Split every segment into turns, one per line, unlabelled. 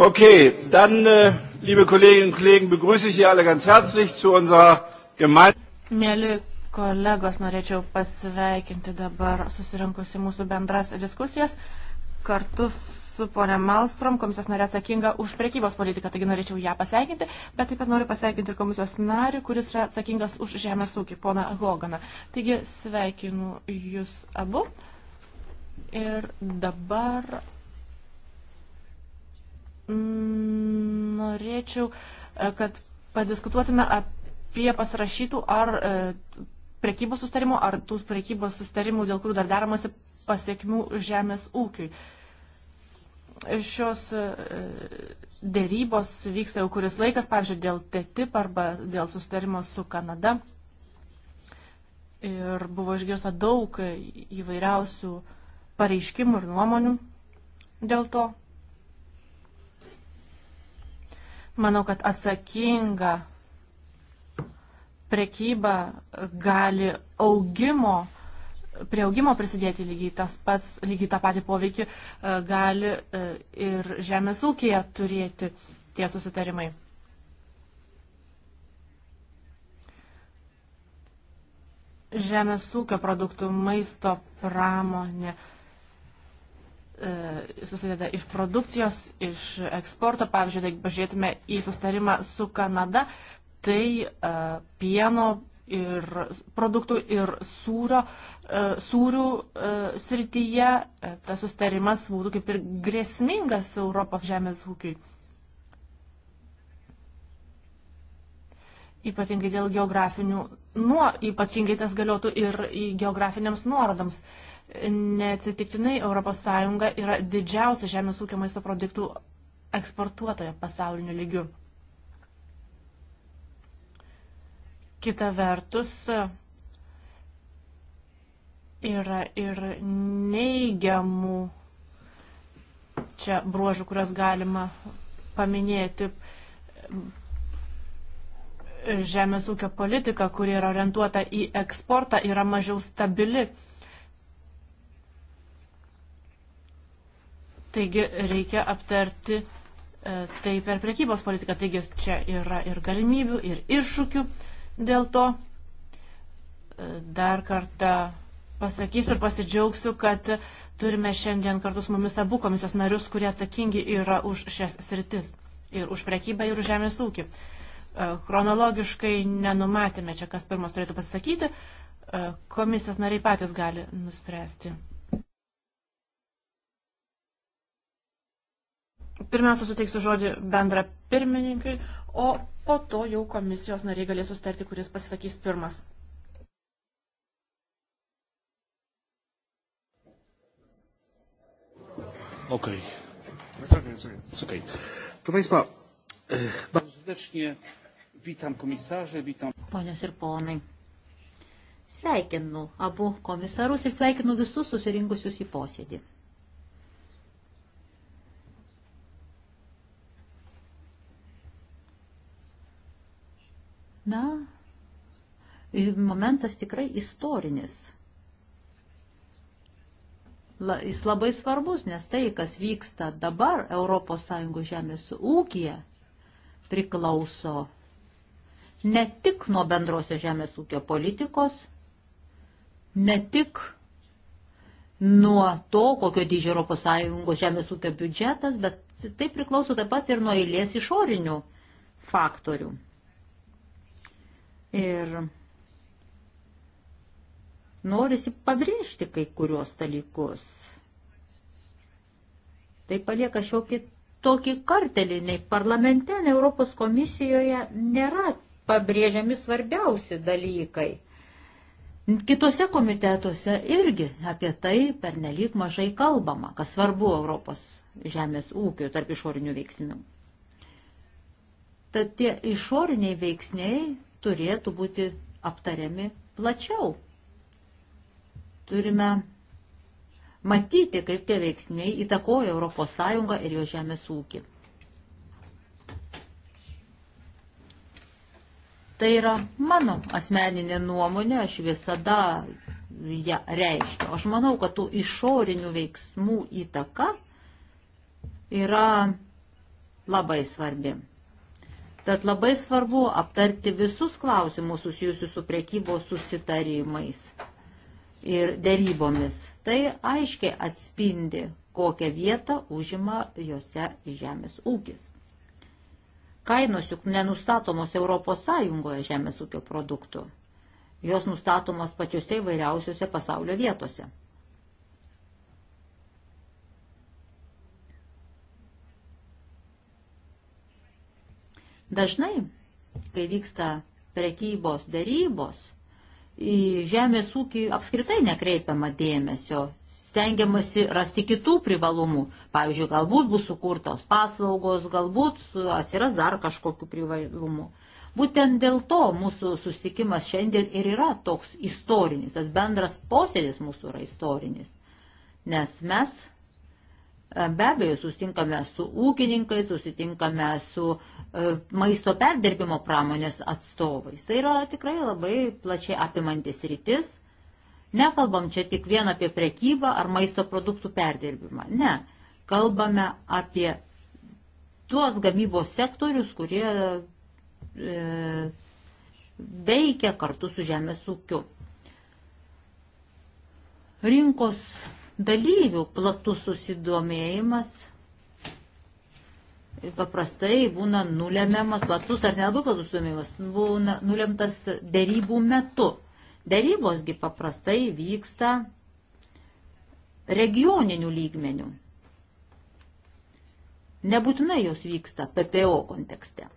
Okay, dann, äh, liebe Kolleginnen und Kollegen, begrüße ich Sie alle ganz herzlich zu unserer gemeinsamen.
Mėly kolegos, norėčiau pasveikinti dabar susirinkusi mūsų bendras diskusijas kartu su ponia Malstrom, komisijos narė atsakinga už priekybos politiką, taigi norėčiau ją pasveikinti, bet taip pat noriu pasveikinti ir komisijos narį, kuris yra atsakingas už žemės ūkį, pona Hoganą. Taigi sveikinu jūs abu. Ir dabar Mm, norėčiau, e, kad padiskutuotume apie pasirašytų ar e, prekybos sustarimų, ar tų prekybos sustarimų, dėl kurių dar deramasi pasiekmių žemės ūkiui. Šios e, dėrybos vyksta jau kuris laikas, pavyzdžiui, dėl TTIP arba dėl sustarimo su Kanada. Ir buvo išgirsta daug įvairiausių pareiškimų ir nuomonių dėl to. Manau, kad atsakinga prekyba gali augimo, prie augimo prisidėti lygiai tas pats, lygiai tą patį poveikį e, gali e, ir žemės ūkija turėti tie susitarimai. Žemės ūkio produktų maisto pramonė E, susideda iš produkcijos, iš eksporto. Pavyzdžiui, jeigu pažiūrėtume į sustarimą su Kanada, tai e, pieno ir produktų ir sūrio, e, sūrių srityje tas sustarimas būtų kaip ir grėsmingas Europos žemės ūkiui. Ypatingai dėl geografinių, nuo, ypatingai tas galiotų ir geografiniams nuorodams. Uh, Neatsitiktinai ES yra didžiausia žemės ūkio maisto produktų eksportuotoja pasauliniu lygiu. Kita vertus, yra ir neigiamų čia bruožų, kurios galima paminėti. Žemės ūkio politika, kuri yra orientuota į eksportą, yra mažiau stabili Taigi reikia aptarti e, tai per priekybos politiką. Taigi čia yra ir galimybių, ir iššūkių. Dėl to e, dar kartą pasakysiu ir pasidžiaugsiu, kad turime šiandien kartu su mumis abu komisijos narius, kurie atsakingi yra už šias sritis. Ir už priekybą, ir už žemės ūkį. E, chronologiškai nenumatėme čia, kas pirmas turėtų pasakyti. Komisijos nariai patys gali nuspręsti. Pirmiausia, suteiksiu žodį bendra pirmininkui, o po to jau komisijos nariai galės sustarti, kuris pasisakys pirmas.
Okej. Okay. Proszę Państwa, e, bardzo serdecznie witam komisarzy, witam.
Ponios ir ponai, sveikinu abu komisarus ir sveikinu visus susirinkusius į posėdį. Na, momentas tikrai istorinis. La, jis labai svarbus, nes tai, kas vyksta dabar ES žemės ūkija, priklauso ne tik nuo bendrosios žemės ūkio politikos, ne tik nuo to, kokio dydžio ES žemės ūkio biudžetas, bet tai priklauso taip pat ir nuo eilės išorinių faktorių. Ir norisi pabrėžti kai kurios dalykus. Tai palieka šiokį tokį kartelį, nei parlamente, nei Europos komisijoje nėra pabrėžiami svarbiausi dalykai. Kitose komitetuose irgi apie tai per nelik mažai kalbama, kas svarbu Europos žemės ūkio tarp išorinių veiksnių. Tad tie išoriniai veiksniai turėtų būti aptariami plačiau. Turime matyti, kaip tie veiksniai įtakoja ES ir jo žemės ūkį. Tai yra mano asmeninė nuomonė, aš visada ją reiškiu. Aš manau, kad tų išorinių veiksmų įtaka yra labai svarbi. Tad labai svarbu aptarti visus klausimus susijusius su priekybos susitarimais ir dėrybomis. Tai aiškiai atspindi, kokią vietą užima juose žemės ūkis. Kainos juk nenustatomos ES žemės ūkio produktų. Jos nustatomos pačiose įvairiausiose pasaulio vietose. Dažnai, kai vyksta prekybos darybos, į žemės ūkį apskritai nekreipiama dėmesio, stengiamasi rasti kitų privalumų. Pavyzdžiui, galbūt bus sukurtos paslaugos, galbūt atsiras dar kažkokių privalumų. Būtent dėl to mūsų susitikimas šiandien ir yra toks istorinis, tas bendras posėdis mūsų yra istorinis, nes mes E, be abejo, susitinkame su ūkininkais, susitinkame su e, maisto perdirbimo pramonės atstovais. Tai yra tikrai labai plačiai apimantis rytis. Nekalbam čia tik vien apie prekybą ar maisto produktų perdirbimą. Ne, kalbame apie tuos gamybos sektorius, kurie e, veikia kartu su žemės ūkiu. Rinkos dalyvių platus susidomėjimas paprastai būna nulemiamas, platus ar nelabai platus susidomėjimas, būna nulemtas dėrybų metu. Dėrybosgi paprastai vyksta regioninių lygmenių. Nebūtinai jos vyksta PPO kontekste.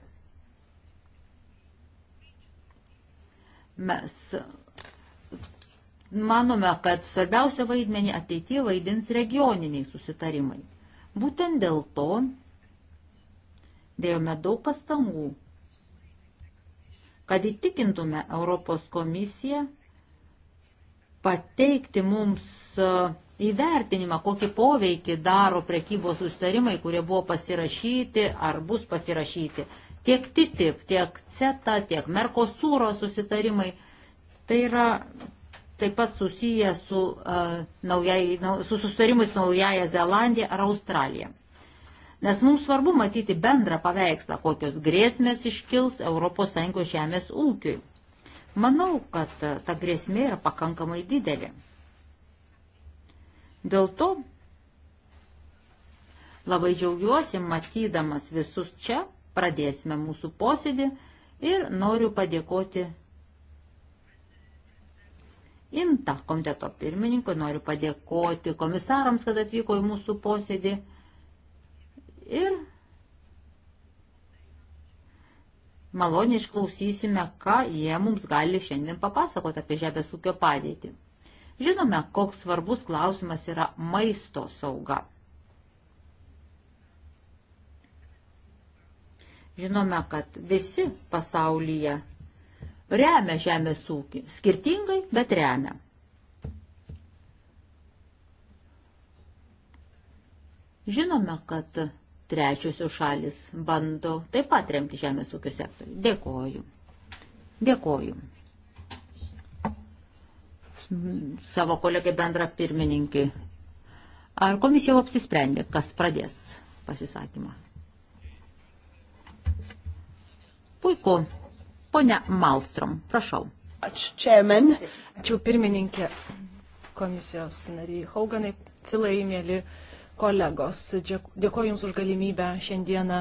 Mes manome, kad svarbiausia vaidmenį ateityje vaidins regioniniai susitarimai. Būtent dėl to dėjome daug pastangų, kad įtikintume Europos komisiją pateikti mums e, įvertinimą, kokį poveikį daro prekybos sustarimai, kurie buvo pasirašyti ar bus pasirašyti. Tiek TTIP, tiek CETA, tiek Merkosūro susitarimai. Tai yra taip pat susiję su, uh, naujai, su sustarimais Naujaja Zelandija ar Australija. Nes mums svarbu matyti bendrą paveikslą, kokios grėsmės iškils ES žemės ūkiui. Manau, kad ta grėsmė yra pakankamai didelė. Dėl to labai džiaugiuosi matydamas visus čia, pradėsime mūsų posėdį ir noriu padėkoti INTA komiteto pirmininkui, noriu padėkoti komisarams, kad atvyko į mūsų posėdį. Ir maloniai išklausysime, ką jie mums gali šiandien papasakoti apie žemės ūkio padėtį. Žinome, koks svarbus klausimas yra maisto sauga. Žinome, kad visi pasaulyje remia žemės ūkį. Skirtingai, bet remia. Žinome, kad trečiosios šalis bando taip pat remti žemės ūkio sektorių. Dėkoju. Dėkoju. Savo kolegai bendra pirmininkį. Ar komisija jau apsisprendė, kas pradės pasisakymą? Puiku. Pone Malstrom, prašau. Ačiū,
Čemen. Ačiū pirmininkė komisijos nariai Hauganai, Filai, mėly kolegos. Dėkuoju Jums už galimybę šiandieną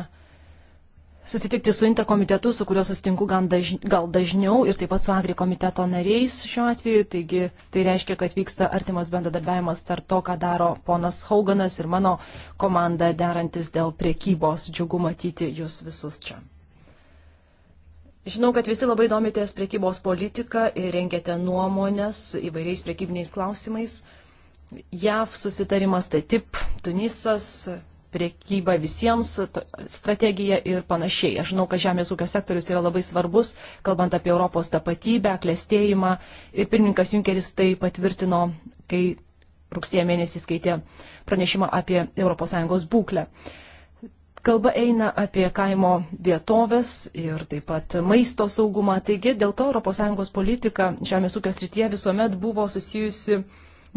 susitikti su Inta komitetu, su kuriuo susitinku daž, gal dažniau ir taip pat su Agri komiteto nariais šiuo atveju. Taigi tai reiškia, kad vyksta artimas bendradarbiavimas tarp to, ką daro ponas Hauganas ir mano komanda derantis dėl priekybos. Džiugu matyti Jūs visus čia. Žinau, kad visi labai domitės priekybos politiką ir rengiate nuomonės įvairiais priekybiniais klausimais. JAV susitarimas tai tip, Tunisas, priekyba visiems, strategija ir panašiai. Aš žinau, kad žemės ūkio sektorius yra labai svarbus, kalbant apie Europos tapatybę, klėstėjimą. Ir pirmininkas Junkeris tai patvirtino, kai rugsėjo mėnesį skaitė pranešimą apie ES būklę. Uh, Kalba eina apie kaimo vietovės ir taip pat maisto saugumą. Taigi dėl to ES politika žemės ūkio srityje visuomet buvo susijusi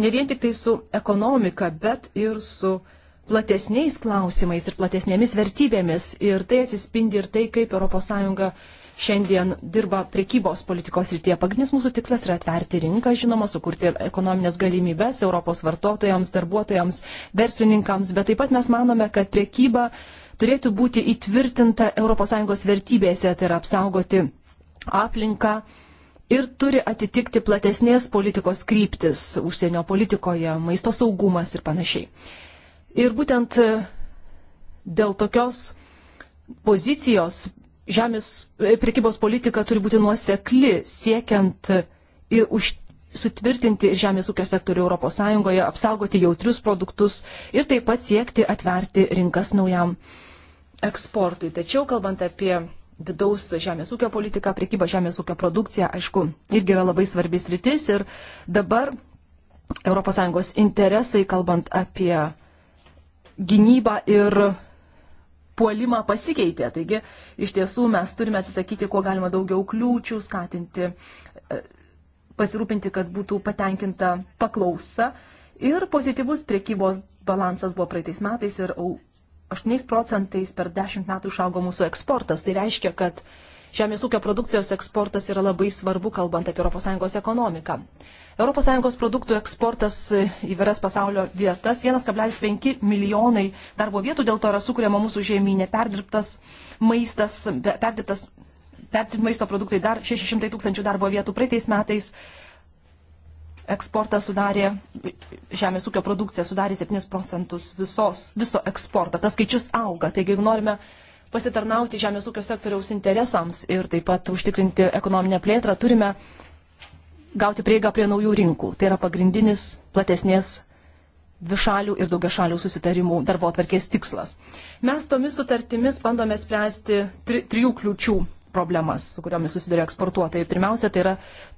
ne vien tik tai su ekonomika, bet ir su platesniais klausimais ir platesnėmis vertybėmis. Ir tai atsispindi ir tai, kaip ES šiandien dirba prekybos politikos rytyje. Pagrindinis mūsų tikslas yra atverti rinką, žinoma, sukurti ekonominės galimybės Europos vartotojams, darbuotojams, verslininkams, bet taip pat mes manome, kad prekyba turėtų būti įtvirtinta ES vertybėse, tai yra apsaugoti aplinką ir turi atitikti platesnės politikos kryptis užsienio politikoje, maisto saugumas ir panašiai. Ir būtent e, dėl tokios pozicijos žemės e, prekybos politika turi būti nuosekli, siekiant e, ir už, sutvirtinti žemės ūkio sektorių ES, apsaugoti jautrius produktus ir taip pat siekti atverti rinkas naujam eksportui. Tačiau, kalbant apie vidaus žemės ūkio politiką, priekybą žemės ūkio produkciją, aišku, irgi yra labai svarbis rytis ir dabar ES interesai, kalbant apie gynybą ir puolimą pasikeitė. Taigi, iš tiesų mes turime atsisakyti, kuo galima daugiau kliūčių, skatinti, e, pasirūpinti, kad būtų patenkinta paklausa. Ir pozityvus priekybos balansas buvo praeitais metais ir 8 procentais per 10 metų išaugo mūsų eksportas. Tai reiškia, kad žemės ūkio produkcijos eksportas yra labai svarbu, kalbant apie ES ekonomiką. ES produktų eksportas į veras pasaulio vietas 1,5 milijonai darbo vietų, dėl to yra sukūrėma mūsų žemynė perdirbtas maistas, perdirbtas perdirbti maisto produktai dar 600 tūkstančių darbo vietų praeitais metais eksportas sudarė, žemės ūkio produkcija sudarė 7 procentus visos, viso eksporto. Tas skaičius auga. Taigi, jeigu norime pasitarnauti žemės ūkio sektoriaus interesams ir taip pat užtikrinti ekonominę plėtrą, turime gauti prieigą prie naujų rinkų. Tai yra pagrindinis platesnės dvišalių ir daugiašalių susitarimų darbo atvarkės tikslas. Mes tomis sutartimis bandome spręsti tri, trijų kliučių problemas, su kuriomis susiduria eksportuotojai. Pirmiausia, tai yra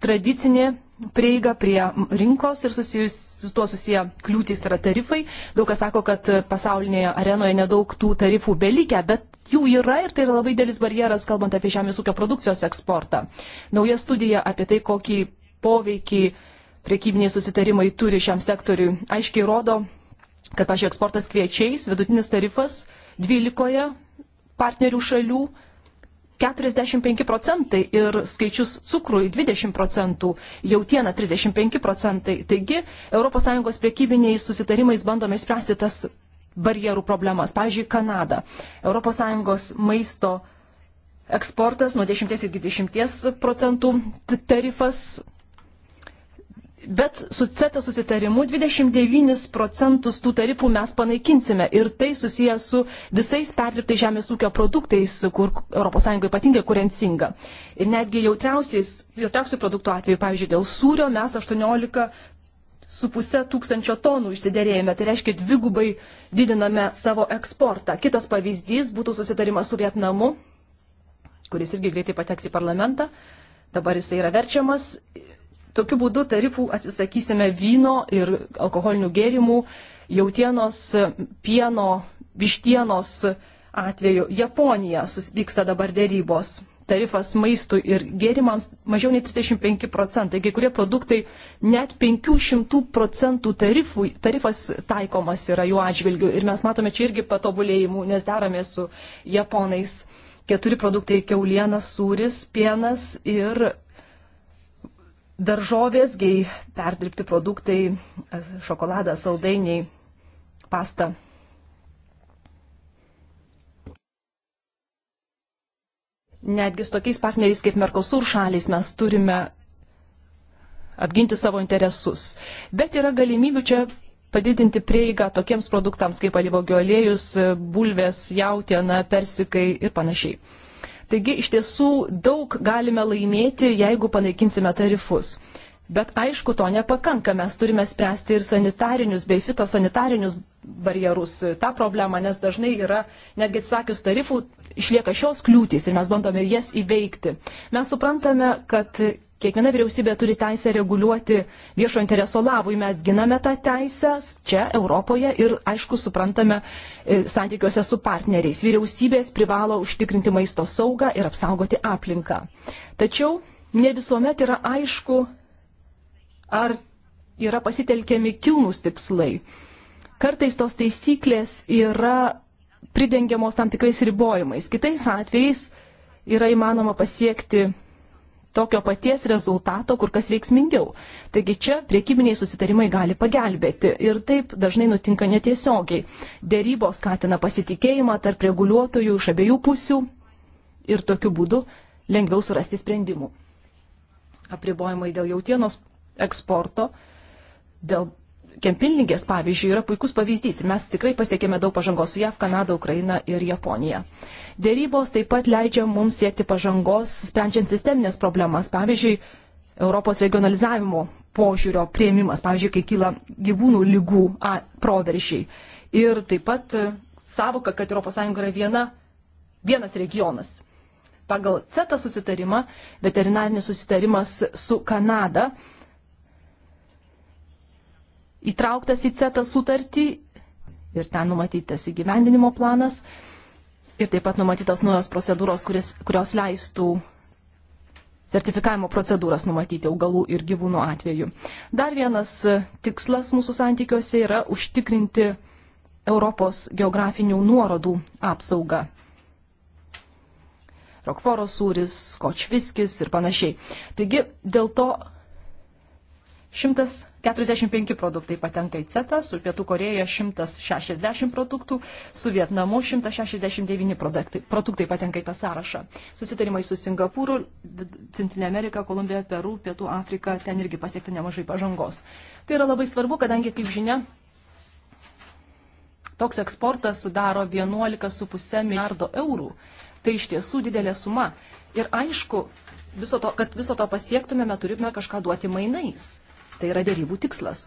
tradicinė prieiga prie rinkos ir susijus, su tuo susiję kliūtys tai yra tarifai. Daug kas sako, kad pasaulinėje arenoje nedaug tų tarifų belikia, bet jų yra ir tai yra labai dėlis barjeras, kalbant apie žemės ūkio produkcijos eksportą. Nauja studija apie tai, kokį poveikį priekybiniai susitarimai turi šiam sektoriui, aiškiai rodo, kad, pažiūrėjau, eksportas kviečiais, vidutinis tarifas 12 partnerių šalių 45 procentai ir skaičius cukrui 20 procentų, jautiena 35 procentai. Taigi ES priekybiniais susitarimais bandome spręsti tas barjerų problemas. Pavyzdžiui, Kanada. ES maisto eksportas nuo 10 iki 20 procentų tarifas Bet su CETA susitarimu 29 procentus tų tarifų mes panaikinsime ir tai susijęs su visais perdirbtais žemės ūkio produktais, kur ES ypatingai kurencinga. Ir netgi jautriausių produktų atveju, pavyzdžiui, dėl sūrio mes 18 su pusė tūkstančio tonų išsiderėjome, tai reiškia dvigubai didiname savo eksportą. Kitas pavyzdys būtų susitarimas su Vietnamu, kuris irgi greitai pateks į parlamentą. Dabar jisai yra verčiamas Tokiu būdu tarifų atsisakysime vyno ir alkoholinių gėrimų, jautienos, pieno, vištienos atveju. Japonija vyksta dabar dėrybos. Tarifas maistui ir gėrimams mažiau nei 35 procentai. Kai kurie produktai net 500 procentų tarifų, tarifas taikomas yra jų atžvilgių. Ir mes matome čia irgi patobulėjimų, nes darome su japonais keturi produktai - keulienas, sūris, pienas ir daržovės, bei perdirbti produktai, šokoladas, saldainiai, pasta. Netgi su tokiais partneriais kaip Merkosur šalis mes turime apginti savo interesus. Bet yra galimybių čia padidinti prieigą tokiems produktams kaip alyvogių aliejus, bulvės, jautiena, persikai ir panašiai. Taigi iš tiesų daug galime laimėti, jeigu panaikinsime tarifus. Bet aišku, to nepakanka, mes turime spręsti ir sanitarinius bei fitosanitarinius barjerus, tą problemą, nes dažnai yra, netgi sakius tarifų, išlieka šios kliūtys ir mes bandome jas įveikti. Mes suprantame, kad Kiekviena vyriausybė turi teisę reguliuoti viešo intereso labui. Mes giname tą teisę čia Europoje ir, aišku, suprantame e, santykiuose su partneriais. Vyriausybės privalo užtikrinti maisto saugą ir apsaugoti aplinką. Tačiau ne visuomet yra aišku, ar yra pasitelkiami kilnus tikslai. Kartais tos taisyklės yra pridengiamos tam tikrais ribojimais. Kitais atvejais yra įmanoma pasiekti tokio paties rezultato kur kas veiksmingiau. Taigi čia priekybiniai susitarimai gali pagelbėti ir taip dažnai nutinka netiesiogiai. Dėrybos skatina pasitikėjimą tarp reguliuotojų iš abiejų pusių ir tokiu būdu lengviau surasti sprendimų. Apribojimai dėl jautienos eksporto, dėl Kempilningės, pavyzdžiui, yra puikus pavyzdys. Mes tikrai pasiekėme daug pažangos su JAV, Kanada, Ukraina ir Japonija. Dėrybos taip pat leidžia mums siekti pažangos, sprendžiant sisteminės problemas. Pavyzdžiui, Europos regionalizavimo požiūrio prieimimas, pavyzdžiui, kai kyla gyvūnų lygų a, proveržiai. Ir taip pat e, savoka, kad ES yra viena, vienas regionas. Pagal CETA susitarimą, veterinarinis susitarimas su Kanada įtrauktas į CETA sutartį ir ten numatytas įgyvendinimo planas. Ir taip pat numatytos naujos procedūros, kuris, kurios leistų sertifikavimo procedūras numatyti augalų ir gyvūnų atveju. Dar vienas e, tikslas mūsų santykiuose yra užtikrinti Europos geografinių nuorodų apsaugą. Rokforo sūris, kočviskis ir panašiai. Taigi dėl to 145 produktai patenka į CETA, su Pietų Koreja 160 produktų, su Vietnamu 169 produktai, produktai patenka į tą sąrašą. Susitarimai su Singapūru, Centrinė Amerika, Kolumbija, Peru, Pietų Afrika, ten irgi pasiekti nemažai pažangos. Tai yra labai svarbu, kadangi, kaip žinia, toks eksportas sudaro 11,5 milijardo eurų. Tai iš tiesų didelė suma. Ir aišku, viso to, kad viso to pasiektumėme, turime kažką duoti mainais Tai yra dėrybų tikslas.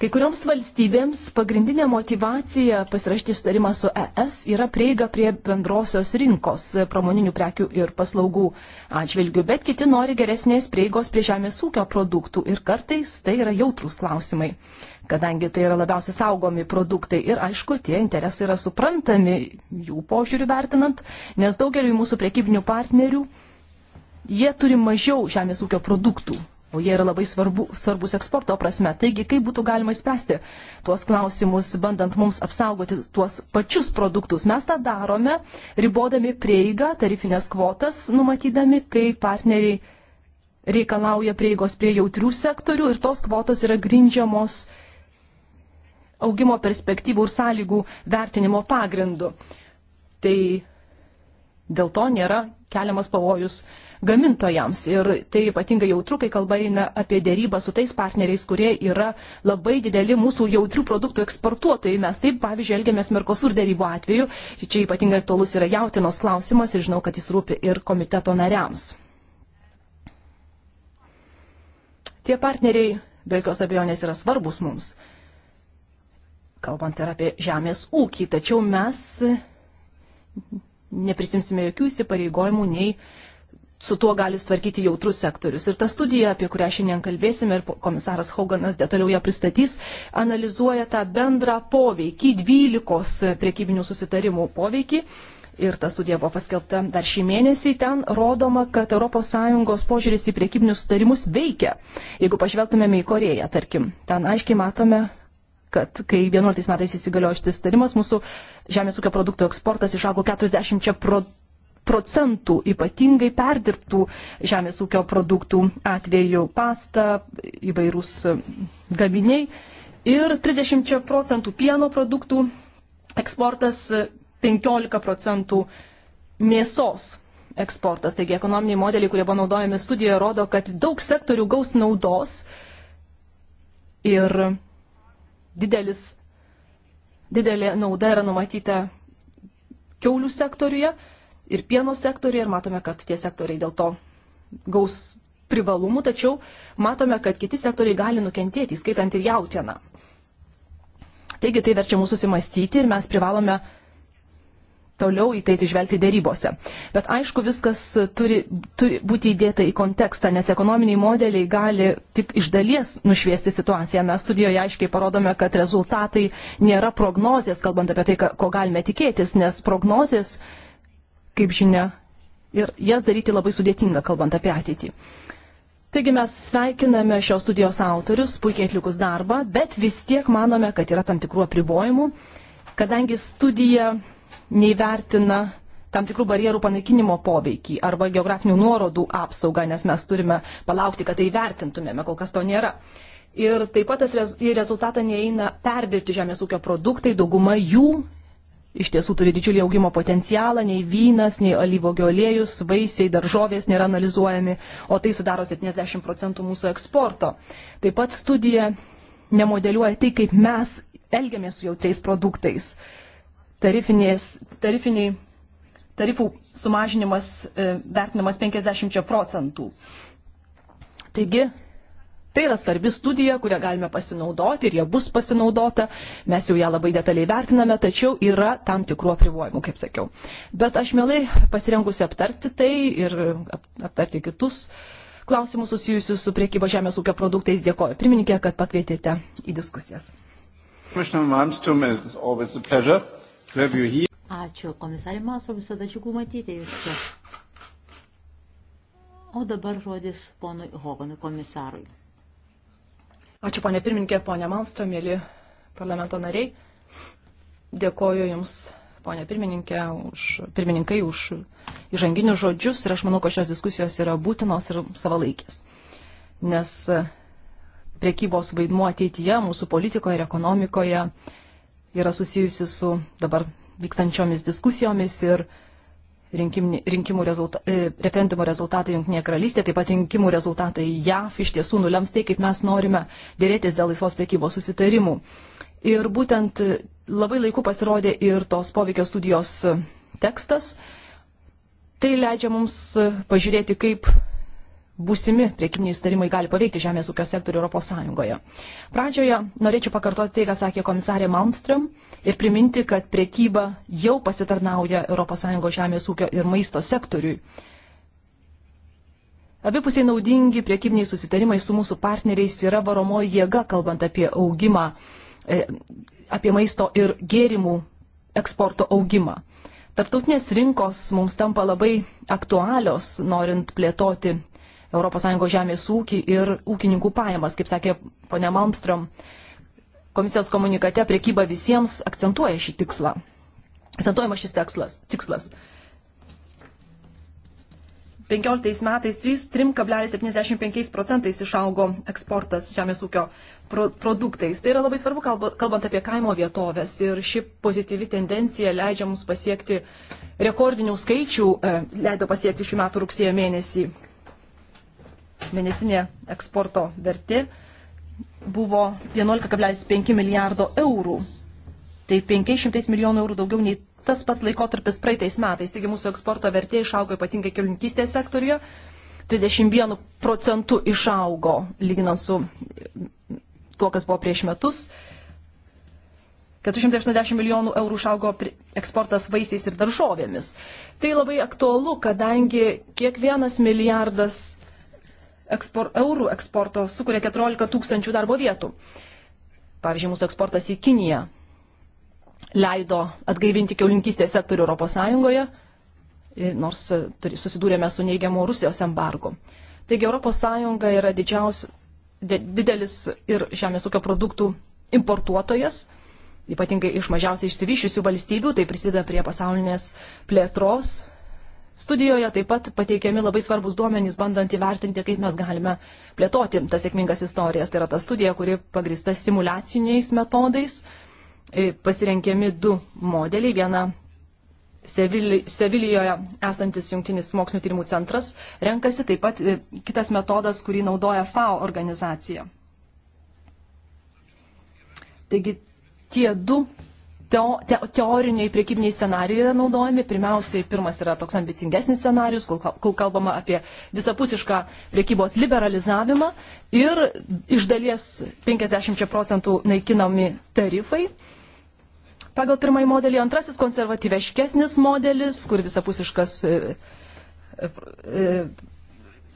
Kai kurioms valstybėms pagrindinė motivacija pasirašyti sutarimą su ES yra prieiga prie bendrosios rinkos pramoninių prekių ir paslaugų atžvilgių, bet kiti nori geresnės prieigos prie žemės ūkio produktų ir kartais tai yra jautrus klausimai, kadangi tai yra labiausiai saugomi produktai ir aišku, tie interesai yra suprantami jų požiūrių vertinant, nes daugeliu mūsų priekybinių partnerių jie turi mažiau žemės ūkio produktų o jie yra labai svarbu, svarbus eksporto prasme. Taigi, kaip būtų galima įspręsti tuos klausimus, bandant mums apsaugoti tuos pačius produktus. Mes tą darome, ribodami prieigą, tarifinės kvotas, numatydami, kai partneriai reikalauja prieigos prie jautrių sektorių ir tos kvotos yra grindžiamos augimo perspektyvų ir sąlygų vertinimo pagrindu. Tai dėl to nėra keliamas pavojus gamintojams. Ir tai ypatingai jautru, kai kalba eina apie dėrybą su tais partneriais, kurie yra labai dideli mūsų jautrių produktų eksportuotojai. Mes taip, pavyzdžiui, elgiamės Merkosur dėrybų atveju. Čia ypatingai aktuolus yra jautinos klausimas ir žinau, kad jis rūpi ir komiteto nariams. Tie partneriai be jokios abejonės yra svarbus mums, kalbant ir apie žemės ūkį, tačiau mes neprisimsime jokių įsipareigojimų nei su tuo gali sutvarkyti jautrus sektorius. Ir ta studija, apie kurią šiandien kalbėsime ir komisaras Hoganas detaliau ją pristatys, analizuoja tą bendrą poveikį, 12 priekybinių susitarimų poveikį. Ir ta studija buvo paskelbta dar šį mėnesį. Ten rodoma, kad ES požiūris į priekybinius sutarimus veikia. Jeigu pažvelgtumėme į Koreją, tarkim, ten aiškiai matome, kad kai 11 metais įsigaliojo šis sutarimas, mūsų žemės ūkio produktų eksportas išaugo 40 procentų procentų ypatingai perdirbtų žemės ūkio produktų atveju pasta, įvairūs e, gaminiai ir 30 procentų pieno produktų eksportas, 15 e, procentų mėsos eksportas. Taigi ekonominiai modeliai, kurie buvo naudojami studijoje, rodo, kad daug sektorių gaus naudos ir didelis, didelė nauda yra numatyta kiaulių sektoriuje ir pieno sektoriai ir matome, kad tie sektoriai dėl to gaus privalumų, tačiau matome, kad kiti sektoriai gali nukentėti, skaitant ir jautieną. Taigi tai verčia mūsų susimastyti ir mes privalome toliau į tai atsižvelgti dėrybose. Bet aišku, viskas turi, turi būti įdėta į kontekstą, nes ekonominiai modeliai gali tik iš dalies nušviesti situaciją. Mes studijoje aiškiai parodome, kad rezultatai nėra prognozės, kalbant apie tai, ko galime tikėtis, nes prognozės uh, kaip žinia, ir jas daryti labai sudėtinga, kalbant apie ateitį. Taigi mes sveikiname šios studijos autorius, puikiai atlikus darbą, bet vis tiek manome, kad yra tam tikrų apribojimų, kadangi studija neįvertina tam tikrų barjerų panaikinimo poveikį arba geografinių nuorodų apsaugą, nes mes turime palaukti, kad tai vertintumėme, kol kas to nėra. Ir taip pat į rezultatą neįeina perdirbti žemės ūkio produktai, dauguma jų iš tiesų turi didžiulį augimo potencialą, nei vynas, nei alyvogio aliejus, vaisiai, daržovės nėra analizuojami, o tai sudaro 70 procentų mūsų eksporto. Taip pat studija nemodeliuoja tai, kaip mes elgiamės su jautriais produktais. Tarifinės, tarifiniai, tarifų sumažinimas e, vertinamas 50 procentų. Taigi, Tai yra svarbi studija, kurią galime pasinaudoti ir jie bus pasinaudota. Mes jau ją labai detaliai vertiname, tačiau yra tam tikrų apribojimų, kaip sakiau. Bet aš mielai pasirengusi aptarti tai ir aptarti kitus klausimus susijusius su priekyba žemės ūkio produktais. Dėkoju pirmininkė, kad pakvietėte į diskusijas.
Ačiū, komisarė Masro, visada džiugu matyti jūs čia. O dabar žodis ponui Hoganui komisarui. Ačiū, ponė pirmininkė, ponė Malstro,
mėly parlamento nariai. Dėkoju Jums, ponė pirmininkė, už, pirmininkai, už įžanginius žodžius ir aš manau, kad šios diskusijos yra būtinos ir savalaikės. Nes priekybos vaidmuo ateityje mūsų politikoje ir ekonomikoje yra susijusi su dabar vykstančiomis diskusijomis ir rinkimų rezulta, e, referendumo rezultatai Junktinėje karalystėje, taip pat rinkimų rezultatai JAV iš tiesų nulems tai, kaip mes norime dėrėtis dėl laisvos priekybos susitarimų. Ir būtent e, labai laiku pasirodė ir tos poveikio studijos e, tekstas. Tai leidžia mums pažiūrėti, kaip būsimi priekybiniai sutarimai gali paveikti žemės ūkio sektorių ES. Pradžioje norėčiau pakartoti tai, ką sakė komisarė Malmström ir priminti, kad priekyba jau pasitarnauja ES žemės ūkio ir maisto sektoriui. Abipusiai naudingi priekybiniai susitarimai su mūsų partneriais yra varomoji jėga, kalbant apie augimą, e, apie maisto ir gėrimų eksporto augimą. Tarptautinės rinkos mums tampa labai aktualios, norint plėtoti ES žemės ūkį ir ūkininkų pajamas. Kaip sakė ponė Malmström, komisijos komunikate priekyba visiems akcentuoja šį tikslą. Akcentuojamas šis tikslas. tikslas. 15 metais 3,75 procentais išaugo eksportas žemės ūkio pro, produktais. Tai yra labai svarbu, kalbant apie kaimo vietovės. Ir ši pozityvi tendencija leidžia mums pasiekti rekordinių skaičių, e, leido pasiekti šių metų rugsėjo mėnesį mėnesinė eksporto vertė buvo 11,5 milijardo eurų. Tai 500 milijonų eurų daugiau nei tas pats laikotarpis praeitais metais. Taigi mūsų eksporto vertė išaugo ypatingai kelinkystės sektoriuje. 31 procentų išaugo, lyginant su tuo, kas buvo prieš metus. 480 milijonų eurų išaugo eksportas vaisiais ir daržovėmis. Tai labai aktualu, kadangi kiekvienas milijardas ekspor, eurų eksporto sukuria 14 tūkstančių darbo vietų. Pavyzdžiui, mūsų eksportas į Kiniją leido atgaivinti kiaulinkystės sektorių Europos Sąjungoje, nors e, susidūrėme su neigiamu Rusijos embargu. Taigi Europos Sąjunga yra didžiaus, didelis ir žemės ūkio produktų importuotojas, ypatingai iš mažiausiai išsivyščiusių valstybių, tai prisideda prie pasaulinės plėtros Studijoje taip pat pateikiami labai svarbus duomenys, bandant įvertinti, kaip mes galime plėtoti tas sėkmingas istorijas. Tai yra ta studija, kuri pagrįsta simulaciniais metodais. E, pasirenkiami du modeliai. Viena Sevilijoje esantis Junktinis mokslinio tyrimų centras renkasi taip pat e, kitas metodas, kurį naudoja FAO organizacija. Taigi tie du teo, te, teoriniai priekybiniai scenarijai yra naudojami. Pirmiausiai, pirmas yra toks ambicingesnis scenarius, kol, kol kalbama apie visapusišką priekybos liberalizavimą ir iš dalies 50 procentų naikinami tarifai. Pagal pirmąjį modelį antrasis konservatyveškesnis modelis, kur visapusiškas e, e, e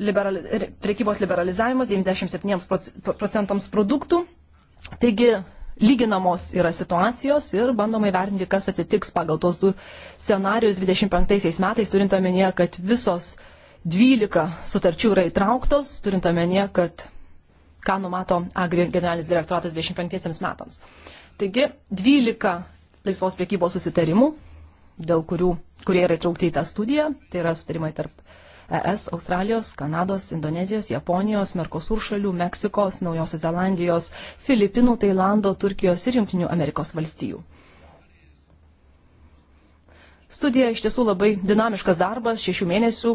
liberali, priekybos liberalizavimas 97 procentams produktų. Taigi lyginamos yra situacijos ir bandoma įvertinti, kas atsitiks pagal tos du scenarius 25 metais, turint omenyje, kad visos 12 sutarčių yra įtrauktos, turint omenyje, kad ką numato Agri generalinis direktoratas 25 metams. Taigi 12 laisvos priekybos susitarimų, dėl kurių, kurie yra įtraukti į tą studiją, tai yra sutarimai tarp ES, Australijos, Kanados, Indonezijos, Japonijos, Merkosur šalių, Meksikos, Naujosios Zelandijos, Filipinų, Tailando, Turkijos ir Junktinių Amerikos valstijų. Studija iš tiesų labai dinamiškas darbas, šešių mėnesių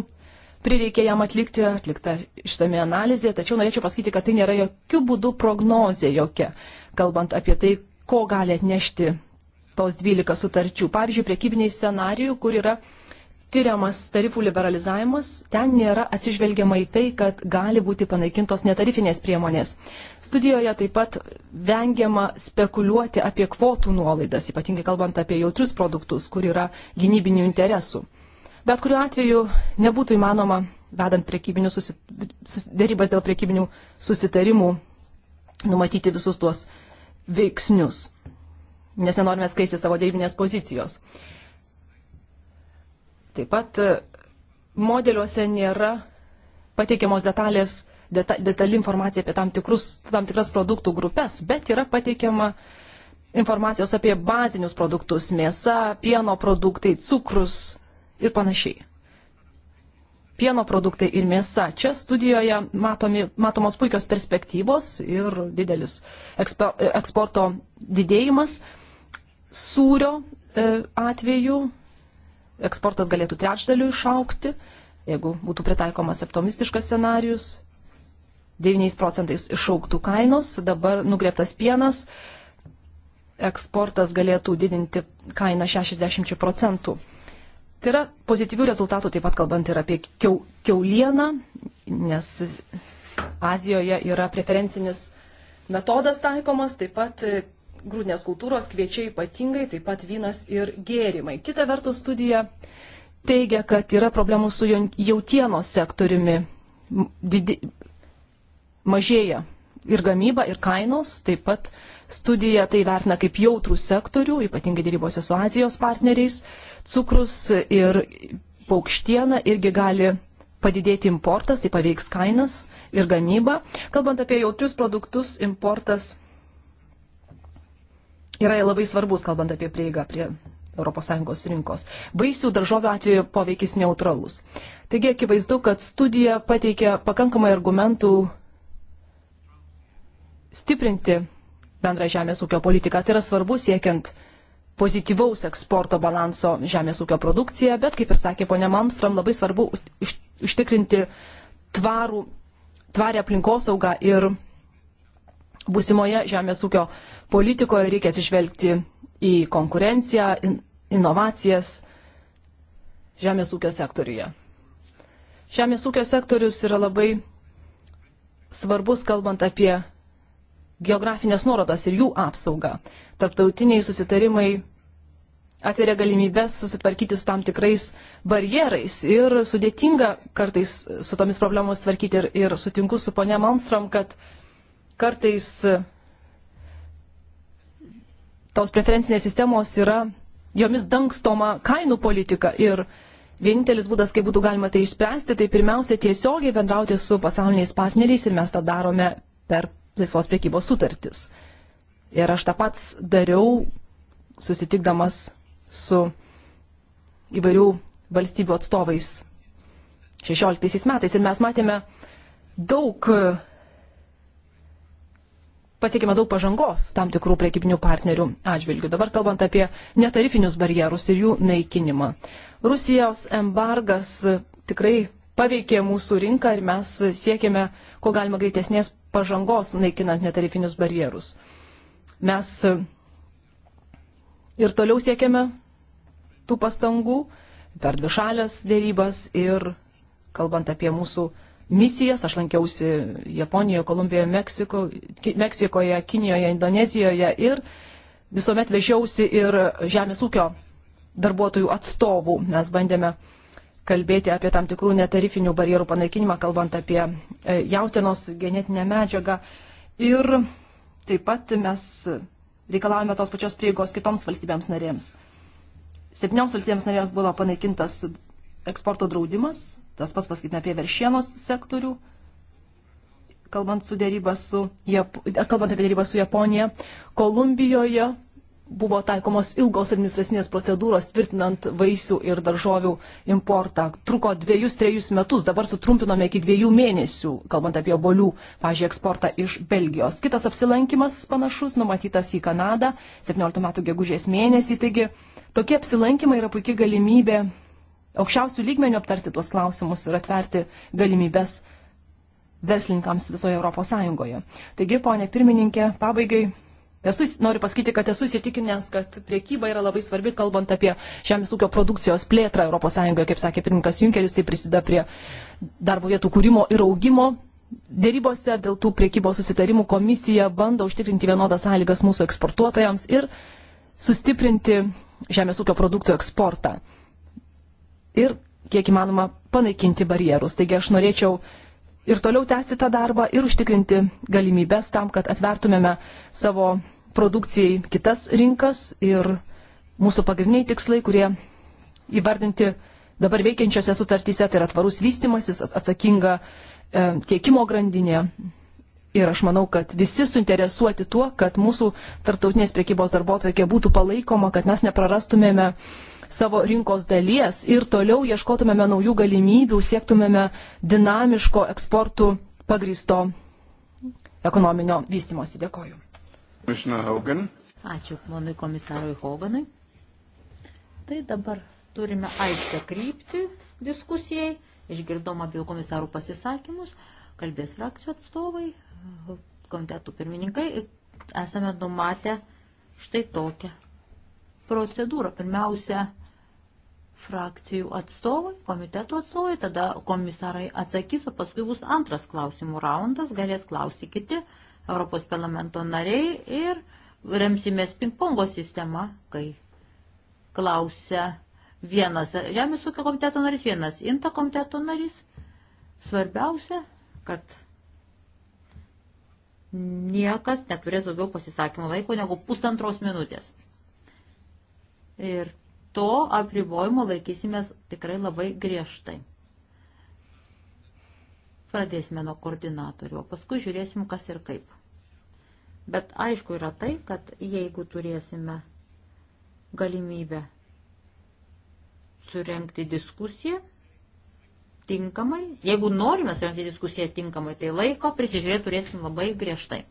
prireikė jam atlikti, atlikta išsami analizė, tačiau norėčiau pasakyti, kad tai nėra jokių būdų prognozė jokia, kalbant apie tai, ko gali atnešti tos 12 sutarčių. Pavyzdžiui, priekybiniai scenarijų, kur yra tyriamas tarifų liberalizavimas, ten nėra atsižvelgiama į tai, kad gali būti panaikintos netarifinės priemonės. Studijoje taip pat vengiama spekuliuoti apie kvotų nuolaidas, ypatingai kalbant apie jautrius produktus, kur yra gynybinių interesų. Bet kuriuo atveju nebūtų įmanoma, vedant susi... dėrybas dėl priekybinių susitarimų, numatyti visus tuos veiksnius, nes nenorime skaisti savo dėrybinės pozicijos. Taip pat e, modeliuose nėra pateikiamos detalės, deta, detali informacija apie tam, tikrus, tam tikras produktų grupės, bet yra pateikiama informacijos apie bazinius produktus - mėsa, pieno produktai, cukrus ir panašiai. Pieno produktai ir mėsa. Čia studijoje matomi, matomos puikios perspektyvos ir didelis eksper, eksporto didėjimas. Sūrio e, atveju eksportas galėtų trečdaliu išaukti, jeigu būtų pritaikomas optimistiškas scenarius, 9 procentais išauktų kainos, dabar nugrėptas pienas, eksportas galėtų didinti kainą 60 procentų. Tai yra pozityvių rezultatų taip pat kalbant ir apie kiau, kiaulieną, nes Azijoje yra preferencinis metodas taikomas, taip pat grūdinės kultūros, kviečiai ypatingai, taip pat vynas ir gėrimai. Kita vertus studija teigia, kad yra problemų su jautienos sektoriumi. Didi, mažėja ir gamyba, ir kainos. Taip pat studija tai vertina kaip jautrų sektorių, ypatingai dėrybose su Azijos partneriais. Cukrus ir paukštiena irgi gali padidėti importas, tai paveiks kainas ir gamybą. Kalbant apie jautrius produktus, importas yra labai svarbus, kalbant apie prieigą prie ES rinkos. Vaisių daržovių atveju poveikis neutralus. Taigi akivaizdu, kad studija pateikia pakankamai argumentų stiprinti bendrą žemės ūkio politiką. Tai yra svarbu siekiant pozityvaus eksporto balanso žemės ūkio produkciją, bet, kaip ir sakė ponia Malmstram, labai svarbu užtikrinti tvarų, tvarę aplinkosaugą ir būsimoje žemės ūkio politikoje reikia atsižvelgti į konkurenciją, in, inovacijas žemės ūkio sektoriuje. Žemės ūkio sektorius yra labai svarbus, kalbant apie geografinės nuorodas ir jų apsaugą. Tarptautiniai susitarimai atveria galimybės susitvarkyti su tam tikrais barjerais ir sudėtinga kartais su tomis problemomis tvarkyti ir, ir sutinku su ponia Malmstrom, kad kartais tos preferencinės sistemos yra, jomis dangstoma kainų politika ir vienintelis būdas, kaip būtų galima tai išspręsti, tai pirmiausia tiesiogiai bendrauti su pasauliniais partneriais ir mes tą darome per laisvos priekybos sutartis. Ir aš tą pats dariau, susitikdamas su įvairių valstybių atstovais 16 metais. Ir mes matėme daug pasiekime daug pažangos tam tikrų prekybinių partnerių atžvilgių. Dabar kalbant apie netarifinius barjerus ir jų naikinimą. Rusijos embargas tikrai paveikė mūsų rinką ir mes siekime, ko galima greitesnės pažangos naikinant netarifinius barjerus. Mes ir toliau siekiame tų pastangų per dvišalės dėrybas ir kalbant apie mūsų misijas. Aš lankiausi Japonijoje, Kolumbijoje, Meksiko, Meksikoje, Kinijoje, Indonezijoje ir visuomet vežiausi ir žemės ūkio darbuotojų atstovų. Mes bandėme kalbėti apie tam tikrų netarifinių barjerų panaikinimą, kalbant apie e, jautienos genetinę medžiagą. Ir taip pat mes reikalavome tos pačios prieigos kitoms valstybėms narėms. Septynioms valstybėms narėms buvo panaikintas eksporto draudimas, Tas pas paskaitina apie veršienos sektorių, kalbant, su su, e, kalbant apie dėrybą su Japonija. Kolumbijoje buvo taikomos ilgos administracinės procedūros tvirtinant vaisių ir daržovių importą. Truko dviejus, trejus metus, dabar sutrumpinome iki dviejų mėnesių, kalbant apie bolių, pažiūrėjau, eksportą iš Belgijos. Kitas apsilankimas panašus, numatytas į Kanadą 17 metų gegužės mėnesį, taigi tokie apsilankimai yra puikia galimybė aukščiausių lygmenių aptarti tuos klausimus ir atverti galimybės verslininkams visoje Europos Sąjungoje. Taigi, ponė pirmininkė, pabaigai. Esu, noriu pasakyti, kad esu įsitikinęs, kad priekyba yra labai svarbi, kalbant apie žemės ūkio produkcijos plėtrą ES, kaip sakė pirmininkas Junkeris, tai prisideda prie darbo vietų kūrimo ir augimo. Dėrybose dėl tų priekybos susitarimų komisija bando užtikrinti vienodas sąlygas mūsų eksportuotojams ir sustiprinti žemės ūkio produktų eksportą ir kiek įmanoma panaikinti barjerus. Taigi aš norėčiau ir toliau tęsti tą darbą ir užtikrinti galimybės tam, kad atvertumėme savo produkcijai kitas rinkas ir mūsų pagrindiniai tikslai, kurie įvardinti dabar veikiančiose sutartyse, tai yra tvarus vystimasis, atsakinga e, tiekimo grandinė. Ir aš manau, kad visi suinteresuoti tuo, kad mūsų tarptautinės priekybos darbo būtų palaikoma, kad mes neprarastumėme uh, savo rinkos dalies ir toliau ieškotumėme naujų galimybių, siektumėme dinamiško eksportų pagrysto ekonominio vystimosi. Dėkoju.
Ačiū ponui komisarui Hoganui. Tai dabar turime aiškę kryptį diskusijai. Išgirdom apie komisarų pasisakymus. Kalbės frakcijų atstovai, komitetų pirmininkai. Esame numatę štai tokią procedūrą. Pirmiausia, frakcijų atstovai, komitetų atstovai, tada komisarai atsakys, o paskui bus antras klausimų raundas, galės klausyti kiti Europos parlamento nariai ir remsimės pingpongo sistema, kai klausia vienas Žemės ūkio komiteto narys, vienas Inta komiteto narys. Svarbiausia, kad niekas neturės daugiau pasisakymų laiko negu pusantros minutės. Ir to apribojimo laikysimės tikrai labai griežtai. Pradėsime nuo koordinatorių, o paskui žiūrėsim, kas ir kaip. Bet aišku yra tai, kad jeigu turėsime galimybę surenkti diskusiją tinkamai, jeigu norime surenkti diskusiją tinkamai, tai laiko prisižiūrėti turėsim labai griežtai.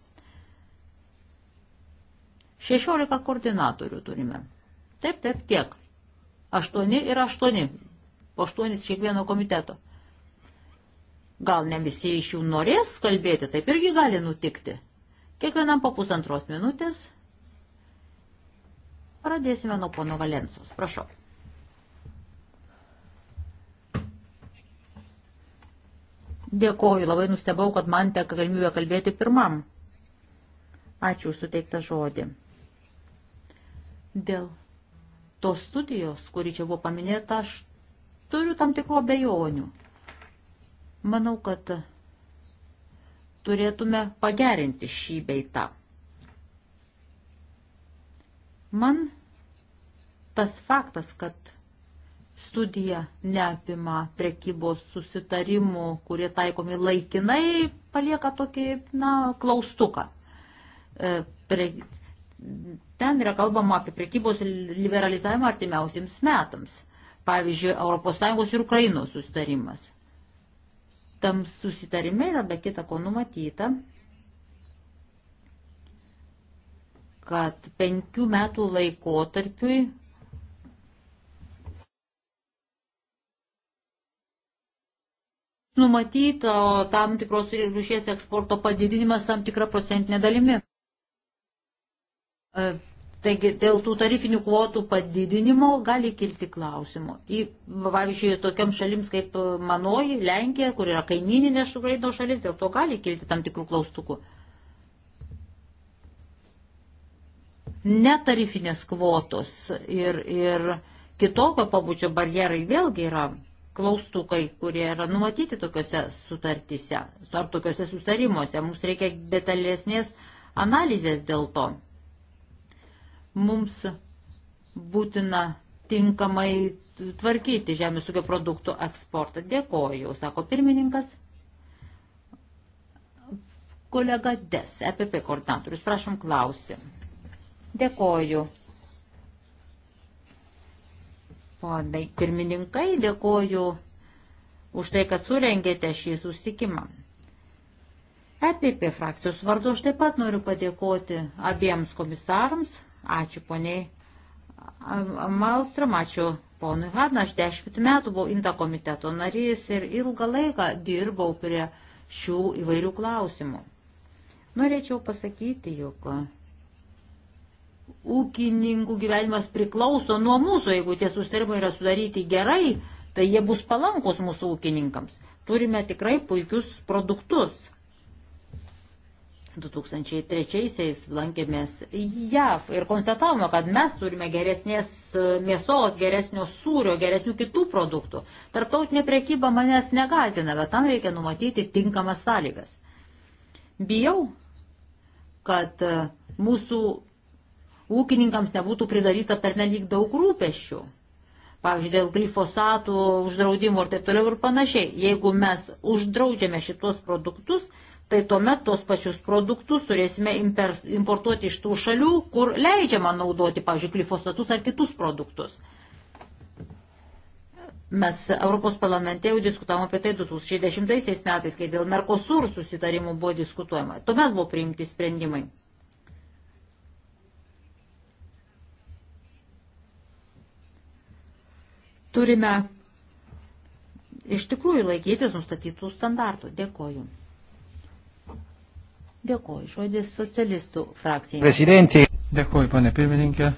16 koordinatorių turime. Taip, taip, tiek. 8 ir 8, po 8 iš kiekvieno komiteto. Gal ne visi iš jų norės kalbėti, taip irgi gali nutikti. Kiekvienam po pusantros minutės. Pradėsime nuo pono Valensos. Prašau. Dėkoju, labai nustebau, kad man teka galimybė kalbėti pirmam. Ačiū už suteiktą žodį. Dėl tos studijos, kuri čia buvo paminėta, aš turiu tam tikruo bejonių. Manau, kad turėtume pagerinti šį beitą. Man tas faktas, kad studija neapima prekybos susitarimų, kurie taikomi laikinai, palieka tokį, na, klaustuką. E, pre, ten yra kalbama apie prekybos liberalizavimą artimiausiams metams. Pavyzdžiui, ES ir Ukrainos susitarimas. Tam susitarime yra be kita ko numatyta, kad penkių metų laikotarpiui numatyta tam tikros rūšies eksporto padidinimas tam tikrą procentinę dalimi. Taigi dėl tų tarifinių kvotų padidinimo gali kilti klausimų. Į, pavyzdžiui, tokiam šalims kaip Manoji, Lenkija, kur yra kaimininė Ukraino šalis, dėl to gali kilti tam tikrų klaustukų. Netarifinės kvotos ir, ir kitokio pabučio barjerai vėlgi yra klaustukai, kurie yra numatyti tokiuose sutartyse ar tokiuose sustarimuose. Mums reikia detalesnės analizės dėl to. Mums būtina tinkamai tvarkyti žemės ūkio produktų eksportą. Dėkoju, sako pirmininkas. Kolega Des, EPP koordinatorius, prašom klausti. Dėkoju. Ponai pirmininkai, dėkoju už tai, kad surengėte šį sustikimą. EPP frakcijos vardu aš taip pat noriu padėkoti abiems komisarams, Ačiū poniai Malstrom, ačiū ponui Hadna. Aš dešimt metų buvau Inta komiteto narys ir ilgą laiką dirbau prie šių įvairių klausimų. Norėčiau pasakyti, jog ūkininkų gyvenimas priklauso nuo mūsų. Jeigu tie susitarimai yra sudaryti gerai, tai jie bus palankus mūsų ūkininkams. Turime tikrai puikius produktus. 2003-aisiais lankėmės JAV ir konstatavome, kad mes turime geresnės e, mėsos, geresnio sūrio, geresnių kitų produktų. Tartautinė prekyba manęs negazina, bet tam reikia numatyti tinkamas sąlygas. Bijau, kad e, mūsų ūkininkams nebūtų pridaryta pernelyg daug rūpešių. Pavyzdžiui, dėl glifosatų uždraudimo ir taip toliau ir panašiai. Jeigu mes uždraudžiame šitos produktus, tai tuomet tos pačius produktus turėsime importuoti iš tų šalių, kur leidžiama naudoti, pavyzdžiui, glifosatus ar kitus produktus. Mes Europos parlamente jau diskutavome apie tai 2010 metais, kai dėl Mercosur susitarimų buvo diskutuojama. Tuomet buvo priimti sprendimai. Turime iš tikrųjų laikytis nustatytų standartų. Dėkoju. Dėkuoju, žodis socialistų frakcijai. Prezidentė.
Dėkuoju, ponė pirmininkė.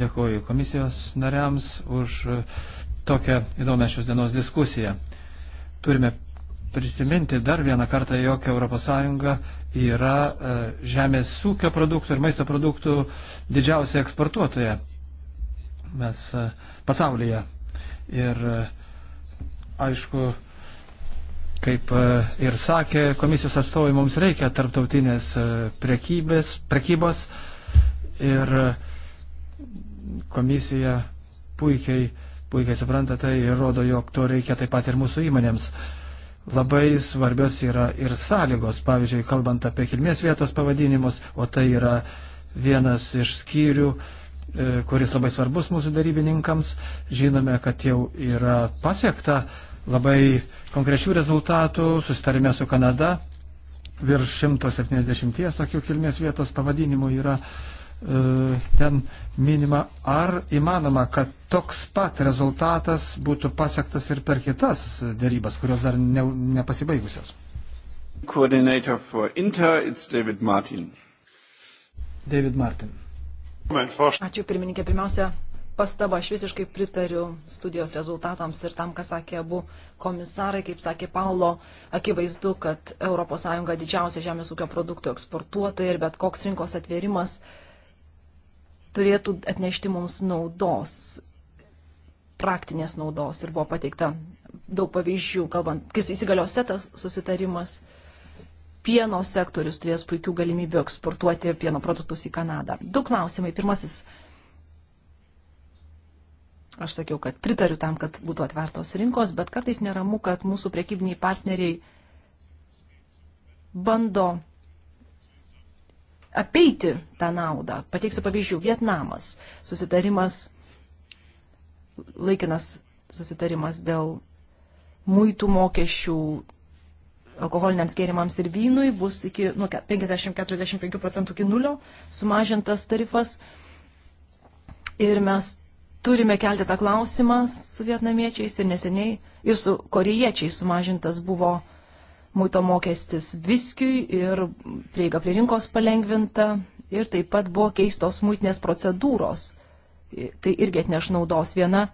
Dėkuoju komisijos nariams už e, tokią įdomią šios dienos diskusiją. Turime prisiminti dar vieną kartą, jog ES yra e, žemės ūkio produktų ir maisto produktų didžiausia eksportuotoja mes e, pasaulyje. Ir aišku, Kaip e, ir sakė komisijos atstovai, mums reikia tarptautinės e, prekybės, prekybos ir e, komisija puikiai, puikiai supranta tai ir rodo, jog to reikia taip pat ir mūsų įmonėms. Labai svarbios yra ir sąlygos, pavyzdžiui, kalbant apie kilmės vietos pavadinimus, o tai yra vienas iš skyrių, kuris labai svarbus mūsų darybininkams. Žinome, kad jau yra pasiekta labai konkrečių rezultatų sustarime su Kanada. Virš 170 tokių kilmės vietos pavadinimų yra e, ten minima. Ar įmanoma, kad toks pat rezultatas būtų pasiektas ir per kitas dėrybas, kurios dar ne, nepasibaigusios? Coordinator for Inter, it's David Martin. David Martin.
Ačiū pirmininkė. Pirmiausia, pastaba, aš visiškai pritariu studijos rezultatams ir tam, ką sakė abu komisarai, kaip sakė Paulo, akivaizdu, kad ES didžiausia žemės ūkio produktų eksportuotoja ir bet koks rinkos atvėrimas turėtų atnešti mums naudos, praktinės naudos ir buvo pateikta daug pavyzdžių, kalbant, kai įsigalios setas susitarimas, pieno sektorius turės puikių galimybių eksportuoti pieno produktus į Kanadą. Du klausimai. Pirmasis Aš sakiau, kad pritariu tam, kad būtų atvertos rinkos, bet kartais neramu, kad mūsų priekybiniai partneriai bando apeiti tą naudą. Pateiksiu pavyzdžių. Vietnamas. Susitarimas, laikinas susitarimas dėl muitų mokesčių alkoholiniams gėrimams ir vynui bus iki nuo 50-45 procentų iki nulio sumažintas tarifas. Ir mes turime kelti tą klausimą su vietnamiečiais ir neseniai ir su koriečiais sumažintas buvo muito mokestis viskiui ir prieiga prie rinkos palengvinta ir taip pat buvo keistos muitinės procedūros. Tai irgi atneš naudos viena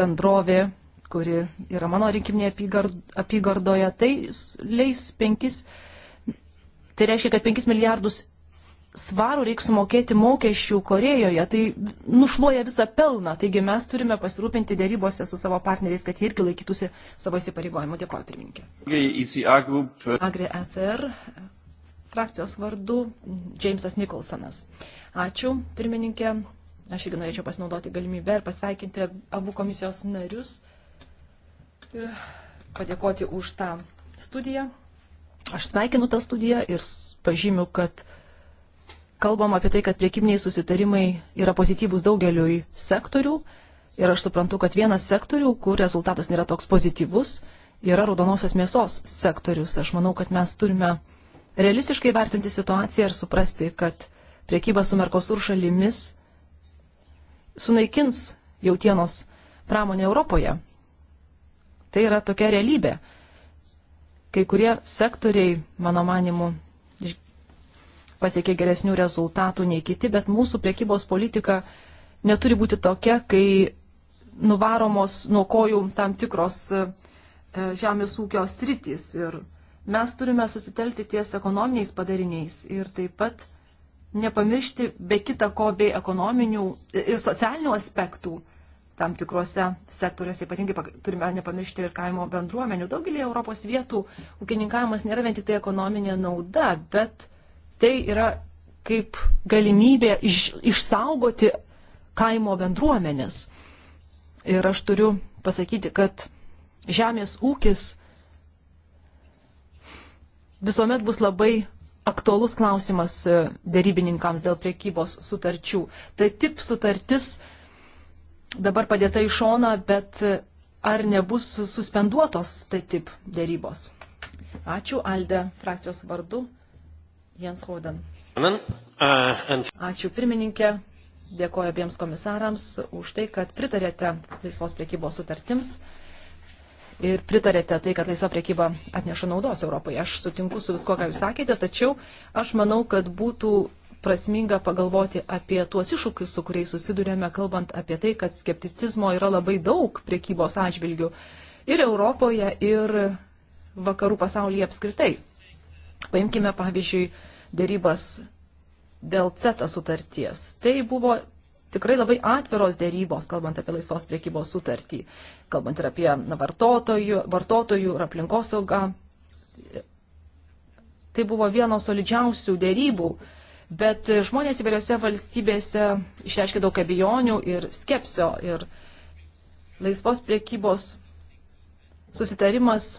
bendrovė, kuri yra mano rinkiminėje apygardoje, tai leis penkis, tai reiškia, kad 5 milijardus svarų reiks sumokėti mokesčių Korejoje, tai nušluoja visą pelną. Taigi mes turime pasirūpinti dėrybose su savo partneriais, kad jie irgi laikytųsi savo įsipareigojimų. Dėkuoju, pirmininkė. Agri ECR e- e frakcijos vardu Džeimsas Nikolsonas. Ačiū, pirmininkė. Aš irgi norėčiau pasinaudoti galimybę ir pasveikinti abu komisijos narius. Ir padėkoti už tą studiją. Aš sveikinu tą studiją ir pažymiu, kad uh, kalbam apie tai, kad priekybiniai susitarimai yra pozityvūs daugeliui sektorių ir aš suprantu, kad vienas sektorių, kur rezultatas nėra toks pozityvus, yra raudonosios mėsos sektorius. Aš manau, kad mes turime realistiškai vertinti situaciją ir suprasti, kad priekyba su Merkosur šalimis sunaikins jautienos pramonė Europoje. Tai yra tokia realybė. Kai kurie sektoriai, mano manimu, pasiekė geresnių rezultatų nei kiti, bet mūsų priekybos politika neturi būti tokia, kai nuvaromos nuo kojų tam tikros e, e, žemės ūkio sritys. Ir mes turime susitelti ties ekonominiais padariniais ir taip pat nepamiršti be kita ko bei ekonominių e, ir socialinių aspektų tam tikrose sektoriuose, ypatingai turime nepamiršti ir kaimo bendruomenių. Daugelį Europos vietų ūkininkavimas nėra vien tik tai ekonominė nauda, bet tai yra kaip galimybė iš, išsaugoti kaimo bendruomenės. Ir aš turiu pasakyti, kad žemės ūkis visuomet bus labai aktuolus klausimas e, dėrybininkams dėl priekybos sutarčių. Tai tip sutartis dabar padėta į šoną, bet e, ar nebus suspenduotos tai tip dėrybos? Ačiū, Alde, frakcijos vardu. Jens Hoden.
Uh, Ačiū
pirmininkė, dėkoju abiems komisarams už tai, kad pritarėte laisvos priekybos sutartims ir pritarėte tai, kad laisva priekyba atneša naudos Europai. Aš sutinku su visko, ką jūs sakėte, tačiau aš manau, kad būtų prasminga pagalvoti apie tuos iššūkius, su kuriais susidurėme, kalbant apie tai, kad skepticizmo yra labai daug priekybos atžvilgių ir Europoje, ir vakarų pasaulyje apskritai. Paimkime, pavyzdžiui, dėrybas dėl CETA sutarties. Tai buvo tikrai labai atviros dėrybos, kalbant apie laisvos priekybos sutartį, kalbant ir apie na, vartotojų, vartotojų ir aplinkosaugą. Tai buvo vienos solidžiausių dėrybų, bet žmonės įvairiose valstybėse išreiškė daug abejonių ir skepsio ir laisvos priekybos susitarimas.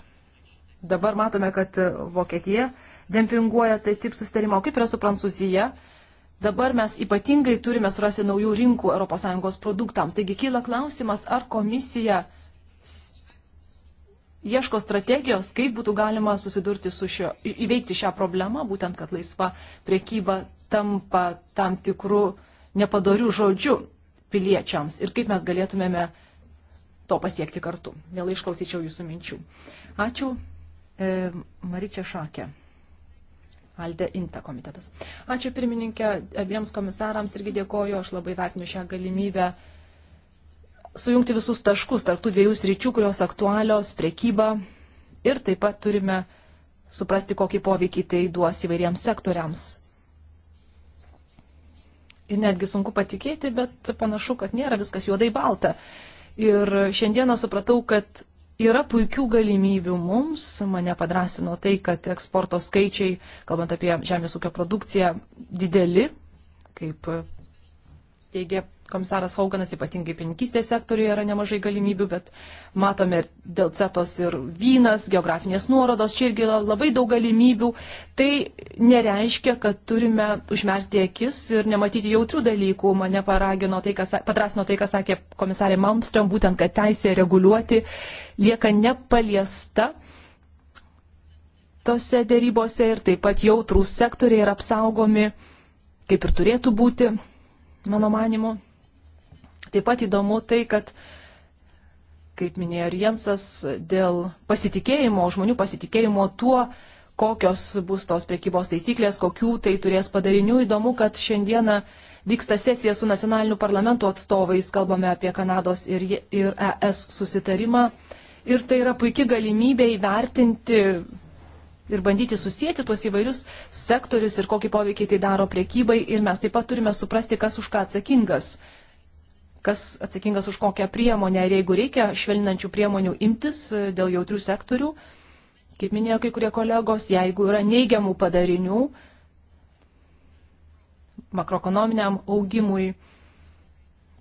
Dabar matome, kad Vokietija dempinguoja, tai tik susitarimo. Kaip yra su Prancūzija? Dabar mes ypatingai turime surasti naujų rinkų ES produktams. Taigi kyla klausimas, ar komisija ieško strategijos, kaip būtų galima susidurti su šio, įveikti šią problemą, būtent kad laisva priekyba tampa tam tikrų nepadorių žodžių piliečiams ir kaip mes galėtumėme to pasiekti kartu. Vėl išklausyčiau jūsų minčių. Ačiū. E, Maryčia Šakė. Alde Inta komitetas. Ačiū pirmininkė, abiems komisarams irgi dėkoju, aš labai vertinu šią galimybę sujungti visus taškus tarp tų dviejų sričių, kurios aktualios - priekyba ir taip pat turime suprasti, kokį poveikį tai duos įvairiems sektoriams. Ir netgi sunku patikėti, bet panašu, kad nėra viskas juodai balta. Ir šiandieną supratau, kad yra puikių galimybių mums. Mane padrasino tai, kad eksporto skaičiai, kalbant apie žemės ūkio produkciją, dideli, kaip teigia komisaras Hauganas, ypatingai pinkystės sektoriuje yra nemažai galimybių, bet matome ir dėl cetos ir vynas, geografinės nuorodos, čia irgi yra labai daug galimybių. Tai nereiškia, kad turime užmerkti akis ir nematyti jautrių dalykų. Mane paragino tai, kas, padrasino tai, ką sakė komisarė Malmström, būtent, kad teisė reguliuoti lieka nepaliesta tose dėrybose ir taip pat jautrūs sektoriai yra apsaugomi, kaip ir turėtų būti, mano manimu. Taip pat įdomu tai, kad, kaip minėjo ir Jensas, dėl pasitikėjimo, žmonių pasitikėjimo tuo, kokios bus tos priekybos taisyklės, kokių tai turės padarinių. Įdomu, kad šiandieną vyksta sesija su nacionaliniu parlamento atstovais, kalbame apie Kanados ir, ir ES susitarimą. Ir tai yra puikia galimybė įvertinti ir bandyti susijęti tuos įvairius sektorius ir kokį poveikį tai daro priekybai. Ir mes taip pat turime suprasti, kas už ką atsakingas kas atsakingas už kokią priemonę ir jeigu reikia švelninančių priemonių imtis e, dėl jautrių sektorių, kaip minėjo kai kurie kolegos, jeigu yra neigiamų padarinių makroekonominiam augimui,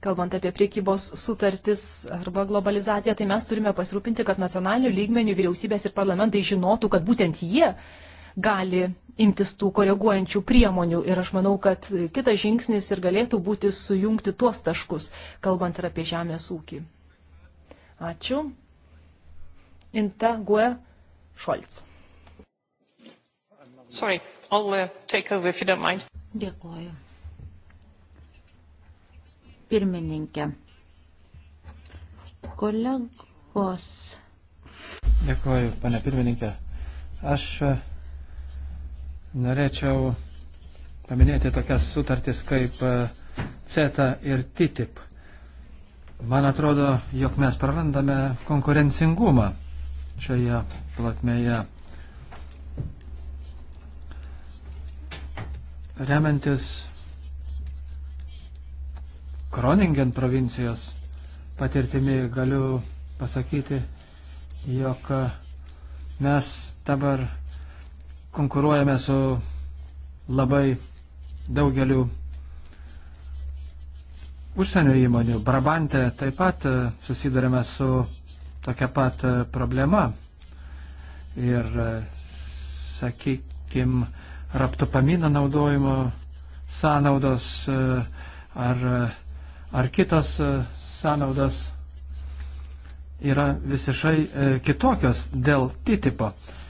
kalbant apie priekybos sutartis arba globalizaciją, tai mes turime pasirūpinti, kad nacionalinių lygmenių vyriausybės ir parlamentai žinotų, kad būtent jie gali imtis tų koreguojančių priemonių. Ir aš manau, kad kitas žingsnis ir galėtų būti sujungti tuos taškus, kalbant ir apie žemės ūkį. Ačiū. Inta Gue Šolc. Sorry, I'll uh, take over if you don't mind.
Dėkuoju. Pirmininkė.
Kolegos. Dėkuoju, pane pirmininkė. Aš uh, norėčiau paminėti tokias sutartis kaip e, CETA ir TTIP. Man atrodo, jog mes prarandame konkurencingumą šioje platmėje. Remiantis Kroningen provincijos patirtimi galiu pasakyti, jog mes dabar konkuruojame su labai daugeliu užsienio įmonių. Brabante taip pat e, susidurime su tokia pat e, problema. Ir, e, sakykime, raptopamino naudojimo sąnaudos ar, ar kitos sąnaudos yra visiškai kitokios dėl titipo. tipo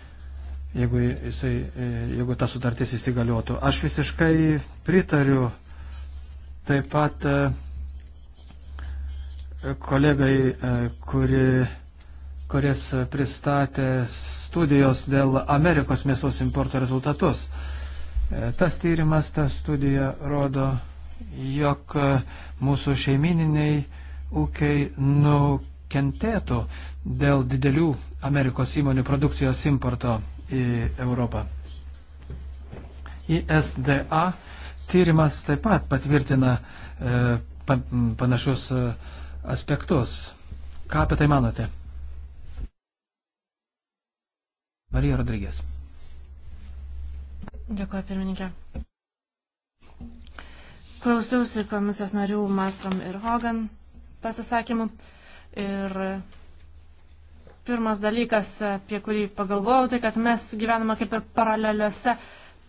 jeigu, jisai, e, jeigu ta sutartis įsigaliotų. Aš visiškai pritariu taip pat e, kolegai, e, kuri, kuris pristatė studijos dėl Amerikos mėsos importo rezultatus. Tas tyrimas, ta studija rodo, jog mūsų šeimininiai ūkiai nukentėtų dėl didelių Amerikos įmonių produkcijos importo į Europą. ISDA tyrimas taip pat patvirtina e, pa, panašius e, aspektus. Ką apie tai manote? Marija Rodrygės.
Dėkuoju, pirmininkė. Klausiausi komisijos narių Mastrom ir Hogan pasisakymų ir Pirmas dalykas, e, apie kurį pagalvojau, tai kad mes gyvename kaip ir paraleliuose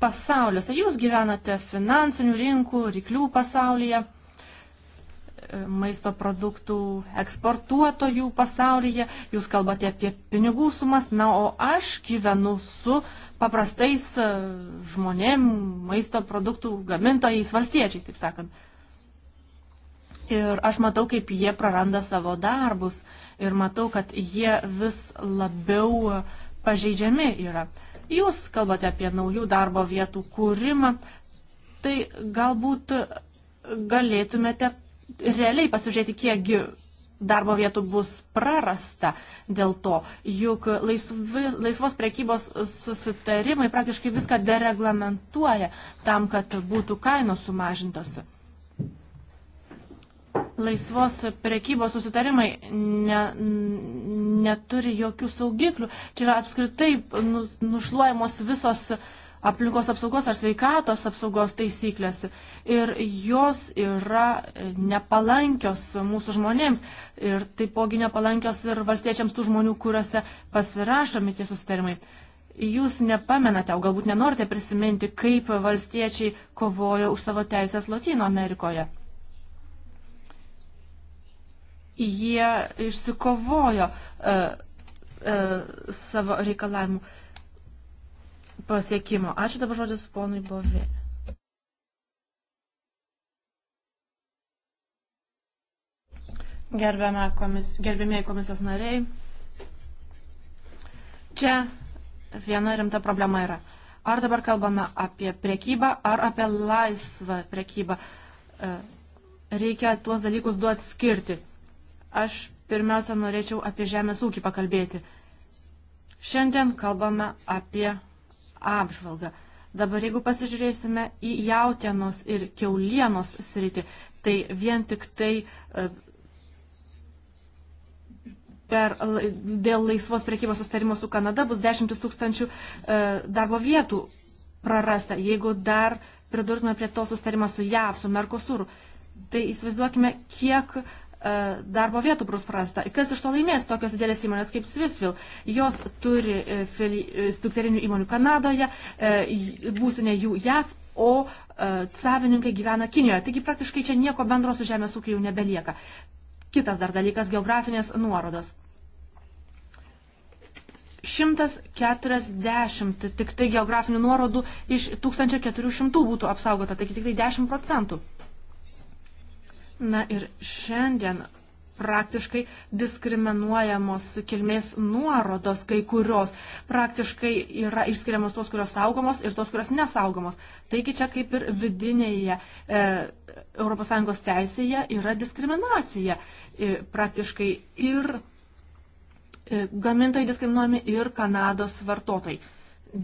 pasauliuose. Jūs gyvenate finansinių rinkų, ryklių pasaulyje, e, maisto produktų eksportuotojų pasaulyje, jūs kalbate apie pinigų sumas, na, o aš gyvenu su paprastais e, žmonėm, maisto produktų gamintojais, valstiečiais, taip sakant. Ir aš matau, kaip jie praranda savo darbus. Uh, ir matau, kad jie vis labiau pažeidžiami yra. Jūs kalbate apie naujų darbo vietų kūrimą, tai galbūt galėtumėte realiai pasižiūrėti, kiekgi darbo vietų bus prarasta dėl to, juk laisvi, laisvos priekybos susitarimai praktiškai viską dereglamentuoja tam, kad būtų kainos sumažintos laisvos prekybos susitarimai ne, neturi jokių saugiklių. Čia yra apskritai nu, nušluojamos visos aplinkos apsaugos ar sveikatos apsaugos taisyklės. Ir jos yra nepalankios mūsų žmonėms. Ir taipogi nepalankios ir valstiečiams tų žmonių, kuriuose pasirašomi tie susitarimai. Jūs nepamenate, o galbūt nenorite prisiminti, kaip valstiečiai kovojo už savo teisės Latino Amerikoje jie išsikovojo e, e, savo reikalavimų pasiekimo. Ačiū dabar žodis ponui Bovė. Komis, gerbėmėjai komisijos nariai, čia viena rimta problema yra. Ar dabar kalbame apie priekybą, ar apie laisvą priekybą? E, reikia tuos dalykus du atskirti. Aš pirmiausia norėčiau apie žemės ūkį pakalbėti. Šiandien kalbame apie apžvalgą. Dabar jeigu pasižiūrėsime į jautienos ir keulienos sritį, tai vien tik tai e, per, dėl laisvos priekybos sustarimo su Kanada bus dešimtis tūkstančių e, darbo vietų prarasta, jeigu dar pridurtume prie to sustarimo su JAV, su Merkosuru. Tai įsivaizduokime, kiek uh, E, darbo vietų bus prasta. Kas iš to laimės tokios didelės įmonės kaip Svisvil? Jos turi e, e, dukterinių įmonių Kanadoje, būsinė jų JAV, o savininkai gyvena Kinijoje. Taigi praktiškai čia nieko bendro su žemės ūkiu jau nebelieka. Kitas dar dalykas - geografinės nuorodos. 140 tik tai geografinių nuorodų iš 1400 būtų apsaugota, taigi tik tai 10 procentų. Na ir šiandien praktiškai diskriminuojamos kilmės nuorodos kai kurios. Praktiškai yra išskiriamos tos, kurios saugomos ir tos, kurios nesaugomos. Taigi čia kaip ir vidinėje e, ES teisėje yra diskriminacija. E, praktiškai ir e, gamintojai diskriminuojami ir Kanados vartotojai.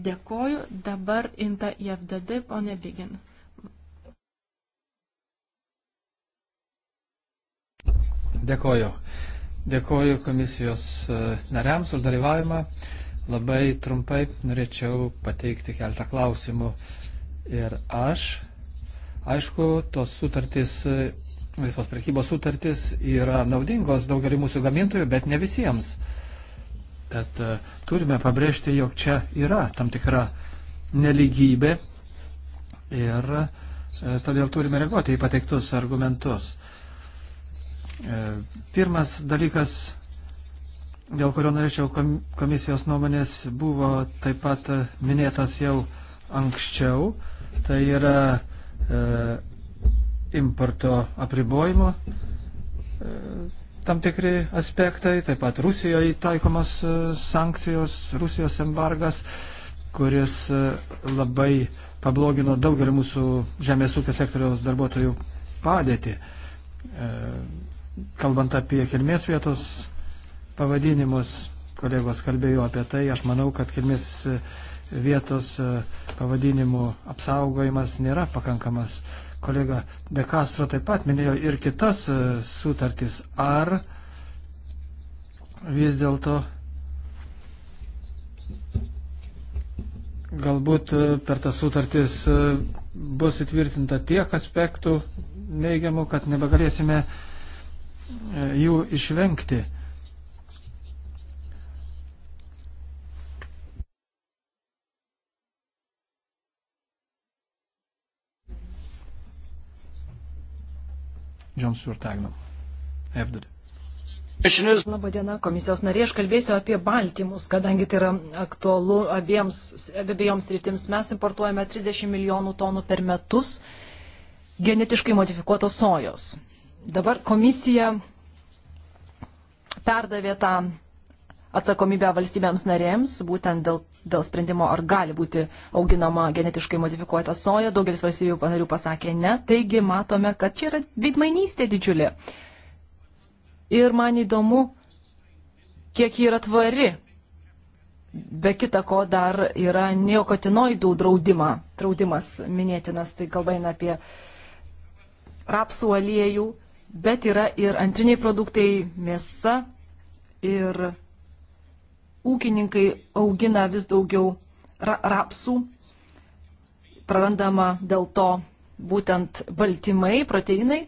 Dėkoju dabar Inta JFDD, ponė Bigin.
Dėkoju. Dėkoju komisijos e, nariams už dalyvavimą. Labai trumpai norėčiau pateikti keltą klausimų. Ir aš, aišku, tos sutartys, e, visos prekybos sutartys yra naudingos daugeliu mūsų gamintojų, bet ne visiems. Tad e, turime pabrėžti, jog čia yra tam tikra neligybė ir todėl turime reaguoti į pateiktus argumentus. E, pirmas dalykas, dėl kurio norėčiau komisijos nuomonės, buvo taip pat minėtas jau anksčiau. Tai yra e, importo apribojimo e, tam tikri aspektai, taip pat Rusijoje taikomas e, sankcijos, Rusijos embargas, kuris e, labai pablogino daugelį mūsų žemės ūkio sektoriaus darbuotojų padėtį. E, kalbant apie kilmės vietos pavadinimus, kolegos kalbėjo apie tai, aš manau, kad kilmės e, vietos e, pavadinimų apsaugojimas nėra pakankamas. Kolega De Castro taip pat minėjo ir kitas e, sutartys. Ar vis dėlto galbūt per tas sutartys bus įtvirtinta tiek aspektų neigiamų, kad nebegalėsime uh, E, jų išvengti. John Stuart Agnam. FDD.
Labadiena, komisijos narė, aš kalbėsiu apie baltymus, kadangi tai yra aktualu abiems, abiejoms rytims. Mes importuojame 30 milijonų tonų per metus genetiškai modifikuotos sojos dabar komisija perdavė tą atsakomybę valstybėms narėms, būtent dėl, dėl sprendimo, ar gali būti auginama genetiškai modifikuota soja. Daugelis valstybių panarių pasakė ne, taigi matome, kad čia yra veidmainystė didžiulė. Ir man įdomu, kiek ji yra tvari. Be kita ko dar yra neokotinoidų draudima. draudimas minėtinas, tai kalba eina apie rapsų aliejų bet yra ir antriniai produktai mėsa ir ūkininkai augina vis daugiau ra rapsų, prarandama dėl to būtent baltymai, proteinai.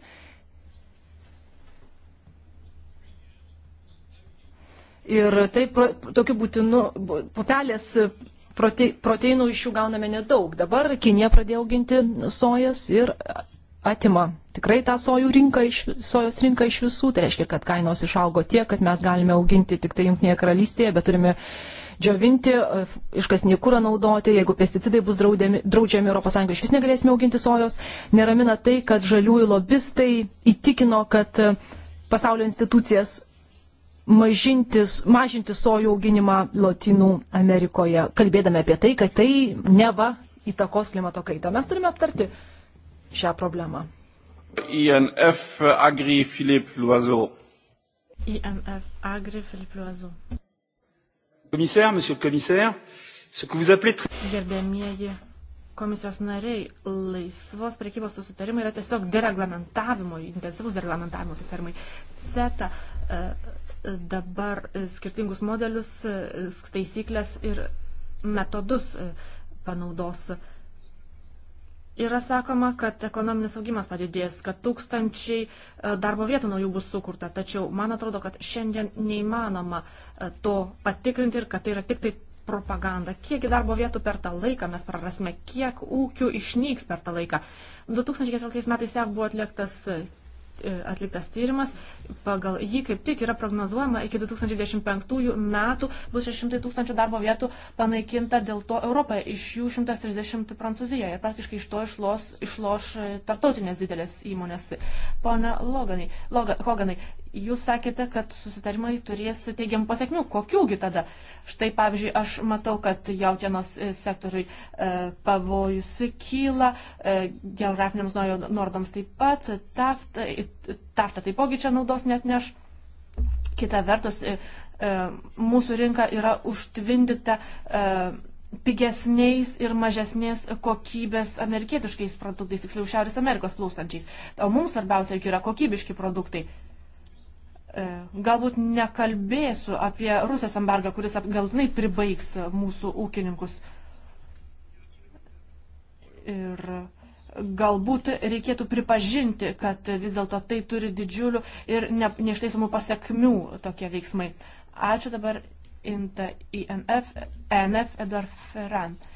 Ir taip, tokiu būtinu, pupelės prote, proteinų iš jų gauname nedaug. Dabar Kinė pradėjo auginti sojas ir atima tikrai tą sojų rinką iš, sojos rinką iš visų, tai reiškia, kad kainos išaugo tiek, kad mes galime auginti tik tai Junktinėje karalystėje, bet turime džiovinti, e, iškasnį kūrą naudoti, jeigu pesticidai bus draudėmi, draudžiami ES, iš vis negalėsime auginti sojos. Neramina tai, kad žaliųjų lobistai įtikino, kad e, pasaulio institucijas mažintis, mažinti sojų auginimą Latinų Amerikoje, kalbėdami apie tai, kad tai neva įtakos klimato kaitą. Mes turime aptarti šią problemą.
INF Agri Filip Loiseau.
INF Agri Filip
Loiseau.
Commissaire, monsieur le commissaire, ce que vous appelez...
Gerbėmieji komisijos nariai, laisvos prekybos susitarimai yra tiesiog dereglamentavimo, intensyvus dereglamentavimo susitarimai. CETA dabar skirtingus modelius, e, taisyklės ir metodus e, panaudos Yra sakoma, kad ekonominis augimas padidės, kad tūkstančiai e, darbo vietų naujų bus sukurta, tačiau man atrodo, kad šiandien neįmanoma e, to patikrinti ir kad tai yra tik tai propaganda. Kiekgi darbo vietų per tą laiką mes prarasime, kiek ūkių išnyks per tą laiką. 2004 metais jav buvo atliktas e, E, atliktas tyrimas, pagal jį kaip tik yra prognozuojama iki 2025 metų bus 600 tūkstančių darbo vietų panaikinta dėl to Europoje, iš jų 130 Prancūzijoje. Praktiškai iš to išloš, išloš e, tarptautinės didelės įmonės. Pone Loganai, Loga, Hoganai, Jūs sakėte, kad susitarimai turės teigiamų pasiekmių. Kokiųgi tada? Štai pavyzdžiui, aš matau, kad jautienos e, sektoriui e, pavojus kyla, e, geografiniams nuorodams taip pat, taftą, e, taftą taipogi čia naudos net neš. Kita vertus, e, e, mūsų rinka yra užtvindyta. E, pigesniais ir mažesnės kokybės amerikietiškais produktais, tiksliau Šiaurės Amerikos plūstančiais. O mums svarbiausia yra kokybiški produktai. E, E, galbūt nekalbėsiu apie Rusijos embargą, kuris galtinai pribaigs mūsų ūkininkus. Ir galbūt reikėtų pripažinti, kad vis dėlto tai turi didžiulių ir ne, neištaisamų pasiekmių tokie veiksmai. Ačiū dabar INTA, INF, e NF Edward Ferrand.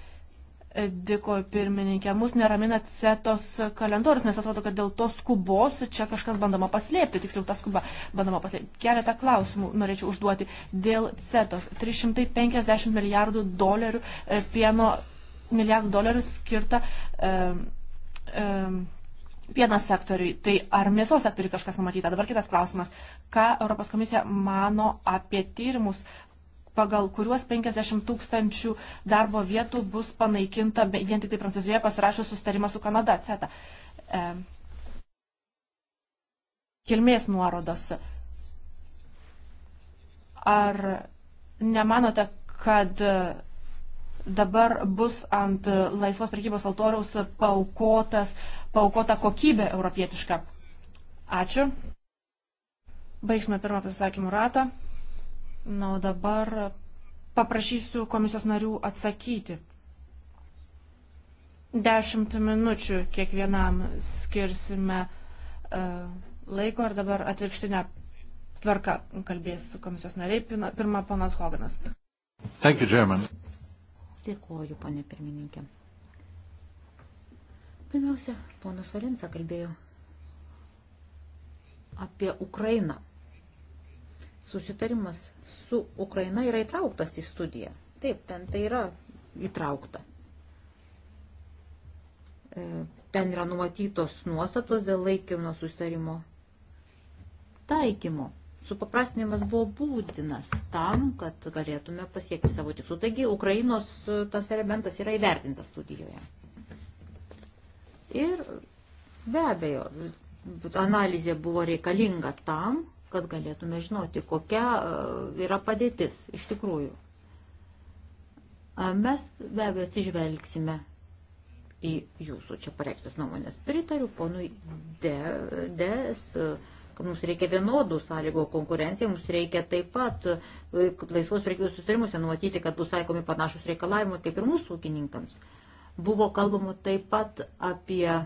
Dėkoju pirmininkė. Mus neramina CETOS kalendorius, nes atrodo, kad dėl tos skubos čia kažkas bandoma paslėpti, tiksliau tą skubą bandoma paslėpti. Keletą klausimų norėčiau užduoti dėl CETOS. 350 milijardų dolerių e, pieno, milijardų dolerių skirta. E, e, Pienas sektoriui, tai ar mėsos sektoriui kažkas numatyta? Dabar kitas klausimas. Ką Europos komisija mano apie tyrimus pagal kuriuos 50 tūkstančių darbo vietų bus panaikinta vien tik tai Prancūzijoje pasirašus sustarimą su Kanada, CETA. E, kilmės nuorodos. Ar nemanote, kad dabar bus ant laisvos prekybos altoriaus paukotas, paukota kokybė europietiška? Ačiū. Baigsime pirmą pasisakymų ratą. Na, o dabar paprašysiu komisijos narių atsakyti. Dešimt minučių kiekvienam skirsime uh, laiko ir dabar atvirkštinę tvarką kalbės komisijos nariai.
Pirma, ponas Hoganas.
Thank you, German.
Dėkuoju, ponė pirmininkė. Pirmiausia, ponas Valensa kalbėjo apie Ukrainą susitarimas su Ukraina yra įtrauktas į studiją. Taip, ten tai yra įtraukta. E, ten yra numatytos nuostatos dėl laikino susitarimo taikymo. Supaprastinimas buvo būtinas tam, kad galėtume pasiekti savo tikslų. Taigi, Ukrainos e, tas elementas yra įvertintas studijoje. Ir be abejo, analizė buvo reikalinga tam, kad galėtume žinoti, kokia e, yra padėtis iš tikrųjų. E, mes be abejo atsižvelgsime į jūsų čia pareikštas nuomonės. Pritariu ponui Des, e, kad mums reikia vienodų sąlygų konkurencijai, mums reikia taip pat laisvos prekybos susirimuose numatyti, kad bus taikomi panašus reikalavimai kaip ir mūsų ūkininkams. Buvo kalbama taip pat apie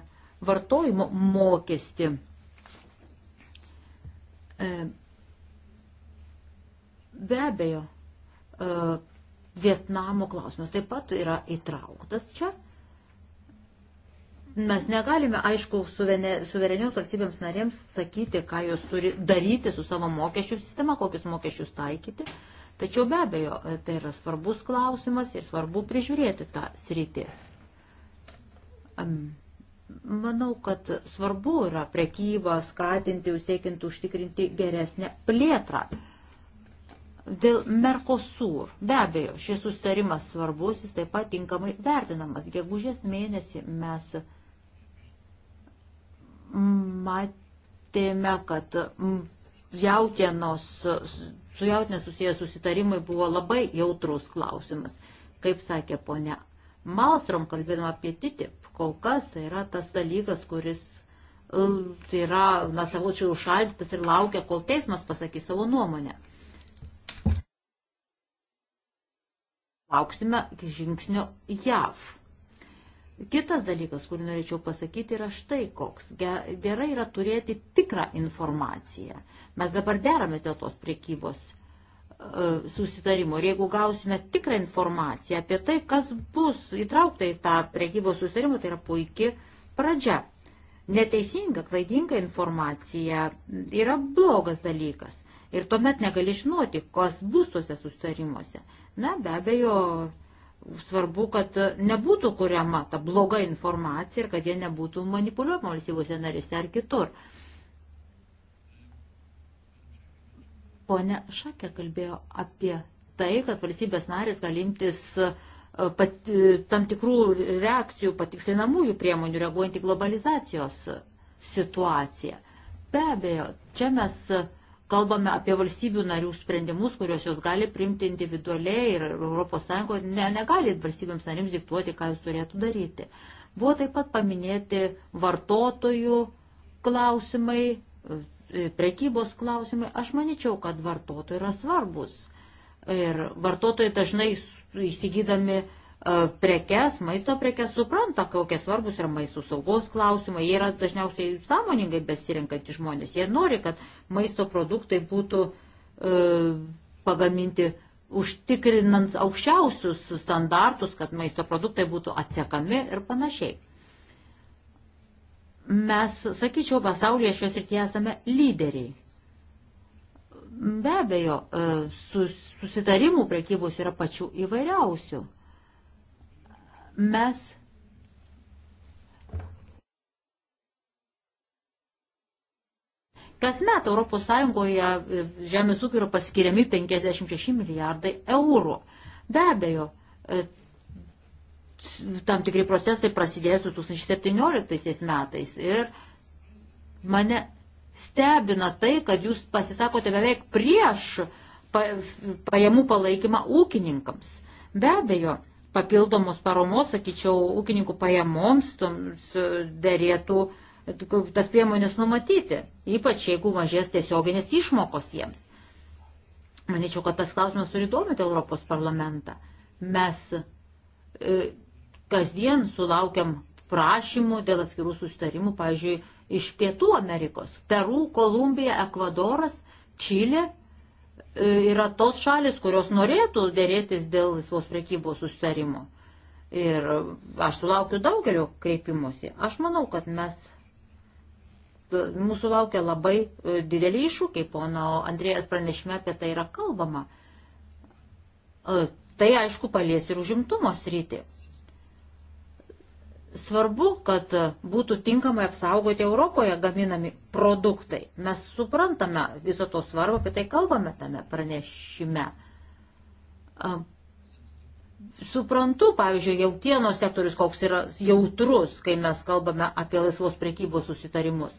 vartojimo mokestį E, be abejo, e, Vietnamo klausimas taip pat yra įtrauktas čia. Mes negalime, aišku, suvereniaus valstybėms narėms sakyti, ką jos turi daryti su savo mokesčių sistema, kokius mokesčius taikyti. Tačiau be abejo, e, tai yra svarbus klausimas ir svarbu prižiūrėti tą sritį. Manau, kad svarbu yra prekybą skatinti, siekiant užtikrinti geresnę plėtrą. Dėl Mercosur, be abejo, šis sustarimas svarbus, jis taip pat tinkamai vertinamas. Gegužės mėnesį mes matėme, kad jautienos, su jautinė susijęs susitarimai buvo labai jautrus klausimas. Kaip sakė ponia Malstrom kalbėdama apie TTIP, kol kas tai yra tas dalykas, kuris e,
tai
yra, na, savočiai užšaldytas ir laukia, kol teismas pasakys savo nuomonę. Lauksime žingsnio JAV. Kitas dalykas, kurį norėčiau pasakyti, yra štai koks. Gerai yra turėti tikrą informaciją. Mes dabar deramės dėl tos priekybos E, susitarimo ir jeigu gausime tikrą informaciją apie tai, kas bus įtraukta į tą prekybos susitarimą, tai yra puikia pradžia. Neteisinga, klaidinga informacija yra blogas dalykas ir tuomet negali žinoti, kas bus tuose susitarimuose. Na, be abejo, svarbu, kad nebūtų kuriama ta bloga informacija ir kad jie nebūtų manipuliuojama valstybėse narėse ar kitur. Uh, Pone Šakė kalbėjo apie tai, kad valstybės narės gali imtis e, pat, e, tam tikrų reakcijų, patikslinamųjų priemonių reaguojant į globalizacijos situaciją. Be abejo, čia mes kalbame apie valstybių narių sprendimus, kuriuos jos gali priimti individualiai ir ES ne, negali valstybėms narims diktuoti, ką jūs turėtų daryti. Buvo taip pat paminėti vartotojų klausimai, E, prekybos klausimai, aš manyčiau, kad vartotojai yra svarbus. Ir vartotojai dažnai įsigydami e, prekes, maisto prekes supranta, kokie svarbus yra maisto saugos klausimai. Jie yra dažniausiai sąmoningai besirinkantys žmonės. Jie nori, kad maisto produktai būtų e, pagaminti užtikrinant aukščiausius standartus, kad maisto produktai būtų atsiekami ir panašiai. Mes, sakyčiau, pasaulyje šios ir tie esame lyderiai. Be abejo, e, susitarimų prekybos yra pačių įvairiausių. Mes Kasmet ES e, žemės ūkio yra paskiriami 56 milijardai eurų. Be abejo, e, tam tikri procesai prasidės 2017 metais. Ir mane stebina tai, kad jūs pasisakote beveik prieš pajamų palaikymą ūkininkams. Be abejo, papildomos paromos, sakyčiau, ūkininkų pajamoms dėrėtų tas priemonės numatyti, ypač jeigu mažės tiesioginės išmokos jiems. Manyčiau, kad tas klausimas turi domėti Europos parlamentą. Mes e, kasdien sulaukiam prašymų dėl atskirų sustarimų, pavyzdžiui, iš Pietų Amerikos - Peru, Kolumbija, Ekvadoras, Čilė. E, yra tos šalis, kurios norėtų dėrėtis dėl laisvos priekybos sustarimo. Ir aš sulaukiu daugelio kreipimusi. Aš manau, kad mes, e, mūsų laukia labai e, dideli iššūkiai, pono Andrėjas pranešime apie tai yra kalbama. Tai aišku palies ir užimtumo sritį. Svarbu, kad būtų tinkamai apsaugoti Europoje gaminami produktai. Mes suprantame viso to svarbą, apie tai kalbame tame pranešime. Suprantu, pavyzdžiui, jautienos sektorius, koks yra jautrus, kai mes kalbame apie laisvos priekybos susitarimus.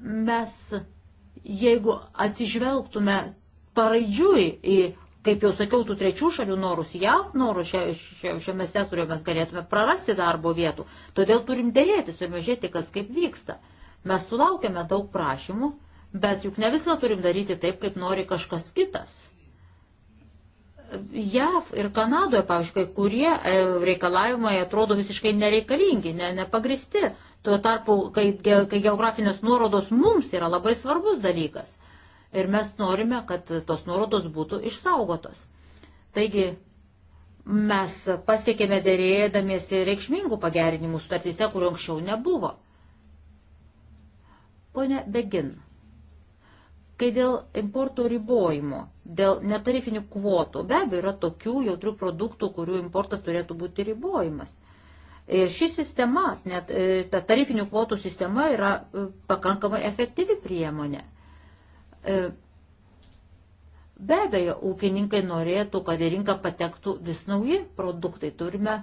Mes, jeigu atsižvelgtume paraidžiui į Kaip jau sakiau, tų trečių šalių norus, jav norus šia, šia, šiame sektoriuje mes galėtume prarasti darbo vietų. Todėl turim dėrėtis, turime žiūrėti, kas kaip vyksta. Mes sulaukėme daug prašymų, bet juk ne viską turim daryti taip, kaip nori kažkas kitas. JAV ir Kanadoje, pavyzdžiui, kai kurie e, reikalavimai atrodo visiškai nereikalingi, ne, nepagristi. Tuo tarpu, kai, kai geografinės nuorodos mums yra labai svarbus dalykas ir mes norime, kad tos nuorodos būtų išsaugotos. Taigi mes pasiekėme dėrėdamiesi reikšmingų pagerinimų sutartyse, kurių anksčiau nebuvo. Pone Begin, kai dėl importo ribojimo, dėl netarifinių kvotų, be abejo, yra tokių jautrių produktų, kurių importas turėtų būti ribojimas. Ir ši sistema, net e, ta tarifinių kvotų sistema yra e, pakankamai efektyvi priemonė. E, be abejo, ūkininkai norėtų, kad į rinką patektų vis nauji produktai. Turime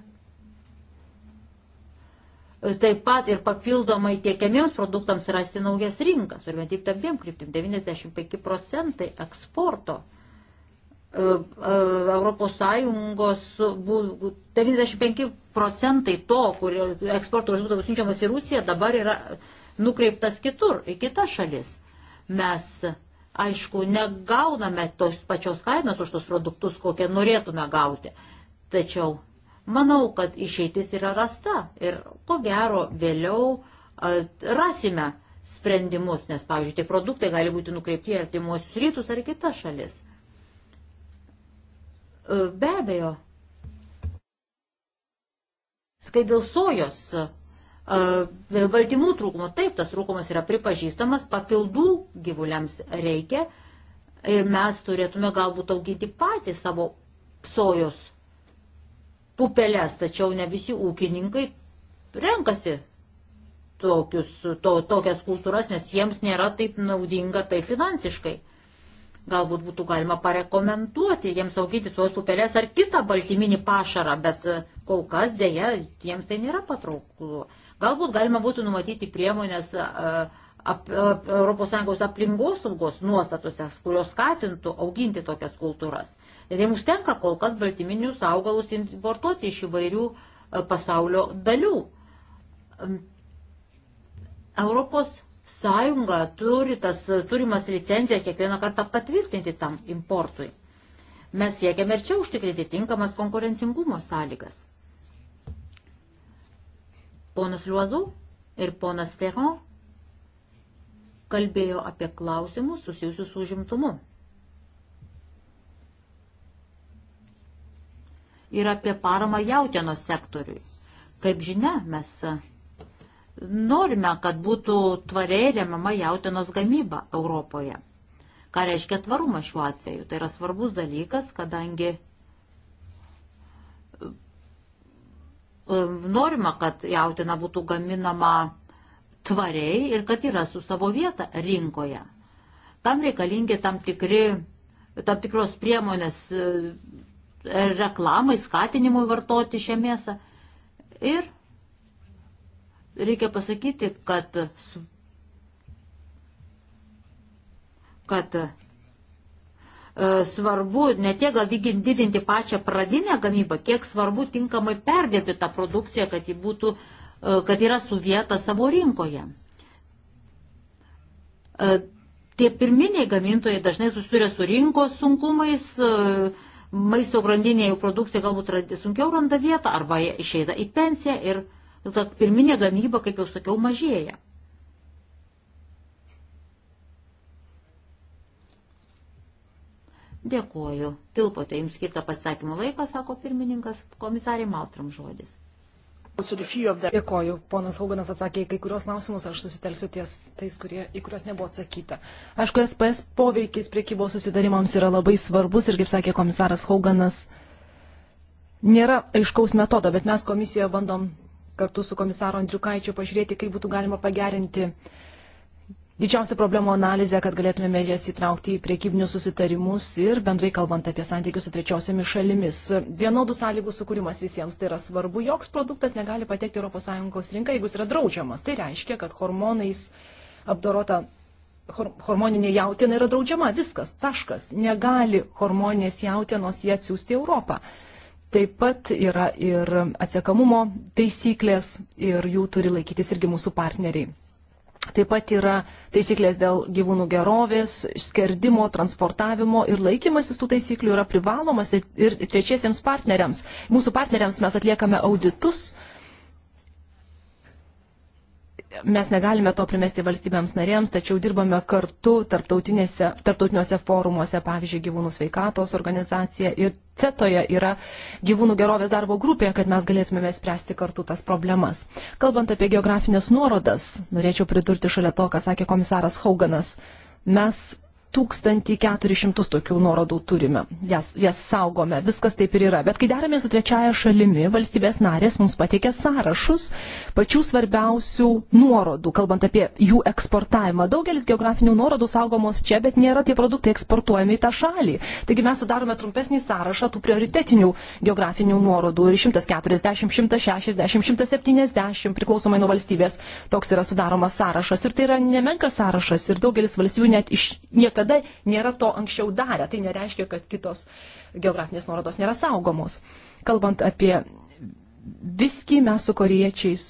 taip pat ir papildomai tiekiamiems produktams rasti naujas rinkas. Turime tik abiem kryptim. 95 procentai eksporto e, e, Europos Sąjungos, 95 procentai to, kur eksporto būdavo siunčiamas į Rusiją, dabar yra nukreiptas kitur, į kitas šalis. Mes Aišku, negauname tos pačios kainos už tos produktus, kokią norėtume gauti. Tačiau manau, kad išeitis yra rasta ir ko gero vėliau rasime sprendimus, nes, pavyzdžiui, tie produktai gali būti nukreipti į artimuosius rytus ar kitas šalis. E, be abejo, kai dėl sojos baltymų trūkumo. Taip, tas trūkumas yra pripažįstamas, papildų gyvuliams reikia ir mes turėtume galbūt auginti patys savo sojos pupelės, tačiau ne visi ūkininkai renkasi tokius, to, tokias kultūras, nes jiems nėra taip naudinga tai finansiškai. Galbūt būtų galima parekomenduoti jiems auginti sojos pupelės ar kitą baltyminį pašarą, bet kol kas dėja jiems tai nėra patrauklu. Galbūt galima būtų numatyti priemonės ap, ap, ES aplinkos saugos nuostatose, kurios skatintų auginti tokias kultūras. Ir mums tenka kol kas baltyminius augalus importuoti iš įvairių pasaulio dalių. Europos sąjunga turi tas turimas licenciją kiekvieną kartą patvirtinti tam importui. Mes siekiame ir čia užtikrinti tinkamas konkurencingumo sąlygas. Ponas Liuozu ir ponas Ferron kalbėjo apie klausimus susijusius su užimtumu. Ir apie paramą jautienos sektoriui. Kaip žinia, mes norime, kad būtų tvariai remiama jautienos gamyba Europoje. Ką reiškia tvarumas šiuo atveju? Tai yra svarbus dalykas, kadangi E, norima, kad jautina būtų gaminama tvariai ir kad yra su savo vieta rinkoje. Tam reikalingi tam, tikri, tam tikros priemonės e, reklamai, skatinimui vartoti šią mėsą. Ir reikia pasakyti, kad, kad E, svarbu ne tiek gal didinti pačią pradinę gamybą, kiek svarbu tinkamai perdėti tą produkciją, kad ji būtų, e, kad yra su vieta savo rinkoje. E, tie pirminiai gamintojai dažnai susiduria su rinkos sunkumais, maisto grandinėje jų produkcija galbūt sunkiau randa vietą arba išeina į pensiją ir ta pirminė gamyba, kaip jau sakiau, mažėja. Dėkoju. Tilpote jums skirtą pasakymą laiką, sako pirmininkas, komisarė Maltram žodis. Dėkoju. Ponas Hauganas atsakė į kai kurios klausimus, aš susitelsiu ties
tais, kurie, į kuriuos nebuvo atsakyta. Aišku, SPS poveikis priekybos susitarimams yra labai svarbus ir, kaip sakė komisaras Hauganas, nėra aiškaus metodo, bet mes komisijoje bandom kartu su komisaro Andriukaičiu pažiūrėti, kaip būtų galima pagerinti uh, didžiausia problemo analizė, kad galėtumėme jas įtraukti į priekybinius susitarimus ir bendrai kalbant apie santykius su trečiosiomis šalimis. Vienodų sąlygų sukūrimas visiems tai yra svarbu. Joks produktas negali patekti ES rinką, jeigu jis yra draudžiamas. Tai reiškia, kad hormonais apdorota hormoninė jautina yra draudžiama. Viskas, taškas. Negali hormoninės jautinos jie atsiųsti į Europą. Taip pat yra ir atsiekamumo taisyklės ir jų turi laikytis irgi mūsų partneriai. Taip pat yra taisyklės dėl gyvūnų gerovės, skerdimo, transportavimo ir laikymasis tų taisyklių yra privalomas ir trečiesiems partneriams. Mūsų partneriams mes atliekame auditus, uh, mes negalime to primesti valstybėms narėms, tačiau dirbame kartu tarptautiniuose forumuose, pavyzdžiui, gyvūnų sveikatos organizacija ir CETOje yra gyvūnų gerovės darbo grupė, kad mes galėtumėme spręsti kartu tas problemas. Kalbant apie geografinės nuorodas, norėčiau pridurti šalia to, ką sakė komisaras Hauganas, mes 1400 tokių nuorodų turime, jas, jas saugome, viskas taip ir yra. Bet kai darome su trečiaja šalimi, valstybės narės mums pateikė sąrašus pačių svarbiausių nuorodų, kalbant apie jų eksportavimą. Daugelis geografinių nuorodų saugomos čia, bet nėra tie produktai eksportuojami į tą šalį. Taigi mes sudarome trumpesnį sąrašą tų prioritetinių geografinių nuorodų ir 140, 160, 170 priklausomai nuo valstybės toks yra sudaromas sąrašas. Ir tai yra nemenkas sąrašas ir daugelis valstybių net iš niekada niekada nėra to anksčiau darę. Tai nereiškia, kad kitos geografinės nuorodos nėra saugomos. Kalbant apie viskį, mes su koriečiais.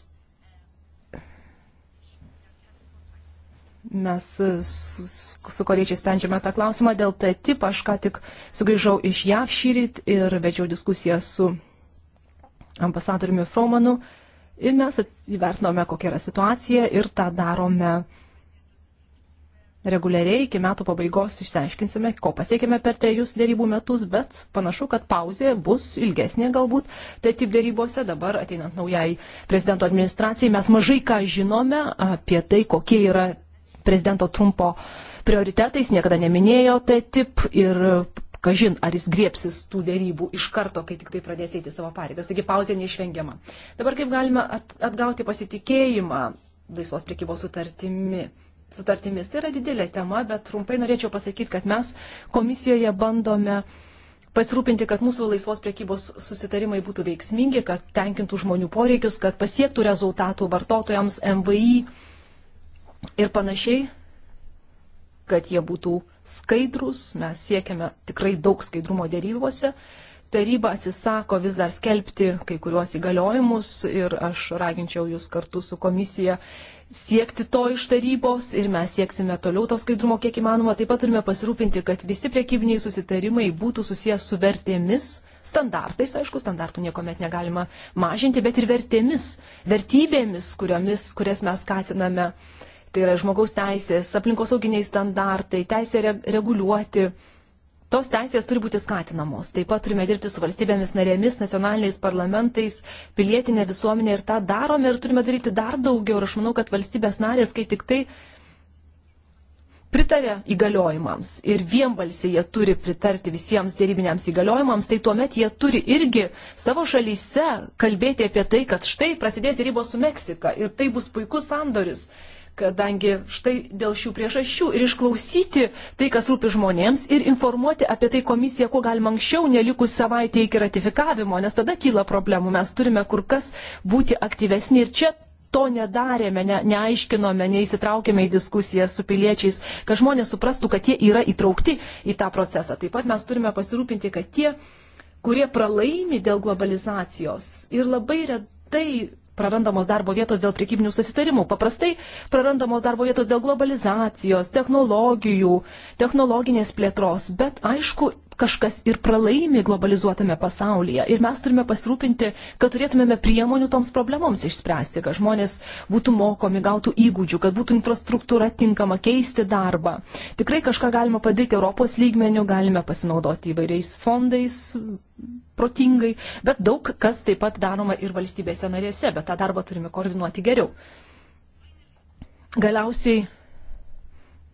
Mes su, su koriečiais sprendžiame tą klausimą dėl T-tip. Aš ką tik sugrįžau iš JAV šyryt ir vedžiau diskusiją su ambasadoriumi Fromanu. Ir mes įvertinome, kokia yra situacija ir tą darome reguliariai iki metų pabaigos išsiaiškinsime, ko pasiekime per trejus dėrybų metus, bet panašu, kad pauzė bus ilgesnė galbūt. Tai taip dėrybose dabar, ateinant naujai prezidento administracijai, mes mažai ką žinome apie tai, kokie yra prezidento trumpo prioritetais, niekada neminėjo tai tip ir kažin, ar jis griepsis tų dėrybų iš karto, kai tik tai pradės eiti savo pareigas. Taigi pauzė neišvengiama. Dabar kaip galime atgauti pasitikėjimą laisvos priekybos sutartimi? sutartimis. Tai yra didelė tema, bet trumpai norėčiau pasakyti, kad mes komisijoje bandome pasirūpinti, kad mūsų laisvos priekybos susitarimai būtų veiksmingi, kad tenkintų žmonių poreikius, kad pasiektų rezultatų vartotojams, MVI ir panašiai, kad jie būtų skaidrus. Mes siekiame tikrai daug skaidrumo dėrybose. Taryba atsisako vis dar skelbti kai kuriuos įgaliojimus ir aš raginčiau jūs kartu su komisija siekti to iš tarybos ir mes sieksime toliau to skaidrumo kiek įmanoma. Taip pat turime pasirūpinti, kad visi priekybiniai susitarimai būtų susijęs su vertėmis, standartais, aišku, standartų niekuomet negalima mažinti, bet ir vertėmis, vertybėmis, kuriomis, kurias mes skatiname. Tai yra žmogaus teisės, aplinkosauginiai standartai, teisė re reguliuoti Tos teisės turi būti skatinamos. Taip pat turime dirbti su valstybėmis narėmis, nacionaliniais parlamentais, pilietinė visuomenė ir tą darome ir turime daryti dar daugiau. Ir aš manau, kad valstybės narės, kai tik tai pritarė įgaliojimams ir vienbalsiai jie turi pritarti visiems dėrybiniams įgaliojimams, tai tuomet jie turi irgi savo šalyse kalbėti apie tai, kad štai prasidės dėrybos su Meksika ir tai bus puikus sandoris kadangi štai dėl šių priežasčių ir išklausyti tai, kas rūpi žmonėms ir informuoti apie tai komisiją, kuo galima anksčiau, nelikus savaitė iki ratifikavimo, nes tada kyla problemų, mes turime kur kas būti aktyvesni ir čia to nedarėme, ne, neaiškinome, neįsitraukėme į diskusijas su piliečiais, kad žmonės suprastų, kad jie yra įtraukti į tą procesą. Taip pat mes turime pasirūpinti, kad tie, kurie pralaimi dėl globalizacijos ir labai retai prarandamos darbo vietos dėl priekybinių susitarimų. Paprastai prarandamos darbo vietos dėl globalizacijos, technologijų, technologinės plėtros, bet aišku, kažkas ir pralaimi globalizuotame pasaulyje. Ir mes turime pasirūpinti, kad turėtumėme priemonių toms problemoms išspręsti, kad žmonės būtų mokomi, gautų įgūdžių, kad būtų infrastruktūra tinkama keisti darbą. Tikrai kažką galima padaryti Europos lygmenių, galime pasinaudoti įvairiais fondais protingai, bet daug kas taip pat daroma ir valstybėse narėse, bet tą darbą turime koordinuoti geriau. Galiausiai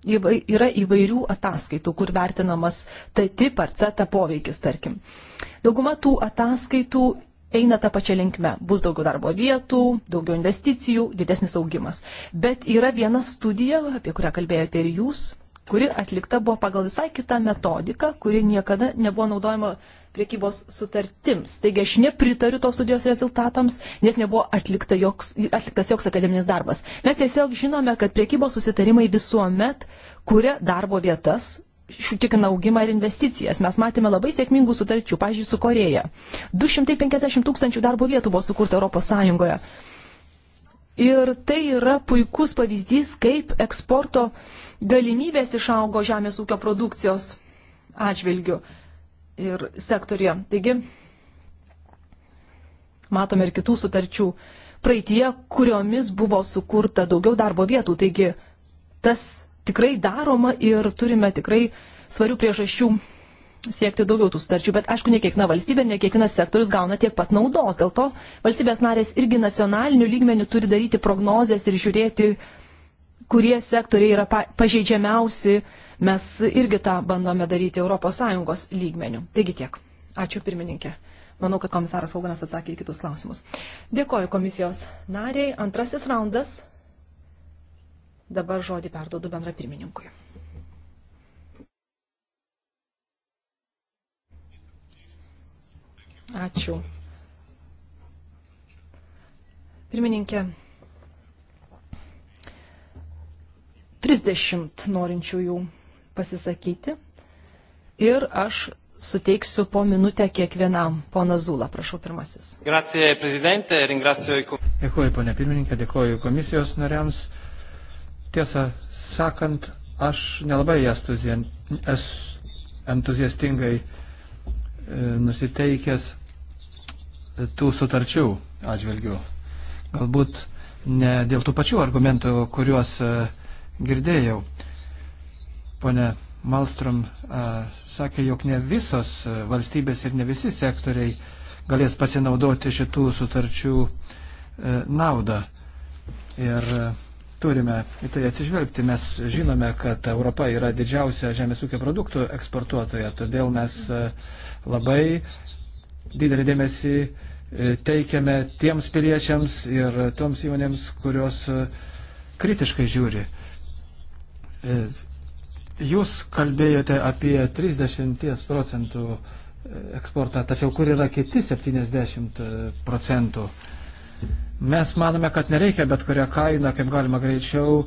yra įvairių ataskaitų, kur vertinamas TTIP ar CETA poveikis, tarkim. Dauguma tų ataskaitų eina tą pačią linkmę. Bus daugiau darbo vietų, daugiau investicijų, didesnis augimas. Bet yra viena studija, apie kurią kalbėjote ir jūs, kuri atlikta buvo pagal visai kitą metodiką, kuri niekada nebuvo naudojama priekybos sutartims. Taigi aš nepritariu tos studijos rezultatams, nes nebuvo atlikta joks, atliktas joks akademinis darbas. Mes tiesiog žinome, kad priekybos susitarimai visuomet kuria darbo vietas, šiutikina augimą ir investicijas. Mes matėme labai sėkmingų sutarčių, pažiūrėjau, su Koreja. 250 tūkstančių darbo vietų buvo sukurta Europos Sąjungoje Ir tai yra puikus pavyzdys, kaip eksporto galimybės išaugo žemės ūkio produkcijos atžvilgių ir sektorija. Taigi, matome ir kitų sutarčių praeitie, kuriomis buvo sukurta daugiau darbo vietų. Taigi, tas tikrai daroma ir turime tikrai svarių priežasčių siekti daugiau tų sutarčių, bet aišku, ne kiekviena valstybė, ne kiekvienas sektorius gauna tiek pat naudos. Dėl to valstybės narės irgi nacionaliniu lygmeniu turi daryti prognozes ir žiūrėti, kurie sektoriai yra pažeidžiamiausi. Mes irgi tą bandome daryti ES lygmeniu. Taigi tiek. Ačiū pirmininkė. Manau, kad komisaras Hoganas atsakė į kitus klausimus. Dėkoju komisijos nariai. Antrasis raundas. Dabar žodį perduodu bendra pirmininkui. Ačiū. Pirmininkė, 30 norinčiųjų pasisakyti ir aš suteiksiu po minutę kiekvienam. Pona Zula, prašau pirmasis.
Grazie, prezidentė, ringracijoju. Dėkuoju, ponė pirmininkė, dėkuoju komisijos nariams. Tiesą sakant, aš nelabai entuzien... entuziastingai e, nusiteikęs tų sutarčių atžvilgių. Galbūt ne dėl tų pačių argumentų, kuriuos e, girdėjau. Pone Malstrom e, sakė, jog ne visos e, valstybės ir ne visi sektoriai galės pasinaudoti šitų sutarčių naudą. Ir turime į tai atsižvelgti. Mes žinome, kad Europa yra didžiausia žemės ūkio produktų eksportuotoja, todėl mes labai didelį dėmesį uh, E, teikiame tiems piliečiams ir toms įmonėms, kurios e, kritiškai žiūri. E, jūs kalbėjote apie 30 procentų eksportą, tačiau kur yra kiti 70 procentų? Mes manome, kad nereikia bet kurią kainą, kaip galima greičiau,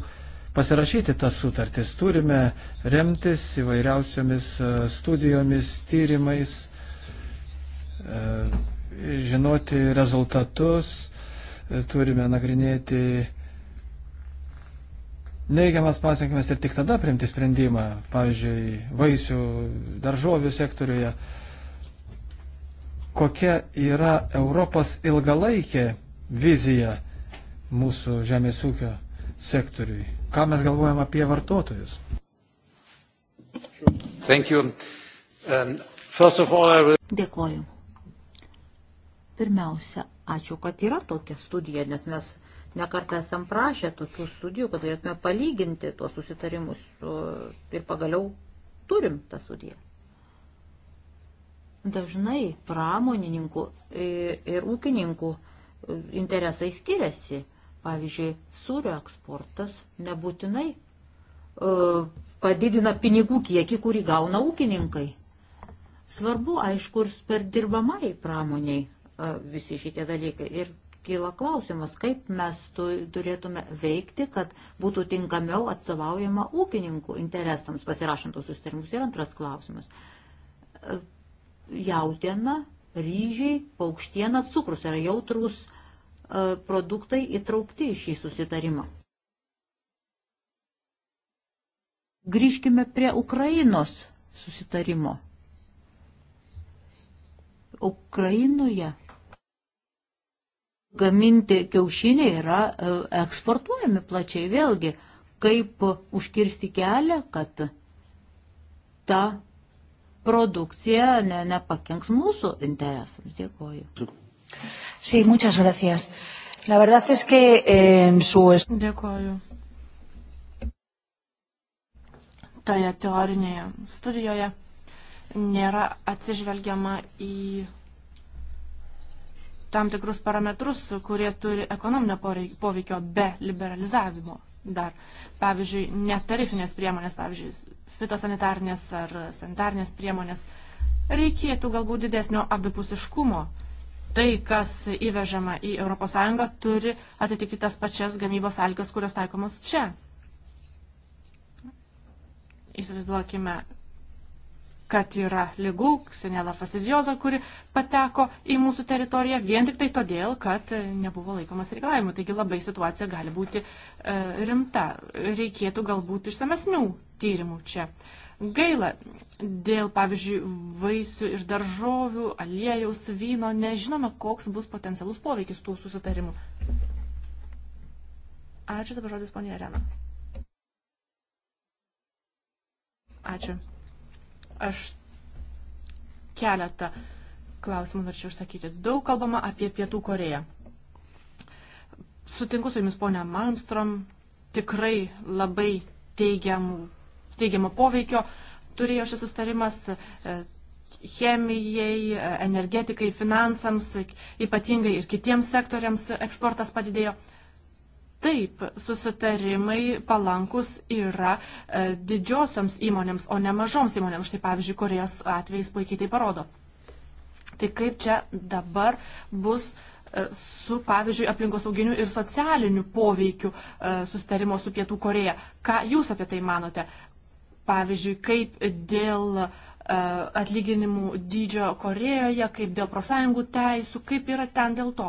pasirašyti tas sutartis. Turime remtis įvairiausiomis studijomis, tyrimais. E, žinoti rezultatus, turime nagrinėti neigiamas pasiekmes ir tik tada priimti sprendimą, pavyzdžiui, vaisių, daržovių sektoriuje, kokia yra Europos ilgalaikė vizija mūsų žemės ūkio sektoriui, ką mes galvojam apie vartotojus. Sure. Um, all, will...
Dėkuoju. Pirmiausia, ačiū, kad yra tokia studija, nes mes nekartą esam prašę tokių studijų, kad galėtume palyginti tuos susitarimus ir pagaliau turim tą studiją. Dažnai pramonininkų e, ir ūkininkų e, interesai skiriasi. Pavyzdžiui, sūrio eksportas nebūtinai e, padidina pinigų kiekį, kurį gauna ūkininkai. Svarbu, aišku, ir perdirbamai pramoniai visi šitie dalykai. Ir kyla klausimas, kaip mes tu, turėtume veikti, kad būtų tinkamiau atstovaujama ūkininkų interesams pasirašantos sustarimus. Ir antras klausimas. Jautiena, ryžiai, paukštiena, cukrus yra jautrus produktai įtraukti į šį susitarimą. Grįžkime prie Ukrainos susitarimo. Ukrainoje gaminti kiaušiniai yra e, eksportuojami plačiai vėlgi, kaip užkirsti kelią, kad ta produkcija ne, nepakenks mūsų interesams. Dėkuoju. Sí, muchas gracias. La verdad es que eh, su... Dėkuoju.
Toje teorinėje studijoje nėra atsižvelgiama į tam tikrus parametrus, kurie turi ekonominio poveikio be liberalizavimo dar. Pavyzdžiui, netarifinės priemonės, pavyzdžiui, fitosanitarnės ar sanitarnės priemonės, reikėtų galbūt didesnio abipusiškumo. Tai, kas įvežama į ES, turi atitikti tas pačias gamybos sąlygas, kurios taikomos čia. Įsivaizduokime kad yra lygų, senela fastidioza, kuri pateko į mūsų teritoriją vien tik tai todėl, kad nebuvo laikomas reikalavimų. Taigi labai situacija gali būti e, rimta. Reikėtų galbūt išsamesnių tyrimų čia. Gaila, dėl pavyzdžiui vaisių ir daržovių, aliejaus, vyno, nežinome, koks bus potencialus poveikis tų susitarimų. Ačiū dabar žodis ponė Arena. Ačiū. Aš keletą klausimų norėčiau užsakyti. Daug kalbama apie Pietų Koreją. Sutinku su jumis, ponia Manstrom, tikrai labai teigiamų, teigiamo poveikio turėjo šis sustarimas e, chemijai, e, energetikai, finansams, ypatingai ir kitiems sektoriams eksportas padidėjo. Taip, susitarimai palankus yra e, didžiosioms įmonėms, o ne mažoms įmonėms. Štai pavyzdžiui, Korejos atvejais puikiai tai parodo. Tai kaip čia dabar bus e, su, pavyzdžiui, aplinkosauginiu ir socialiniu poveikiu e, susitarimo su Pietų Koreja. Ką jūs apie tai manote? Pavyzdžiui, kaip dėl e, atlyginimų dydžio Korejoje, kaip dėl profsąjungų teisų, kaip yra ten dėl to.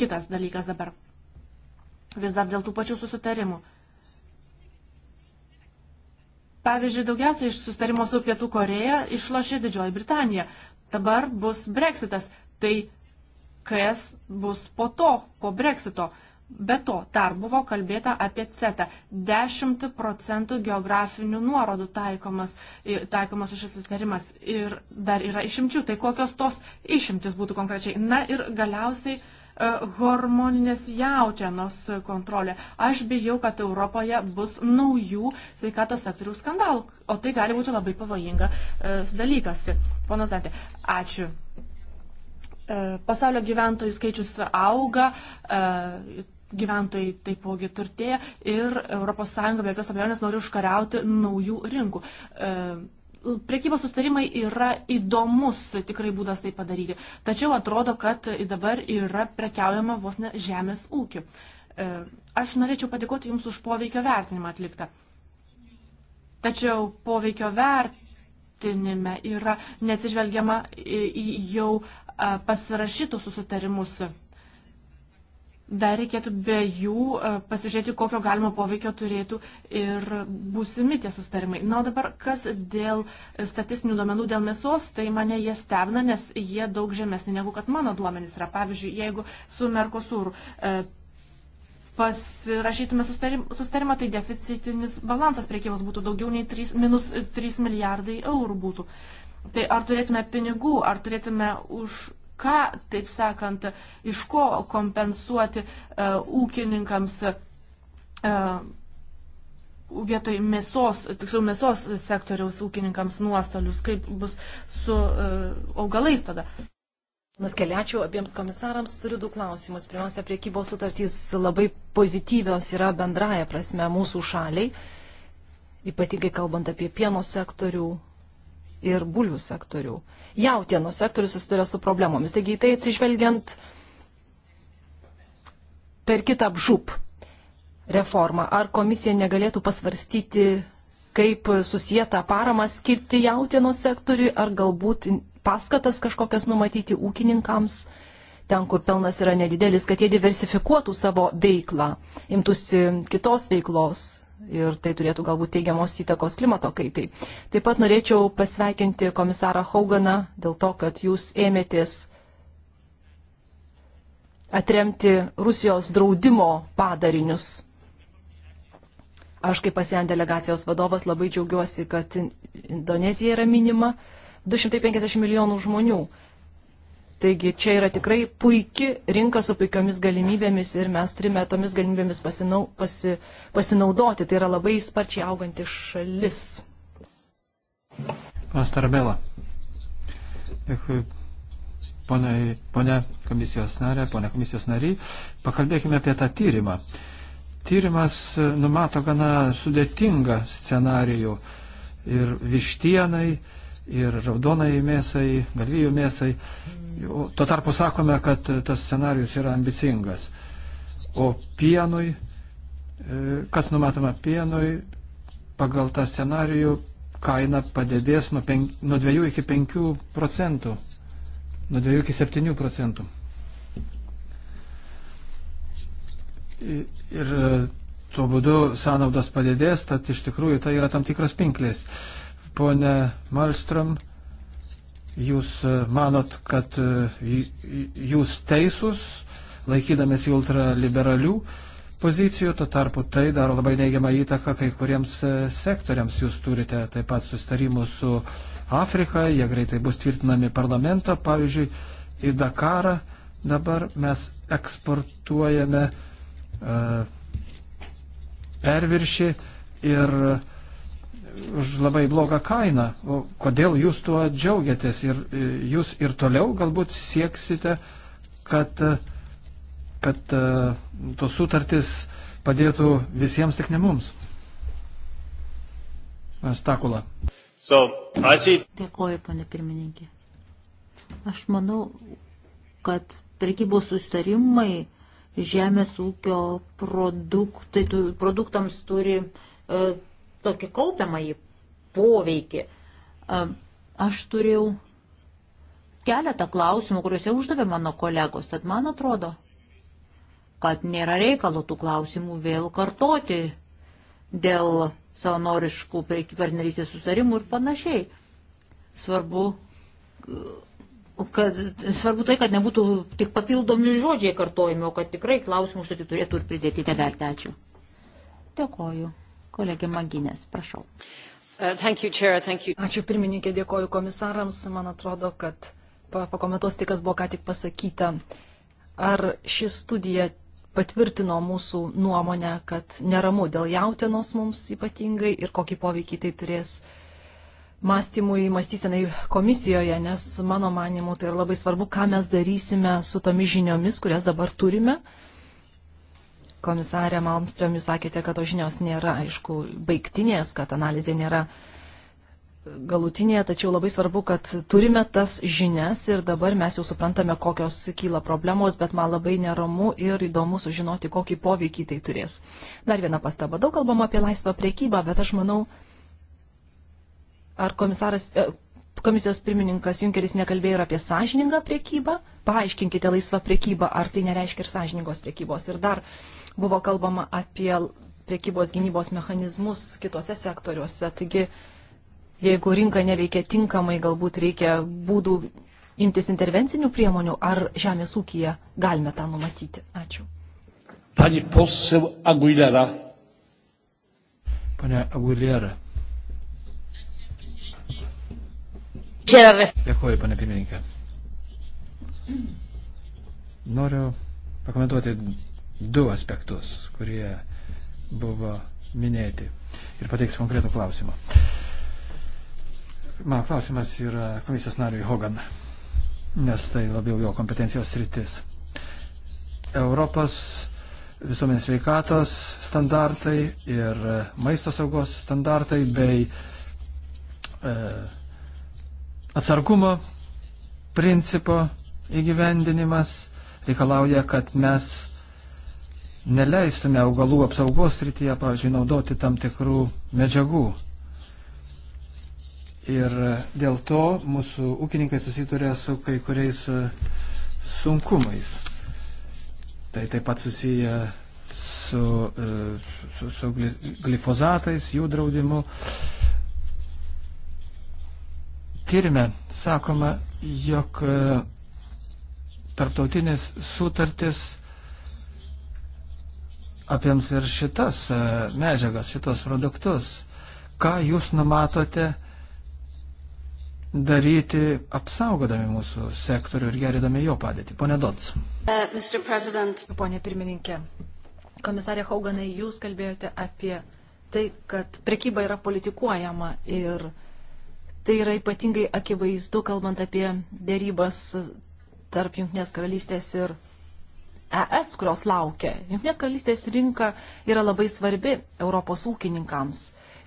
Kitas dalykas dabar vis dar dėl tų pačių susitarimų. Pavyzdžiui, daugiausiai iš susitarimo su Pietų Koreja išlošė Didžioji Britanija. Dabar bus Brexitas. Tai kas bus po to, po Brexito? Be to, dar buvo kalbėta apie CETA. 10 procentų geografinių nuorodų taikomas, taikomas šis susitarimas ir dar yra išimčių. Tai kokios tos išimtis būtų konkrečiai? Na ir galiausiai E, hormoninės jautienos kontrolė. Aš bijau, kad Europoje bus naujų sveikatos sektorių skandalų, o tai gali būti labai pavojinga e, dalykas. Ponas Dantė, ačiū. E, pasaulio gyventojų skaičius auga, gyventojai taipogi turtėja ir ES be jokios abejonės nori užkariauti naujų rinkų. Prekybos sustarimai yra įdomus tikrai būdas tai padaryti. Tačiau atrodo, kad dabar yra prekiaujama vos ne žemės ūkiu. E, aš norėčiau padėkoti Jums už poveikio vertinimą atliktą. Tačiau poveikio vertinime yra neatsižvelgiama į jau e, pasirašytų susitarimus dar reikėtų be jų e, pasižiūrėti, kokio galimo poveikio turėtų ir būsimi tie sustarimai. Na, o dabar kas dėl statistinių duomenų dėl mėsos, tai mane jie stebina, nes jie daug žemesni negu kad mano duomenys yra. Pavyzdžiui, jeigu su Merkosūru e, pasirašytume sustarimą, tai deficitinis balansas priekybos būtų daugiau nei 3, minus 3 milijardai eurų būtų. Tai ar turėtume pinigų, ar turėtume už ką, taip sakant, iš ko kompensuoti uh, ūkininkams uh, vietoj mėsos, tiksliau mėsos sektoriaus ūkininkams nuostolius, kaip bus
su uh, augalais tada. Mes keliačiau abiems komisarams, turiu du klausimus. Pirmiausia, priekybos sutartys labai pozityvios yra bendraja prasme mūsų šaliai, ypatingai kalbant apie pieno sektorių, ir bulvių sektorių. Jautienų sektorius susiduria su problemomis. Taigi į tai atsižvelgiant per kitą apžūp reformą, ar komisija negalėtų pasvarstyti, kaip susijęta parama skirti jautienos sektoriui, ar galbūt paskatas kažkokias numatyti ūkininkams, ten, kur pelnas yra nedidelis, kad jie diversifikuotų savo veiklą, imtųsi kitos veiklos, ir tai turėtų galbūt teigiamos įtakos klimato kaitai. Taip pat norėčiau pasveikinti komisarą Hauganą dėl to, kad jūs ėmėtės atremti Rusijos draudimo padarinius. Aš kaip pasien delegacijos vadovas labai džiaugiuosi, kad Indonezija yra minima 250 milijonų žmonių. Taigi čia yra tikrai puikia rinka su puikiomis galimybėmis ir mes turime tomis galimybėmis pasinau, pasi, pasinaudoti. Tai yra labai sparčiai auganti šalis.
Panas Tarabela. Dėkui, ponia komisijos narė, ponia komisijos nariai. Pakalbėkime apie tą tyrimą. Tyrimas numato gana sudėtingą scenarijų ir vištienai, ir raudonai mėsai, galvijų mėsai. Tuo tarpu sakome, kad tas scenarius yra ambicingas. O pienui, e, kas numatoma pienui, pagal tą scenarių kaina padidės nuo, pen, nuo 2 iki 5 procentų, nuo 2 iki 7 procentų. Ir e, tuo būdu sąnaudos padidės, tad iš tikrųjų tai yra tam tikras pinklės. Uh, Pone Malstrom, jūs e, manot, kad e, jūs teisūs, laikydamės į ultraliberalių pozicijų, tuo tarpu tai daro labai neigiamą įtaką kai kuriems e, sektoriams. Jūs turite taip pat sustarimų su Afrika, jie greitai bus tvirtinami parlamento, pavyzdžiui, į Dakarą dabar mes eksportuojame uh, perviršį ir uh, už labai blogą kainą. O kodėl jūs tuo džiaugiatės ir e, jūs ir toliau galbūt sieksite, kad, e, kad e, tos sutartys padėtų visiems, tik ne mums? Stakula. So, see...
Dėkoju, ponė pirmininkė. Aš manau, kad prekybos sustarimai žemės ūkio produktai, tu, produktams turi e, tokį kaupiamąjį poveikį. Aš turėjau keletą klausimų, kuriuose uždavė mano kolegos, tad man atrodo, kad nėra reikalo tų klausimų vėl kartoti dėl savanoriškų partnerystės sustarimų ir panašiai. Svarbu, kad, svarbu tai, kad nebūtų tik papildomi žodžiai kartojami, o kad tikrai klausimų užduoti turėtų ir pridėti negalite. Ačiū. Dėkoju. Kolegė Maginės, prašau. Uh, you, Chair, Ačiū pirmininkė, dėkoju komisarams.
Man atrodo, kad pakomentuos tai, kas buvo ką tik pasakyta. Ar ši studija patvirtino mūsų nuomonę, kad neramu dėl jautienos mums ypatingai ir kokį poveikį tai turės mąstymui, mąstysenai komisijoje, nes mano manimu tai yra labai svarbu, ką mes darysime su tomis žiniomis, kurias dabar turime. Uh, komisarė Malmström, jūs sakėte, kad tos žinios nėra, aišku, baigtinės, kad analizė nėra galutinė, tačiau labai svarbu, kad turime tas žinias ir dabar mes jau suprantame, kokios kyla problemos, bet man labai neramu ir įdomu sužinoti, kokį poveikį tai turės. Dar viena pastaba. Daug kalbama apie laisvą priekybą, bet aš manau, ar komisaras, e, komisijos pirmininkas Junkeris nekalbėjo ir apie sąžiningą priekybą. Paaiškinkite laisvą priekybą, ar tai nereiškia ir sąžiningos priekybos. Ir dar buvo kalbama apie priekybos gynybos mechanizmus kitose sektoriuose. Taigi, jeigu rinka neveikia tinkamai, galbūt reikia būdų imtis intervencinių priemonių, ar žemės ūkija galime tą numatyti.
Ačiū. Pani poseł Aguilera. Pani Aguilera. Dėkuoju, pane pirmininkė. Noriu pakomentuoti du aspektus, kurie buvo minėti ir pateiksiu konkretų klausimą. Mano klausimas yra komisijos nariui Hogan, nes tai labiau jo kompetencijos rytis. Europos visuomenės veikatos standartai ir maisto saugos standartai bei e, atsargumo principo įgyvendinimas reikalauja, kad mes neleistume augalų apsaugos srityje, pavyzdžiui, naudoti tam tikrų medžiagų. Ir dėl to mūsų ūkininkai susituria su kai kuriais e, sunkumais. Tai taip pat susiję su, e, su, su glifozatais, jų draudimu. Uh, Tyrime sakoma, jog e, tarptautinės sutartis apims ir šitas e, medžiagas, šitos produktus. Ką jūs numatote daryti apsaugodami mūsų sektorių ir gerėdami jo padėtį? Pone Dots. Uh, e,
Pone pirmininkė, komisarė Hauganai, jūs kalbėjote apie tai, kad prekyba yra politikuojama ir uh, Tai yra ypatingai akivaizdu, kalbant apie dėrybas tarp Junktinės karalystės ir ES, kurios laukia. Junktinės karalystės rinka yra labai svarbi Europos ūkininkams.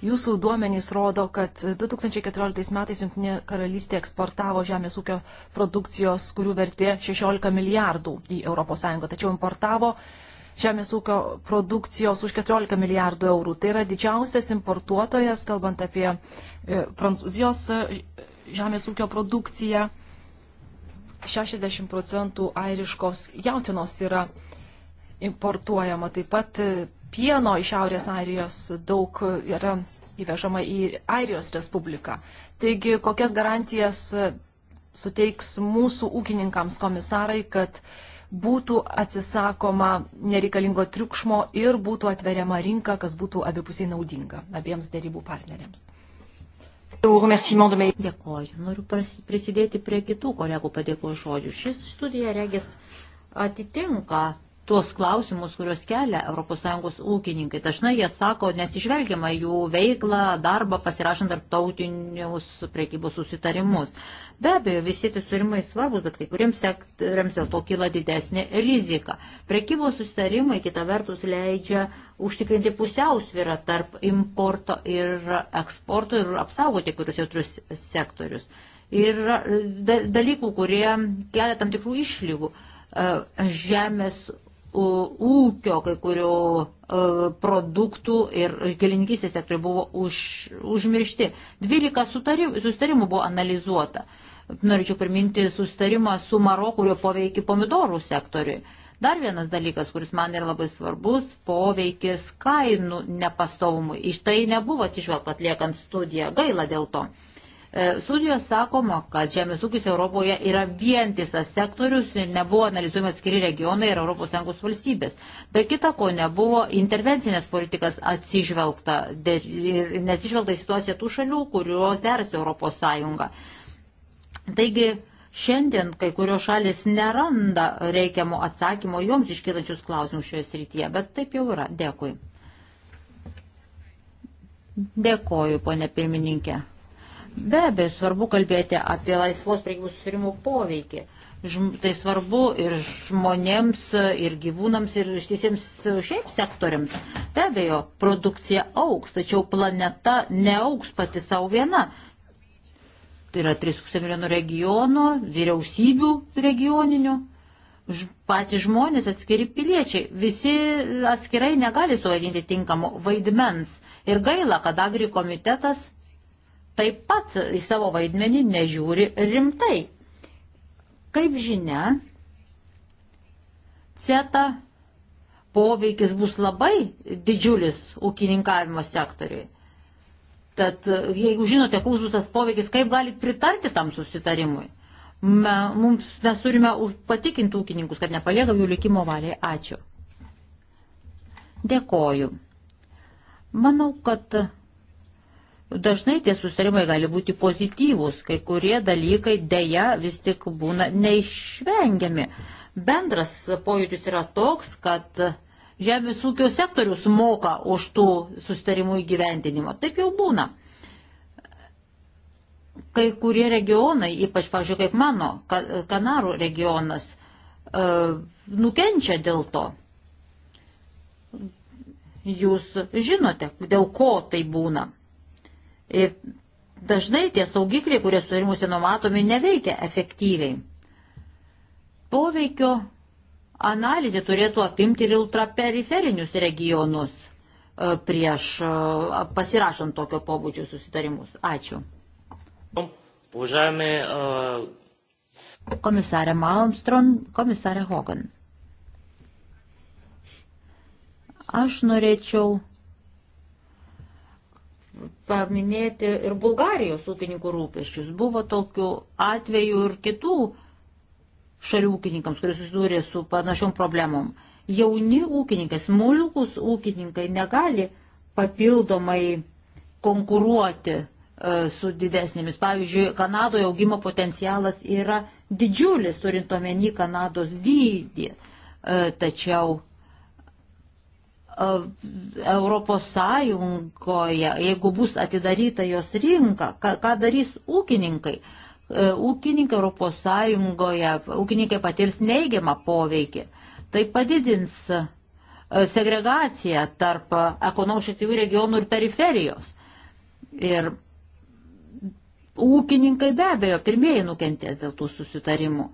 Jūsų duomenys rodo, kad 2014 metais Junktinė karalystė eksportavo žemės ūkio produkcijos, kurių vertė 16 milijardų į ES, tačiau importavo žemės ūkio produkcijos už 14 milijardų eurų. Tai yra didžiausias importuotojas, kalbant apie e, Prancūzijos e, žemės ūkio produkciją. 60 procentų airiškos jautinos yra importuojama. Taip pat e, pieno iš Šiaurės Airijos daug yra įvežama į Airijos Respubliką. Taigi, kokias garantijas suteiks mūsų ūkininkams komisarai, kad uh, būtų atsisakoma nereikalingo triukšmo ir būtų atveriama rinka, kas būtų abipusiai naudinga abiems dėrybų partneriams.
Dėkoju. Noriu prisidėti prie kitų kolegų padėkos žodžių. Šis studija regis atitinka tuos klausimus, kuriuos kelia ES ūkininkai. Dažnai jie sako, nesižvelgiama jų veiklą, darbą pasirašant tarptautinius priekybos susitarimus. Be abejo, visi tie sutarimai svarbus, bet kai kuriems sektoriams dėl to kyla didesnė rizika. Priekybos susitarimai kita vertus leidžia užtikrinti pusiausvyrą tarp importo ir eksporto ir apsaugoti kurius jautrius sektorius. Ir dalykų, kurie kelia tam tikrų išlygų e, žemės ūkio kai kurių e, produktų ir gėlininkystės sektoriai buvo už, užmiršti. 12 sustarimų buvo analizuota. Norėčiau priminti sustarimą su Maroku, kurio poveikį pomidorų sektoriui. Dar vienas dalykas, kuris man yra labai svarbus - poveikis kainų nepastovumui. Iš tai nebuvo atsižvelgta atliekant studiją, gaila dėl to. E, studijos sakoma, kad žemės ūkis Europoje yra vientisas sektorius ir nebuvo analizuojami atskiri regionai ir ES valstybės. Be kita ko, nebuvo intervencinės politikas atsižvelgta ir neatsižvelgta į situaciją tų šalių, kurios derasi ES. Taigi, Šiandien kai kurios šalis neranda reikiamo atsakymo joms iškylančius klausimus šioje srityje, bet taip jau yra. Dėkui. Dėkoju, ponė pirmininkė. Be abejo, svarbu kalbėti apie laisvos priekybos susirimų poveikį. Tai svarbu ir žmonėms, ir gyvūnams, ir ištisiems šiaip sektoriams. Be abejo, produkcija auks, tačiau planeta neauks pati savo viena. Tai yra 3,5 milijonų regionų, vyriausybių regioninių patys žmonės, atskiri piliečiai, visi atskirai negali suvaidinti tinkamo vaidmens. Ir gaila, kad agri komitetas taip pat į savo vaidmenį nežiūri rimtai. Kaip žinia, CETA poveikis bus labai didžiulis ūkininkavimo sektoriui. Tad jeigu žinote, koks bus tas poveikis, kaip galit pritarti tam susitarimui? Me, mums, mes turime patikinti ūkininkus, kad nepaliekam jų likimo valiai. Ačiū. Dėkoju. Manau, kad Dažnai tie sustarimai gali būti pozityvūs, kai kurie dalykai dėja vis tik būna neišvengiami. Bendras pojūtis yra toks, kad žemės ūkio sektorius moka už tų sustarimų įgyvendinimą. Taip jau būna. Kai kurie regionai, ypač, pavyzdžiui, kaip mano, Kanarų regionas, e, nukenčia dėl to. Jūs žinote, dėl ko tai būna Ir dažnai tie saugikliai, kurie surimusi numatomi, neveikia efektyviai. Poveikio analizė turėtų apimti ir ultraperiferinius regionus e, prieš e, pasirašant tokio pobūdžio susitarimus. Ačiū. Užaimė, uh... E, komisarė Malmstron, komisarė Hogan. Aš norėčiau paminėti ir Bulgarijos ūkininkų rūpeščius. Buvo tokių atvejų ir kitų šalių ūkininkams, kurie susidūrė su panašiom problemom. Jauni ūkininkai, smulkus ūkininkai negali papildomai konkuruoti e, su didesnėmis. Pavyzdžiui, Kanadoje augimo potencialas yra didžiulis, turint omeny Kanados dydį. E, tačiau Europos Sąjungoje, jeigu bus atidaryta jos rinka, ką, ką darys ūkininkai? E, ūkininkai Europos Sąjungoje, ūkininkai patirs neigiamą poveikį. Tai padidins e, segregaciją tarp ekonomiškai aktyvių regionų ir periferijos. Ir ūkininkai be abejo pirmieji nukentės dėl tų susitarimų.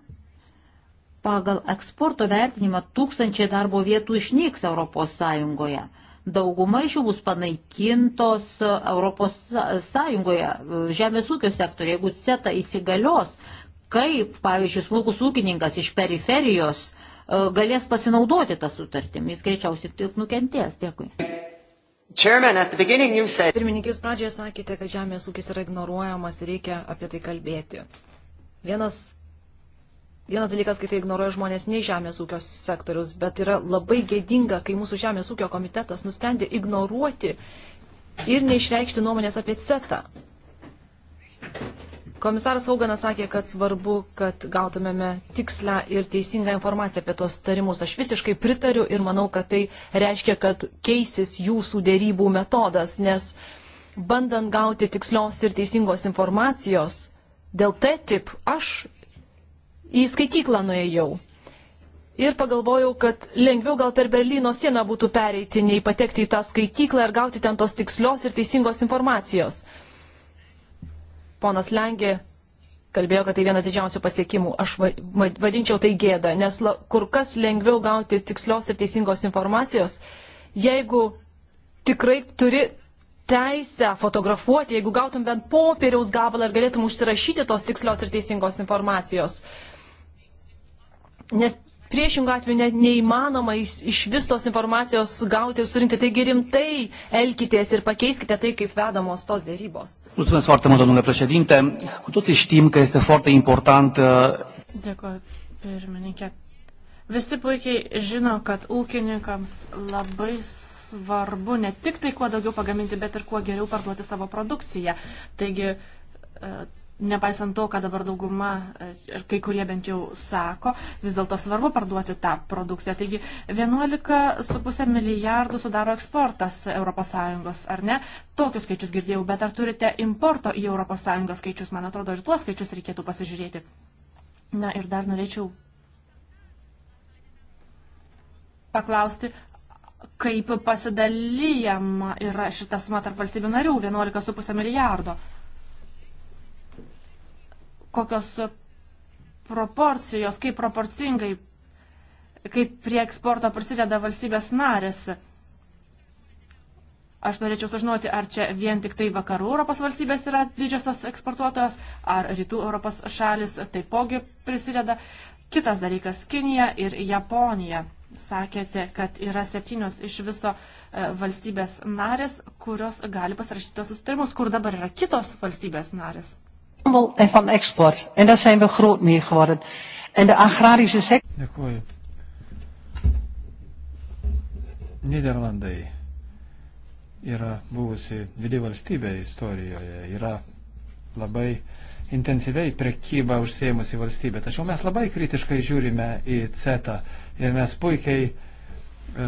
Pagal eksporto vertinimą tūkstančiai darbo vietų išnyks ES. Dauguma iš jų bus panaikintos ES e, žemės ūkio sektoriuje, jeigu CETA įsigalios, kaip, pavyzdžiui, smulkus ūkininkas iš periferijos e, galės pasinaudoti tą sutartim. Jis greičiausiai tik nukentės. Dėkui. Said...
Pirmininkės pradžioje sakėte, kad žemės ūkis yra ignoruojamas ir reikia apie tai kalbėti. Vienas Vienas dalykas, kai tai ignoruoja žmonės ne žemės ūkio sektorius, bet yra labai gėdinga, kai mūsų žemės ūkio komitetas nusprendė ignoruoti ir neišreikšti nuomonės apie setą. Komisaras Auganas sakė, kad svarbu, kad gautumėme tikslę ir teisingą informaciją apie tos tarimus. Aš visiškai pritariu ir manau, kad tai reiškia, kad keisis jūsų dėrybų metodas, nes bandant gauti tikslios ir teisingos informacijos dėl TTIP, aš į skaityklą nuėjau. Ir pagalvojau, kad lengviau gal per Berlyno sieną būtų pereiti, nei patekti į tą skaityklą ir gauti ten tos tikslios ir teisingos informacijos. Ponas Lengė kalbėjo, kad tai vienas didžiausių pasiekimų. Aš vadinčiau tai gėda, nes kur kas lengviau gauti tikslios ir teisingos informacijos, jeigu tikrai turi teisę fotografuoti, jeigu gautum bent popieriaus gabalą ir galėtum užsirašyti tos tikslios ir teisingos informacijos nes priešingų atveju net neįmanoma iš, iš vis tos informacijos gauti ir surinkti. Taigi rimtai elkitės ir pakeiskite tai, kaip vedamos tos dėrybos.
Mulțumesc foarte mult, domnule președinte. Cu toții știm că este foarte important. Uh,
Dėkuoju, pirmininkė. Visi puikiai žino, kad ūkininkams labai svarbu ne tik tai kuo daugiau pagaminti, bet ir kuo geriau parduoti savo produkciją. Taigi uh, nepaisant to, kad dabar dauguma e, ir kai kurie bent jau sako, vis dėlto svarbu parduoti tą produkciją. Taigi 11,5 milijardų sudaro eksportas ES, ar ne? Tokius skaičius girdėjau, bet ar turite importo į ES skaičius? Man atrodo, ir tuos skaičius reikėtų pasižiūrėti. Na ir dar norėčiau paklausti, kaip pasidalyjama yra šita suma tarp valstybių narių - 11,5 milijardo kokios proporcijos, kaip proporcingai, kaip prie eksporto prisideda valstybės narės. Aš norėčiau sužinoti, ar čia vien tik tai vakarų Europos valstybės yra didžiosios eksportuotojos, ar rytų Europos šalis taipogi prisideda. Kitas dalykas - Kinija ir Japonija. Sakėte, kad yra septynios iš viso e, valstybės narės, kurios gali pasirašyti tos sustarimus, kur dabar yra kitos valstybės narės
handel en van export. En daar zijn we groot mee geworden. En de agrarische sector. Dėkuoju. Niderlandai yra buvusi didį valstybę istorijoje, yra labai intensyviai prekyba užsėmusi valstybė. Tačiau mes labai kritiškai žiūrime į CETA ir mes puikiai e,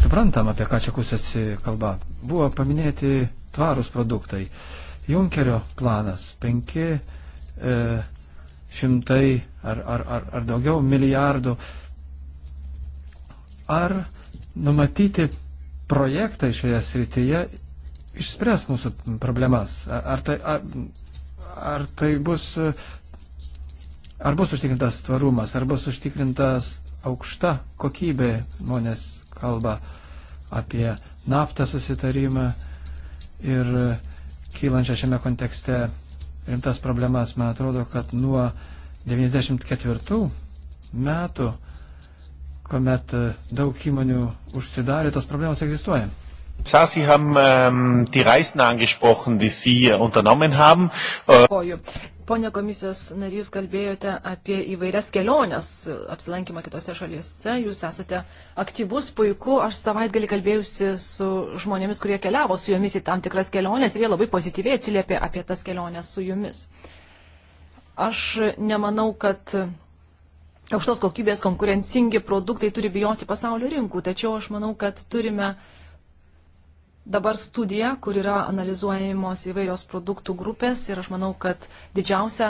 suprantam, apie ką čia kusėsi kalba. Buvo paminėti tvarūs produktai. E, Junkerio planas 500 e, ar, ar, ar, ar daugiau milijardų. Ar numatyti projektai šioje srityje išspręs mūsų problemas? Ar tai, ar, ar tai bus, ar bus užtikrintas tvarumas, ar bus užtikrintas aukšta kokybė? Žmonės kalba apie naftą susitarimą ir uh, kylančią šiame kontekste rimtas problemas. Man atrodo, kad nuo 94 metų, kuomet daug įmonių užsidarė, tos problemos egzistuoja. Sar, Sie haben ähm, die Reisen angesprochen, die Sie unternommen haben. Äh,
Dėkoju. Pone komisijos narys, kalbėjote apie įvairias keliones, e, apsilankymą kitose šalyse. Jūs esate aktyvus, puiku. Aš savaitgalį kalbėjusi su žmonėmis, kurie keliavo su jumis į tam tikras keliones ir jie labai pozityviai atsiliepė apie tas keliones su jumis. Aš nemanau, kad aukštos kokybės konkurencingi produktai turi bijoti pasaulio rinkų, tačiau aš manau, kad turime uh, dabar studija, kur yra analizuojamos įvairios produktų grupės ir aš manau, kad didžiausią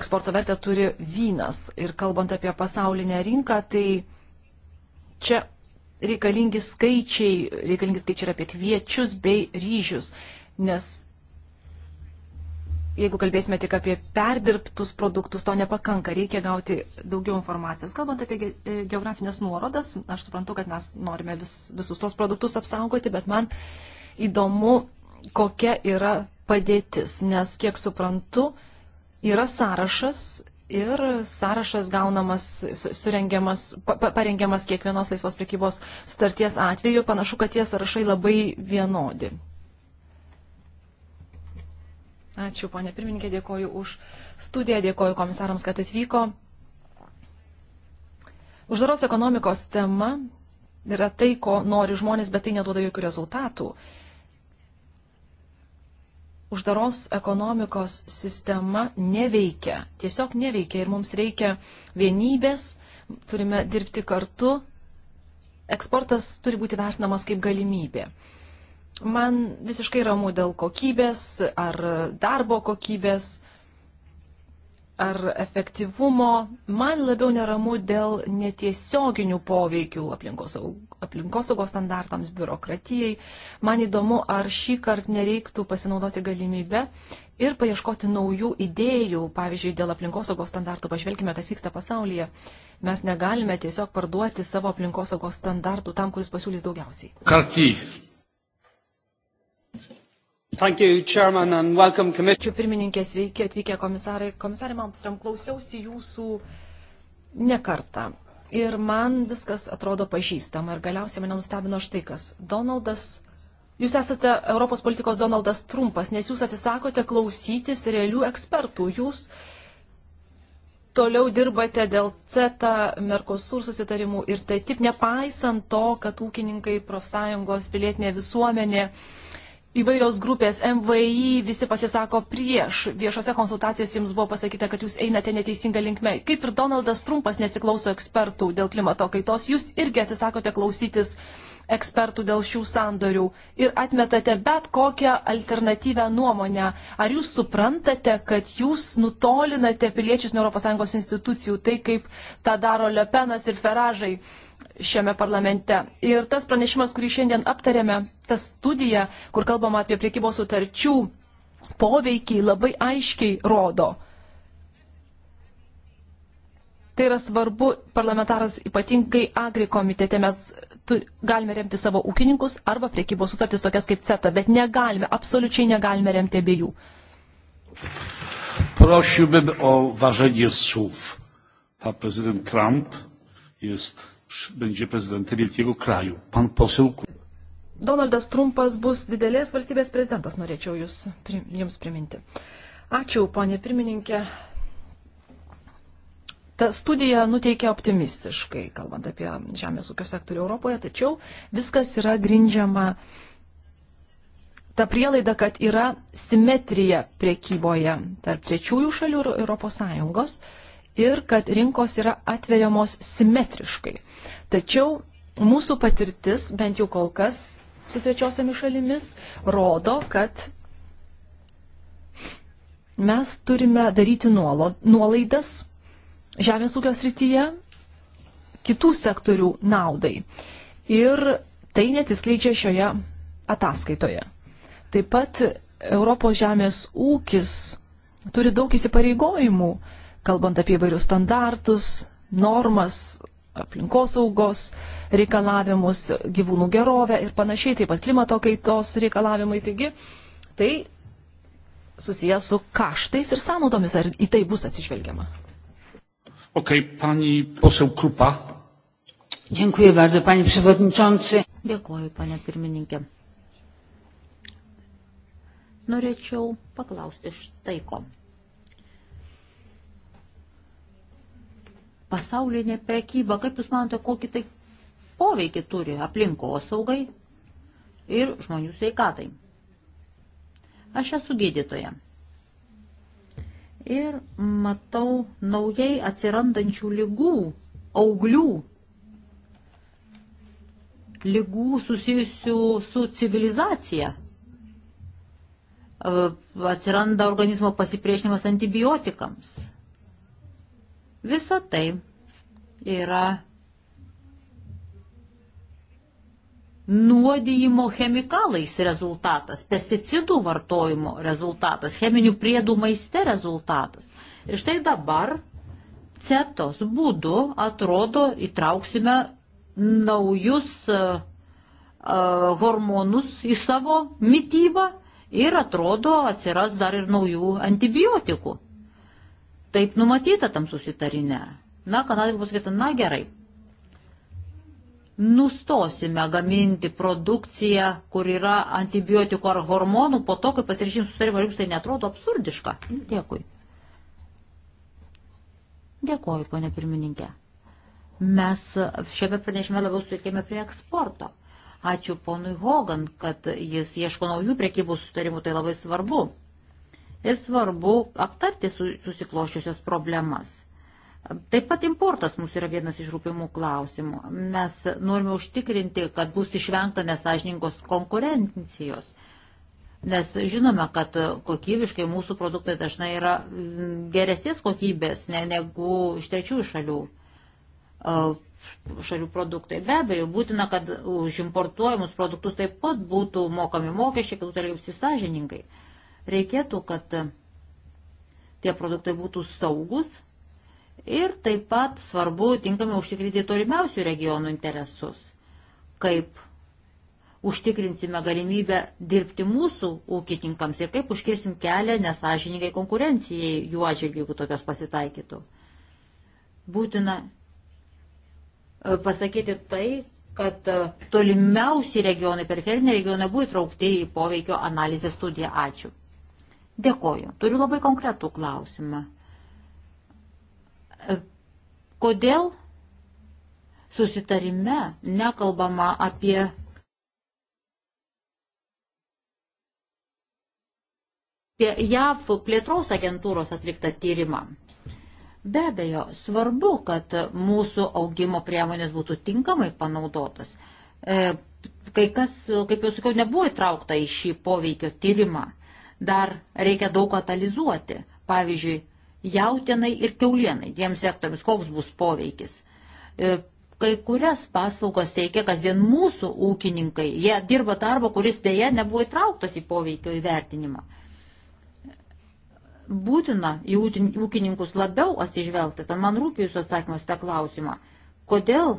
eksporto vertę turi vynas. Ir kalbant apie pasaulinę rinką, tai čia reikalingi skaičiai, reikalingi skaičiai yra apie kviečius bei ryžius, nes jeigu kalbėsime tik apie perdirbtus produktus, to nepakanka, reikia gauti daugiau informacijos. Kalbant apie e, geografinės nuorodas, aš suprantu, kad mes norime vis, visus tos produktus apsaugoti, bet man įdomu, kokia yra padėtis, nes kiek suprantu, yra sąrašas ir sąrašas gaunamas, surengiamas, pa, parengiamas kiekvienos laisvos prekybos sutarties atveju, panašu, kad tie sąrašai labai vienodi. Ačiū, ponė pirmininkė, dėkoju už studiją, dėkoju komisarams, kad atvyko. Uždaros ekonomikos tema yra tai, ko nori žmonės, bet tai neduoda jokių rezultatų. Uždaros ekonomikos sistema neveikia, tiesiog neveikia ir mums reikia vienybės, turime dirbti kartu. Eksportas turi būti vertinamas kaip galimybė. Man visiškai ramu dėl kokybės, ar darbo kokybės, ar efektyvumo. Man labiau neramu dėl netiesioginių poveikių aplinkosaugos aplinkos standartams, biurokratijai. Man įdomu, ar šį kartą nereiktų pasinaudoti galimybę ir paieškoti naujų idėjų. Pavyzdžiui, dėl aplinkosaugos standartų pažvelkime, kas vyksta pasaulyje. Mes negalime tiesiog parduoti savo aplinkosaugos standartų tam, kuris pasiūlys daugiausiai.
Kartys. Ačiū pirmininkė,
sveiki atvykę komisarai. Komisarė Malmstram, klausiausi jūsų nekartą. Ir man viskas atrodo pažįstama ir galiausiai mane nustebino štai kas. Donaldas, jūs esate Europos politikos Donaldas Trumpas, nes jūs atsisakote klausytis realių ekspertų. Jūs toliau dirbate dėl CETA, Merkosur susitarimų ir tai tik nepaisant to, kad ūkininkai, profsąjungos, pilietinė visuomenė. Uh, įvairios grupės, MVI, visi pasisako prieš. Viešose konsultacijose jums buvo pasakyta, kad jūs einate neteisinga linkme. Kaip ir Donaldas Trumpas nesiklauso ekspertų dėl klimato kaitos, jūs irgi atsisakote klausytis ekspertų dėl šių sandorių ir atmetate bet kokią alternatyvę nuomonę. Ar jūs suprantate, kad jūs nutolinate piliečius nuo ES institucijų, tai kaip tą daro Lepenas ir Feražai? šiame parlamente. Ir tas pranešimas, kurį šiandien aptarėme, ta studija, kur kalbama apie priekybos sutarčių poveikį, labai aiškiai rodo. Tai yra svarbu, parlamentaras ypatingai agri komitete mes tu, galime remti savo ūkininkus arba priekybos sutartis tokias kaip CETA, bet negalime, absoliučiai negalime remti abiejų.
Prosiłbym o
ważenie słów. Pan prezydent Trump jest będzie
prezydentem wielkiego kraju. Pan poseł.
Donaldas Trumpas bus didelės valstybės prezidentas, norėčiau jūs, jums priminti. Ačiū, ponė pirmininkė. Ta studija nuteikia optimistiškai, kalbant apie žemės ūkio sektorių Europoje, tačiau viskas yra grindžiama ta prielaida, kad yra simetrija priekyboje tarp trečiųjų šalių ir Europos Sąjungos. Uh, ir kad rinkos yra atveriamos simetriškai. Tačiau mūsų patirtis, bent jau kol kas su trečiosiomis šalimis, rodo, kad mes turime daryti nuolaidas žemės ūkio srityje kitų sektorių naudai. Ir tai netiskleidžia šioje ataskaitoje. Taip pat Europos žemės ūkis turi daug įsipareigojimų kalbant apie vairius standartus, normas, aplinkosaugos reikalavimus, gyvūnų gerovę ir panašiai, taip pat klimato kaitos reikalavimai. Taigi, tai susijęs su kaštais ir sąnaudomis, ar į tai bus atsižvelgiama.
Okay, pani poseł Krupa.
Dziękuję bardzo, panie przewodniczący. Dėkuoju, pane pirmininkė. Norėčiau paklausti štai ko. pasaulinė prekyba, kaip Jūs manote, kokį tai poveikį turi aplinkosaugai ir žmonių sveikatai. Aš esu gydytoja. Ir matau naujai atsirandančių lygų, auglių, lygų susijusių su civilizacija. Atsiranda organizmo pasipriešinimas antibiotikams Visa tai yra nuodijimo chemikalais rezultatas, pesticidų vartojimo rezultatas, cheminių priedų maiste rezultatas. Ir štai dabar cetos būdu atrodo įtrauksime naujus uh, hormonus į savo mytybą ir atrodo atsiras dar ir naujų antibiotikų taip numatyta tam susitarine. Na, Kanadai pasakyta, na gerai, nustosime gaminti produkciją, kur yra antibiotikų ar hormonų, po to, kai pasirašym susitarimą, jums tai netrodo absurdiška. Dėkui. Dėkuoju, ponė pirmininkė. Mes šiame pranešime labiau sutikėme prie eksporto. Ačiū ponui Hogan, kad jis ieško naujų priekybų sutarimų, tai labai svarbu ir svarbu aptarti susikloščiusios problemas. Taip pat importas mums yra vienas iš rūpimų klausimų. Mes norime užtikrinti, kad bus išvengta nesažininkos konkurencijos. Nes žinome, kad kokybiškai mūsų produktai dažnai yra mm, geresnės kokybės ne, negu iš trečiųjų šalių, šalių produktai. Be abejo, būtina, kad už importuojamus produktus taip pat būtų mokami mokesčiai, kad būtų elgiamasi sąžiningai. Reikėtų, kad tie produktai būtų saugus ir taip pat svarbu tinkamai užtikrinti tolimiausių regionų interesus. Kaip užtikrinsime galimybę dirbti mūsų ūkininkams ir kaip užkirsim kelią nesažininkai konkurencijai jų atžvilgiu, jeigu tokios pasitaikytų. Būtina e, pasakyti tai, kad e, tolimiausi regionai, periferiniai regionai buvo įtraukti į poveikio analizės studiją. Ačiū. Dėkoju. Turiu labai konkretų klausimą. E, kodėl susitarime nekalbama apie JAV plėtros agentūros atliktą tyrimą. Be abejo, svarbu, kad mūsų augimo priemonės būtų tinkamai panaudotos. E, kai kas, kaip jau sakiau, nebuvo įtraukta į šį poveikio tyrimą dar reikia daug katalizuoti. Pavyzdžiui, jautinai ir keulienai, dviem sektoriams, koks bus poveikis. E, kai kurias paslaugas teikia kasdien mūsų ūkininkai. Jie dirba darbą, kuris dėja nebuvo įtrauktas į poveikio įvertinimą. Būtina į ūkininkus labiau atsižvelgti, tad man rūpi jūsų atsakymas tą klausimą. Kodėl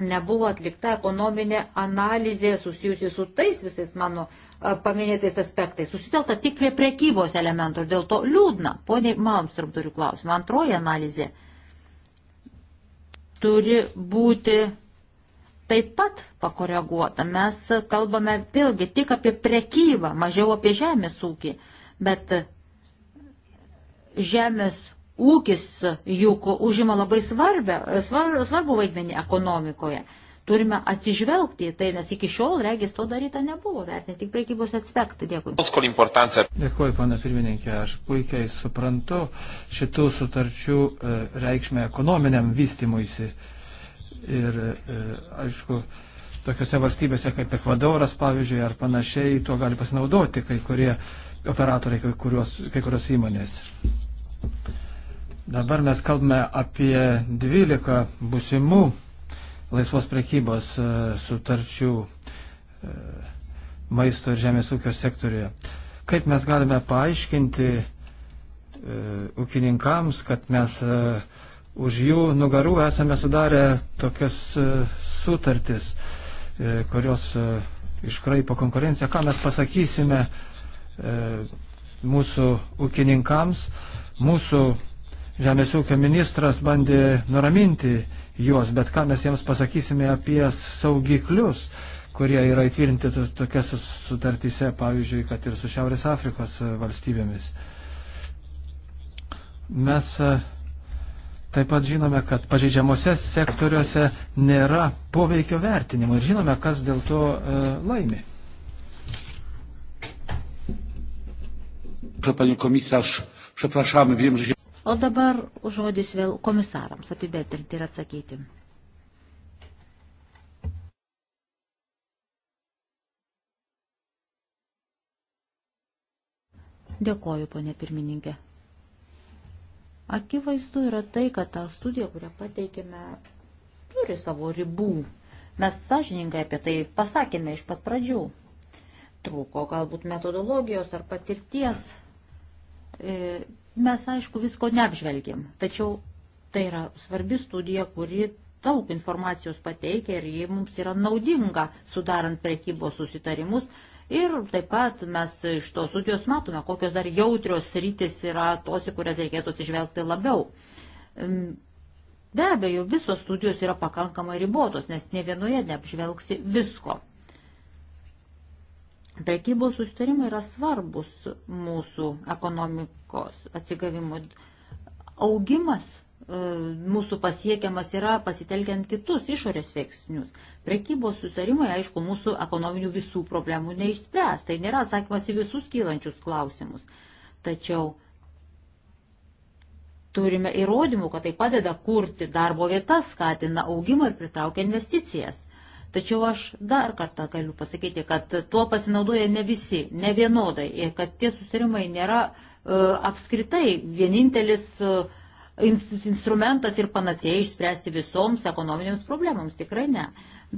nebuvo atlikta ekonominė analizė susijusi su tais visais mano paminėtais aspektais. Susitelta tik prie prekybos elementų ir dėl to liūdna. Pone Malmström turiu klausimą. Antroji analizė turi būti taip pat pakoreguota. Mes kalbame vėlgi tik apie prekybą, mažiau apie žemės ūkį, bet žemės ūkis juk užima labai svarbę, svar, svarbų vaidmenį ekonomikoje turime atsižvelgti į tai, nes iki šiol regis to daryta nebuvo, vertinti tik prekybos aspektą. Dėkui.
Dėkui,
pana pirmininkė, aš puikiai suprantu šitų sutarčių e, reikšmę ekonominiam vystimuisi. Ir e, aišku, tokiuose valstybėse kaip Ekvadoras, pavyzdžiui, ar panašiai, tuo gali pasinaudoti kai kurie operatoriai, kai, kurios, kai kurios įmonės. Dabar mes kalbame apie 12 busimų laisvos prekybos e, sutarčių e, maisto ir žemės ūkio sektoriuje. Kaip mes galime paaiškinti e, ūkininkams, kad mes už jų nugarų esame sudarę tokias sutartis, kurios iškraipo konkurenciją. Ką mes pasakysime mūsų ūkininkams? Mūsų žemės ūkio ministras bandė nuraminti juos, bet ką mes jiems pasakysime apie saugiklius, kurie yra įtvirtinti tokias sutartyse, pavyzdžiui, kad ir su Šiaurės Afrikos e, valstybėmis. Mes e, taip pat žinome, kad pažeidžiamuose sektoriuose nėra poveikio vertinimo ir žinome, kas dėl to e, laimi.
Panie komisarz, przepraszamy, wiem, że się...
O
dabar žodis vėl komisarams apibendrinti ir atsakyti. Dėkoju, ponė pirmininkė. Akivaizdu yra tai, kad ta studija, kurią pateikėme, turi savo ribų. Mes sąžininkai apie tai pasakėme iš pat pradžių. Trūko galbūt metodologijos ar patirties. E, Mes, aišku, visko neapžvelgiam, tačiau tai yra svarbi studija, kuri daug informacijos pateikia ir ji mums yra naudinga sudarant prekybos susitarimus. Ir taip pat mes iš tos studijos matome, kokios dar jautrios rytis yra tos, į kurias reikėtų atsižvelgti labiau. Be abejo, visos studijos yra pakankamai ribotos, nes ne vienoje neapžvelgsi visko. Prekybos sustarimai yra svarbus mūsų ekonomikos atsigavimui. Augimas e, mūsų pasiekiamas yra pasitelkiant kitus išorės veiksnius. Prekybos sustarimai, aišku, mūsų ekonominių visų problemų neišspręs. Tai nėra atsakymas į visus kylančius klausimus. Tačiau turime įrodymų, kad tai padeda kurti darbo vietas, skatina augimą ir pritraukia investicijas. Tačiau aš dar kartą galiu pasakyti, kad tuo pasinaudoja ne visi, ne vienodai ir kad tie susitarimai nėra e, apskritai vienintelis e, instrumentas ir panacėja išspręsti visoms ekonominėms problemams. Tikrai ne.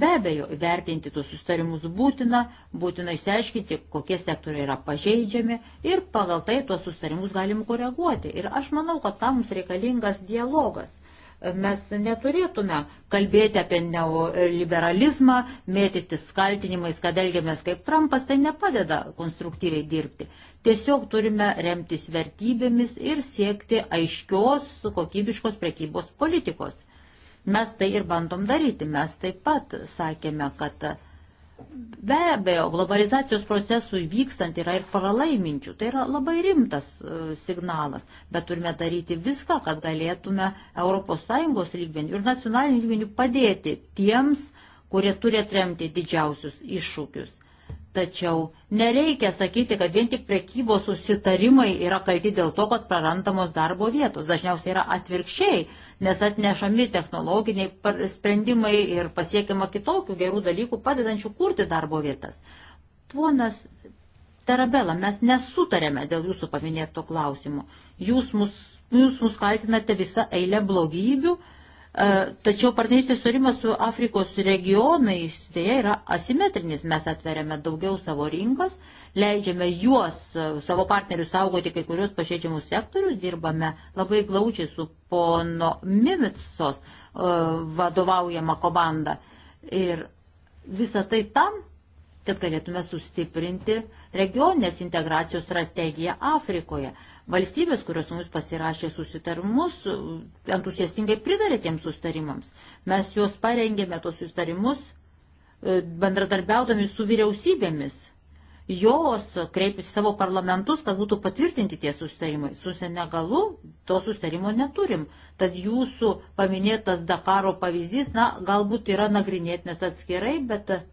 Be abejo, vertinti tuos sustarimus būtina, būtina išsiaiškinti, kokie sektoriai yra pažeidžiami ir pagal tai tuos sustarimus galim koreguoti. Ir aš manau, kad tam mums reikalingas dialogas Mes neturėtume kalbėti apie neoliberalizmą, mėtytis kaltinimais, kad elgiamės kaip Trumpas, tai nepadeda konstruktyviai dirbti. Tiesiog turime remtis vertybėmis ir siekti aiškios, kokybiškos prekybos politikos. Mes tai ir bandom daryti. Mes taip pat sakėme, kad uh, Be abejo, globalizacijos procesui vykstant yra ir paralaiminčių. Tai yra labai rimtas e, signalas, bet turime daryti viską, kad galėtume ES lygmenių ir nacionalinių lygmenių padėti tiems, kurie turi atremti didžiausius iššūkius. Tačiau nereikia sakyti, kad vien tik prekybos susitarimai yra kalti dėl to, kad prarandamos darbo vietos. Dažniausiai yra atvirkščiai, nes atnešami technologiniai sprendimai ir pasiekiama kitokių gerų dalykų, padedančių kurti darbo vietas. Ponas Terabela, mes nesutarėme dėl jūsų paminėto klausimo. Jūs mus, jūs mus kaltinate visą eilę blogybių E, tačiau partnerystės surimas su Afrikos regionais dėja yra asimetrinis. Mes atveriame daugiau savo rinkos, leidžiame juos, e, savo partnerius saugoti kai kurios pažeidžiamus sektorius, dirbame labai glaučiai su pono Mimitsos e, vadovaujama komanda. Ir visa tai tam, kad galėtume sustiprinti regioninės integracijos strategiją Afrikoje. Valstybės, kurios mums pasirašė susitarimus, entusiastingai pridarė tiems susitarimams. Mes juos parengėme tos susitarimus e, bendradarbiaudami su vyriausybėmis. Jos kreipėsi savo parlamentus, kad būtų patvirtinti tie susitarimai. Su Senegalu to susitarimo neturim. Tad jūsų paminėtas Dakaro pavyzdys, na, galbūt yra nagrinėtinas atskirai, bet e,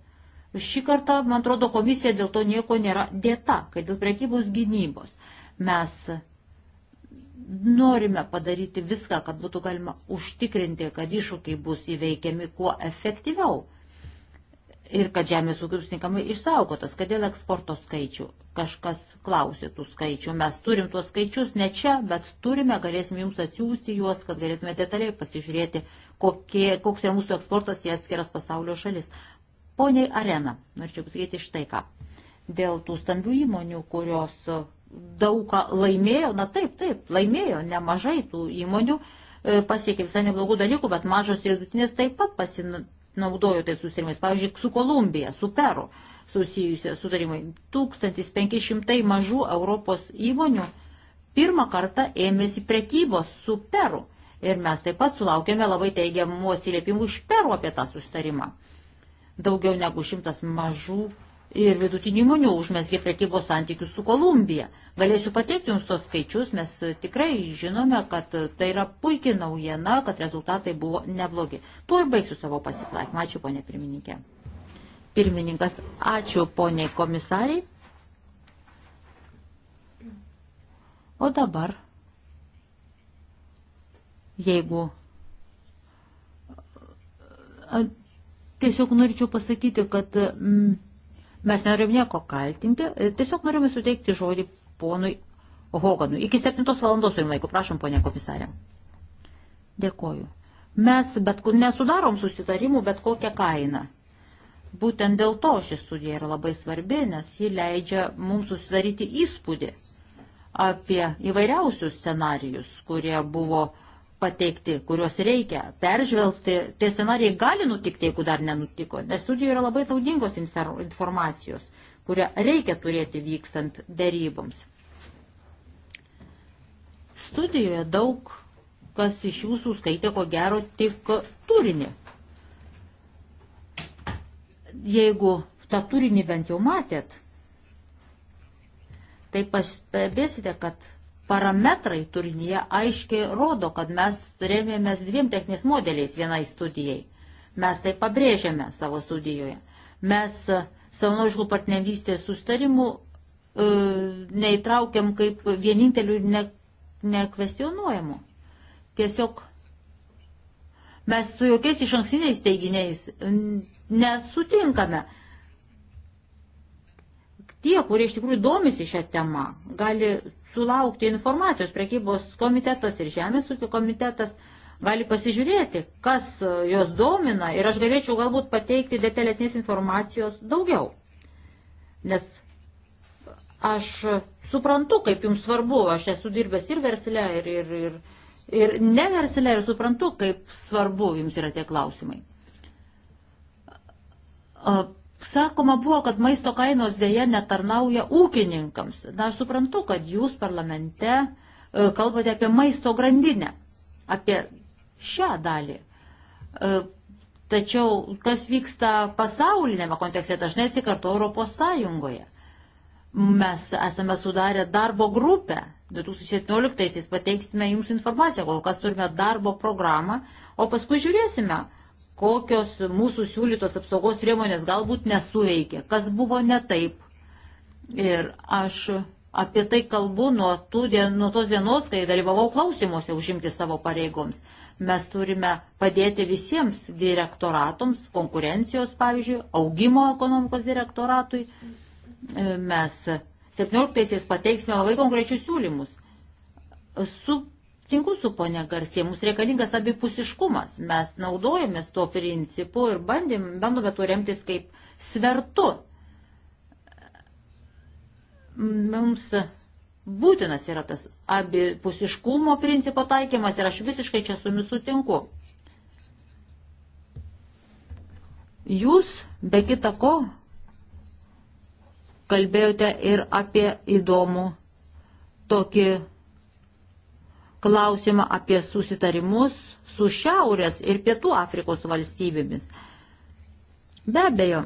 šį kartą, man atrodo, komisija dėl to nieko nėra dėta, kad dėl prekybos gynybos. Mes norime padaryti viską, kad būtų galima užtikrinti, kad iššūkiai bus įveikiami kuo efektyviau ir kad žemės ūkis tinkamai išsaugotas, kad dėl eksporto skaičių kažkas klausė tų skaičių. Mes turim tuos skaičius ne čia, bet turime, galėsim jums atsiųsti juos, kad galėtume detaliai pasižiūrėti, kokie, koks yra mūsų eksportas į atskiras pasaulio šalis. Poniai Arena, norėčiau pasakyti štai ką. Dėl tų stambių įmonių, kurios daugą laimėjo, na taip, taip, laimėjo nemažai tų įmonių, e, pasiekė visai neblogų dalykų, bet mažos ir vidutinės taip pat pasinaudojo tais susitarimais. Pavyzdžiui, su Kolumbija, su Peru susijusia sutarimai. 1500 mažų Europos įmonių pirmą kartą ėmėsi prekybos su Peru. Ir mes taip pat sulaukėme labai teigiamų atsiliepimų iš Peru apie tą susitarimą. Daugiau negu šimtas mažų ir vidutinių įmonių užmesgė prekybos santykius su Kolumbija. Galėsiu pateikti Jums tos skaičius, mes tikrai žinome, kad tai yra puikiai naujiena, kad rezultatai buvo neblogi. Tuo ir baigsiu savo pasiklaikymą. Ačiū, ponė pirmininkė. Pirmininkas, ačiū, ponė komisariai. O dabar, jeigu tiesiog norėčiau pasakyti, kad mm, Mes nenorim nieko kaltinti, e, tiesiog norime suteikti žodį ponui Hoganui. Iki 7 valandos turim laiko, prašom, ponė komisarė. Dėkoju. Mes bet, nesudarom susitarimų bet kokią kainą. Būtent dėl to ši studija yra labai svarbi, nes ji leidžia mums susidaryti įspūdį apie įvairiausius scenarijus, kurie buvo pateikti, kuriuos reikia peržvelgti, tie scenarijai gali nutikti, jeigu dar nenutiko, nes studijoje yra labai naudingos informacijos, kurią reikia turėti vykstant daryboms. Studijoje daug kas iš jūsų skaitė ko gero tik turinį. Jeigu tą turinį bent jau matėt, tai pastebėsite, kad parametrai turinyje aiškiai rodo, kad mes turėjomės dviem techniniais modeliais vienai studijai. Mes tai pabrėžėme savo studijoje. Mes savanoriškų partnerystės sustarimų e, neįtraukiam kaip vienintelių ne, nekvestionuojamų. Tiesiog mes su jokiais iš anksiniais teiginiais nesutinkame tie, kurie iš tikrųjų domisi šią temą, gali sulaukti informacijos. Prekybos komitetas ir Žemės ūkio komitetas gali pasižiūrėti, kas e, jos domina ir aš galėčiau galbūt pateikti detalesnės informacijos daugiau. Nes aš suprantu, kaip jums svarbu, aš esu dirbęs ir versle, ir, ir, ir, ir ne versle, ir suprantu, kaip svarbu jums yra tie klausimai. E, Sakoma buvo, kad maisto kainos dėje netarnauja ūkininkams. Na, aš suprantu, kad jūs parlamente e, kalbate apie maisto grandinę, apie šią dalį. E, tačiau, kas vyksta pasaulinėme kontekste, dažnai atsikarto Europos Sąjungoje. Mes esame sudarę darbo grupę. 2017-aisiais pateiksime jums informaciją, kol kas turime darbo programą, o paskui žiūrėsime, kokios mūsų siūlytos apsaugos priemonės galbūt nesuveikė, kas buvo ne taip. Ir aš apie tai kalbu nuo, dien, nuo tos dienos, kai dalyvavau klausimuose užimti savo pareigoms. Mes turime padėti visiems direktoratums, konkurencijos, pavyzdžiui, augimo ekonomikos direktoratui. Mes 17-aisiais pateiksime labai konkrečius siūlymus. Su sutinku su ponia Garsė, mums reikalingas abipusiškumas. Mes naudojomės tuo principu ir bandėm, bandome tuo remtis kaip svertu. Mums būtinas yra tas abipusiškumo principo taikymas ir aš visiškai čia su jumis sutinku. Jūs, be kita ko, kalbėjote ir apie įdomų tokį klausimą apie susitarimus su Šiaurės ir Pietų Afrikos valstybėmis. Be abejo,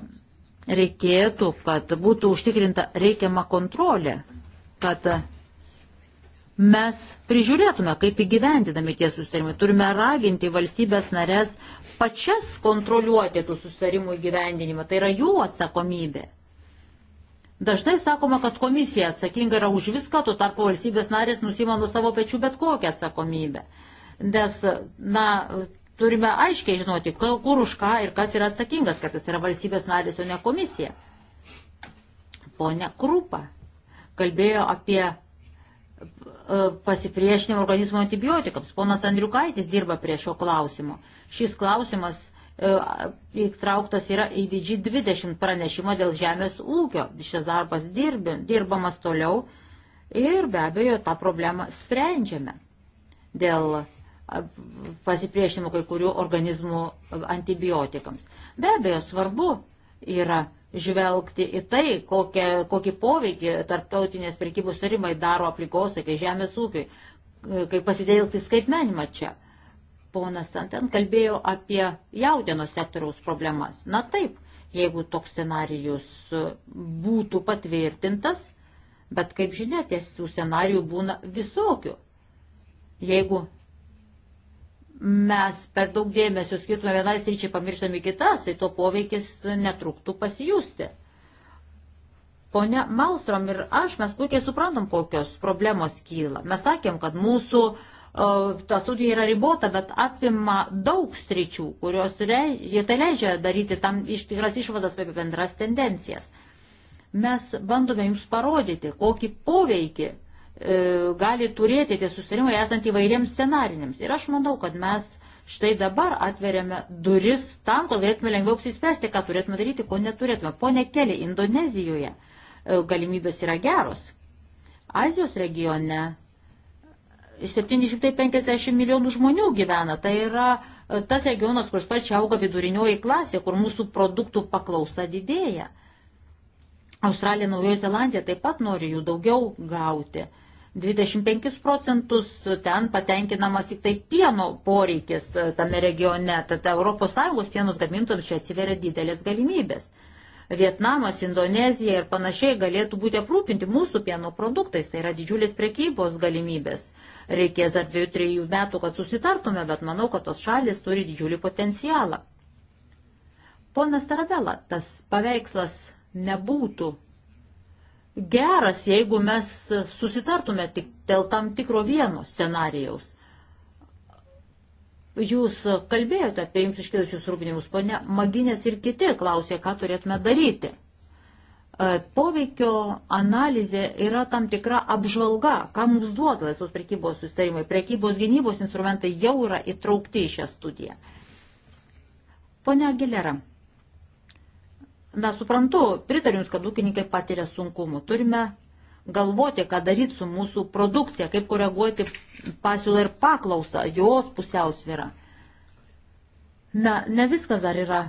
reikėtų, kad būtų užtikrinta reikiama kontrolė, kad mes prižiūrėtume, kaip įgyvendinami tie sustarimai. Turime raginti valstybės narės pačias kontroliuoti tų sustarimų įgyvendinimą. Tai yra jų atsakomybė. Dažnai sakoma, kad komisija atsakinga yra už viską, tuo tarpu valstybės narės nusima nuo savo pečių bet kokią atsakomybę. Nes, na, turime aiškiai žinoti, kur už ką ir kas yra atsakingas, kad tas yra valstybės narės, o ne komisija. Pone Krupa kalbėjo apie e, pasipriešinimo organizmo antibiotikams. Ponas Andriukaitis dirba prie šio klausimo. Šis klausimas E, įtrauktas yra į didžiai 20 pranešimą dėl žemės ūkio. Šis darbas dirbi, dirbamas toliau ir be abejo tą problemą sprendžiame dėl e, pasipriešinimo kai kurių organizmų antibiotikams. Be abejo, svarbu yra žvelgti į tai, kokią, kokį poveikį tarptautinės prekybos tarimai daro aplikos, kai žemės ūkiai, e, kaip pasidėlgti skaitmenimą čia ponas Santen kalbėjo apie jaudienos sektoriaus problemas. Na taip, jeigu toks scenarijus būtų patvirtintas, bet kaip žinia, tiesių scenarijų būna visokių. Jeigu mes per daug dėmesio skirtume vienai sričiai pamirštami kitas, tai to poveikis netruktų pasijusti. Pone Malstrom ir aš, mes puikiai suprantam, kokios problemos kyla. Mes sakėm, kad mūsų uh, ta studija yra ribota, bet apima daug sričių, kurios jie tai leidžia daryti tam iš tikras išvadas apie bendras tendencijas. Mes bandome jums parodyti, kokį poveikį e, gali turėti tie susitarimai esant įvairiems scenarinėms. Ir aš manau, kad mes štai dabar atveriame duris tam, kad galėtume lengviau apsispręsti, ką turėtume daryti, ko neturėtume. Pone Keli, Indonezijoje e, galimybės yra geros. Azijos regione 750 milijonų žmonių gyvena. Tai yra e, tas regionas, kur sparčiai auga vidurinioji klasė, kur mūsų produktų paklausa didėja. Australija, Naujoji Zelandija taip pat nori jų daugiau gauti. 25 procentus ten patenkinamas tik tai pieno poreikis e, tame regione, tad ES pienos gamintojams čia atsiveria didelės galimybės. Vietnamas, Indonezija ir panašiai galėtų būti aprūpinti mūsų pieno produktais, tai yra didžiulės prekybos galimybės reikės dar dviejų, trejų metų, kad susitartume, bet manau, kad tos šalis turi didžiulį potencialą. Ponas Tarabela, tas paveikslas nebūtų geras, jeigu mes susitartume tik dėl tam tikro vieno scenarijaus. Jūs kalbėjote apie jums iškilusius rūpinimus, ponia Maginės ir kiti klausė, ką turėtume daryti. E, poveikio analizė yra tam tikra apžvalga, ką mums duoda laisvos prekybos sustarimai. Prekybos gynybos instrumentai jau yra įtraukti į šią studiją. Pone Agilera, na suprantu, pritariu Jums, kad ūkininkai patiria sunkumų. Turime galvoti, ką daryti su mūsų produkcija, kaip koreguoti pasiūlą ir paklausą, jos pusiausvyrą. Na, ne viskas dar yra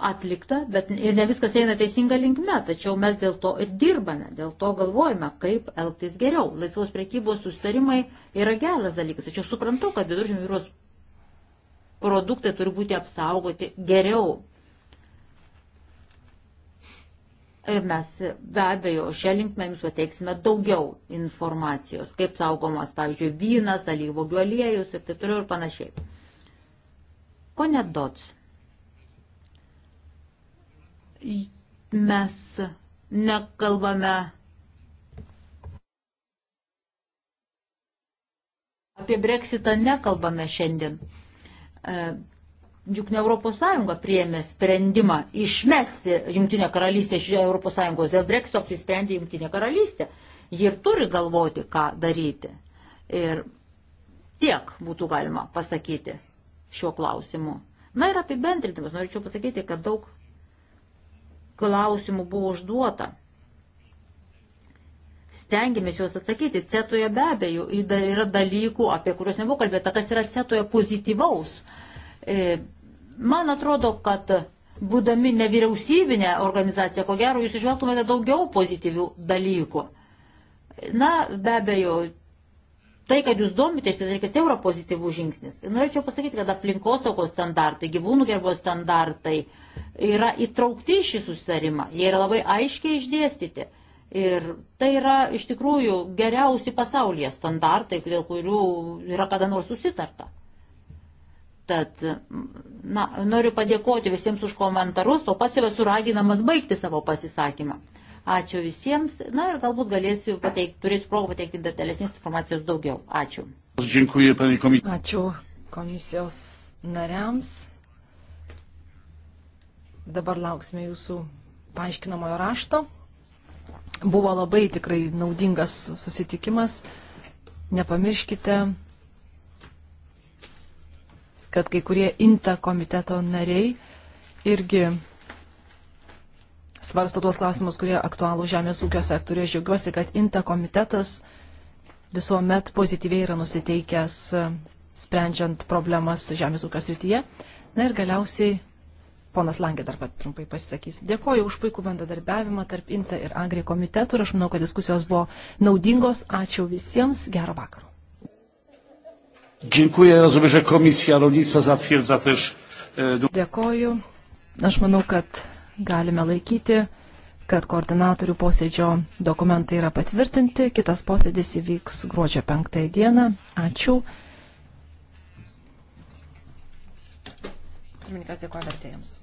atlikta, bet ir ne viskas eina teisinga linkme, tačiau mes dėl to ir dirbame, dėl to galvojame, kaip elgtis geriau. Laisvos priekybos sustarimai yra geras dalykas, tačiau suprantu, kad viduržėmio jūros produktai turi būti apsaugoti geriau. Ir mes be abejo šią linkmę jums pateiksime daugiau informacijos, kaip saugomas, pavyzdžiui, vynas, alyvogių aliejus ir taip toliau ir panašiai. Pone Dots mes nekalbame apie breksitą nekalbame šiandien. E, juk ne ES priėmė sprendimą išmesti Junktinę karalystę iš ES. Dėl breksito apsisprendė Junktinė karalystė. Ji ir turi galvoti, ką daryti. Ir tiek būtų galima pasakyti šiuo klausimu. Na ir apibendrintimas, norėčiau pasakyti, kad daug klausimų buvo užduota. Stengiamės juos atsakyti. Cetoje be abejo yra dalykų, apie kuriuos nebuvo kalbėta, kas yra cetoje pozityvaus. E, man atrodo, kad būdami nevyriausybinė organizacija, ko gero, jūs išvelgtumėte daugiau pozityvių dalykų. Na, be abejo, Tai, kad jūs domitės šis dalykas, tai yra pozityvų žingsnis. Ir norėčiau pasakyti, kad aplinkosaugos standartai, gyvūnų gerbos standartai yra įtraukti į šį susitarimą. Jie yra labai aiškiai išdėstyti. Ir tai yra iš tikrųjų geriausi pasaulyje standartai, dėl kurių yra kada nors susitarta. Tad na, noriu padėkoti visiems už komentarus, o pats jau esu raginamas baigti savo pasisakymą. Ačiū visiems. Na ir galbūt galėsiu pateikti, turėsiu progą pateikti detalesnės informacijos daugiau. Ačiū.
Ačiū
komisijos nariams. Dabar
lauksime jūsų paaiškinamojo rašto. Buvo labai tikrai naudingas susitikimas. Nepamirškite, kad kai kurie INTA komiteto nariai irgi svarsto tuos klausimus, kurie aktualų žemės ūkio sektoriuje. Aš džiaugiuosi, kad INTA komitetas visuomet pozityviai yra nusiteikęs e, sprendžiant problemas žemės ūkio srityje. Na ir galiausiai ponas Langė dar pat trumpai pasisakys. Dėkoju už puikų bendradarbiavimą tarp INTA ir AGRI komitetų ir aš manau, kad diskusijos buvo naudingos. Ačiū visiems, gero vakaro.
Dziękuję. Rozumiem, że Komisja Rolnictwa zatwierdza też. E, Dėkoju.
Aš manau, kad galime laikyti, kad koordinatorių posėdžio dokumentai yra patvirtinti. Kitas posėdis įvyks gruodžio 5 dieną. Ačiū. Pirmininkas dėkoja vertėjams.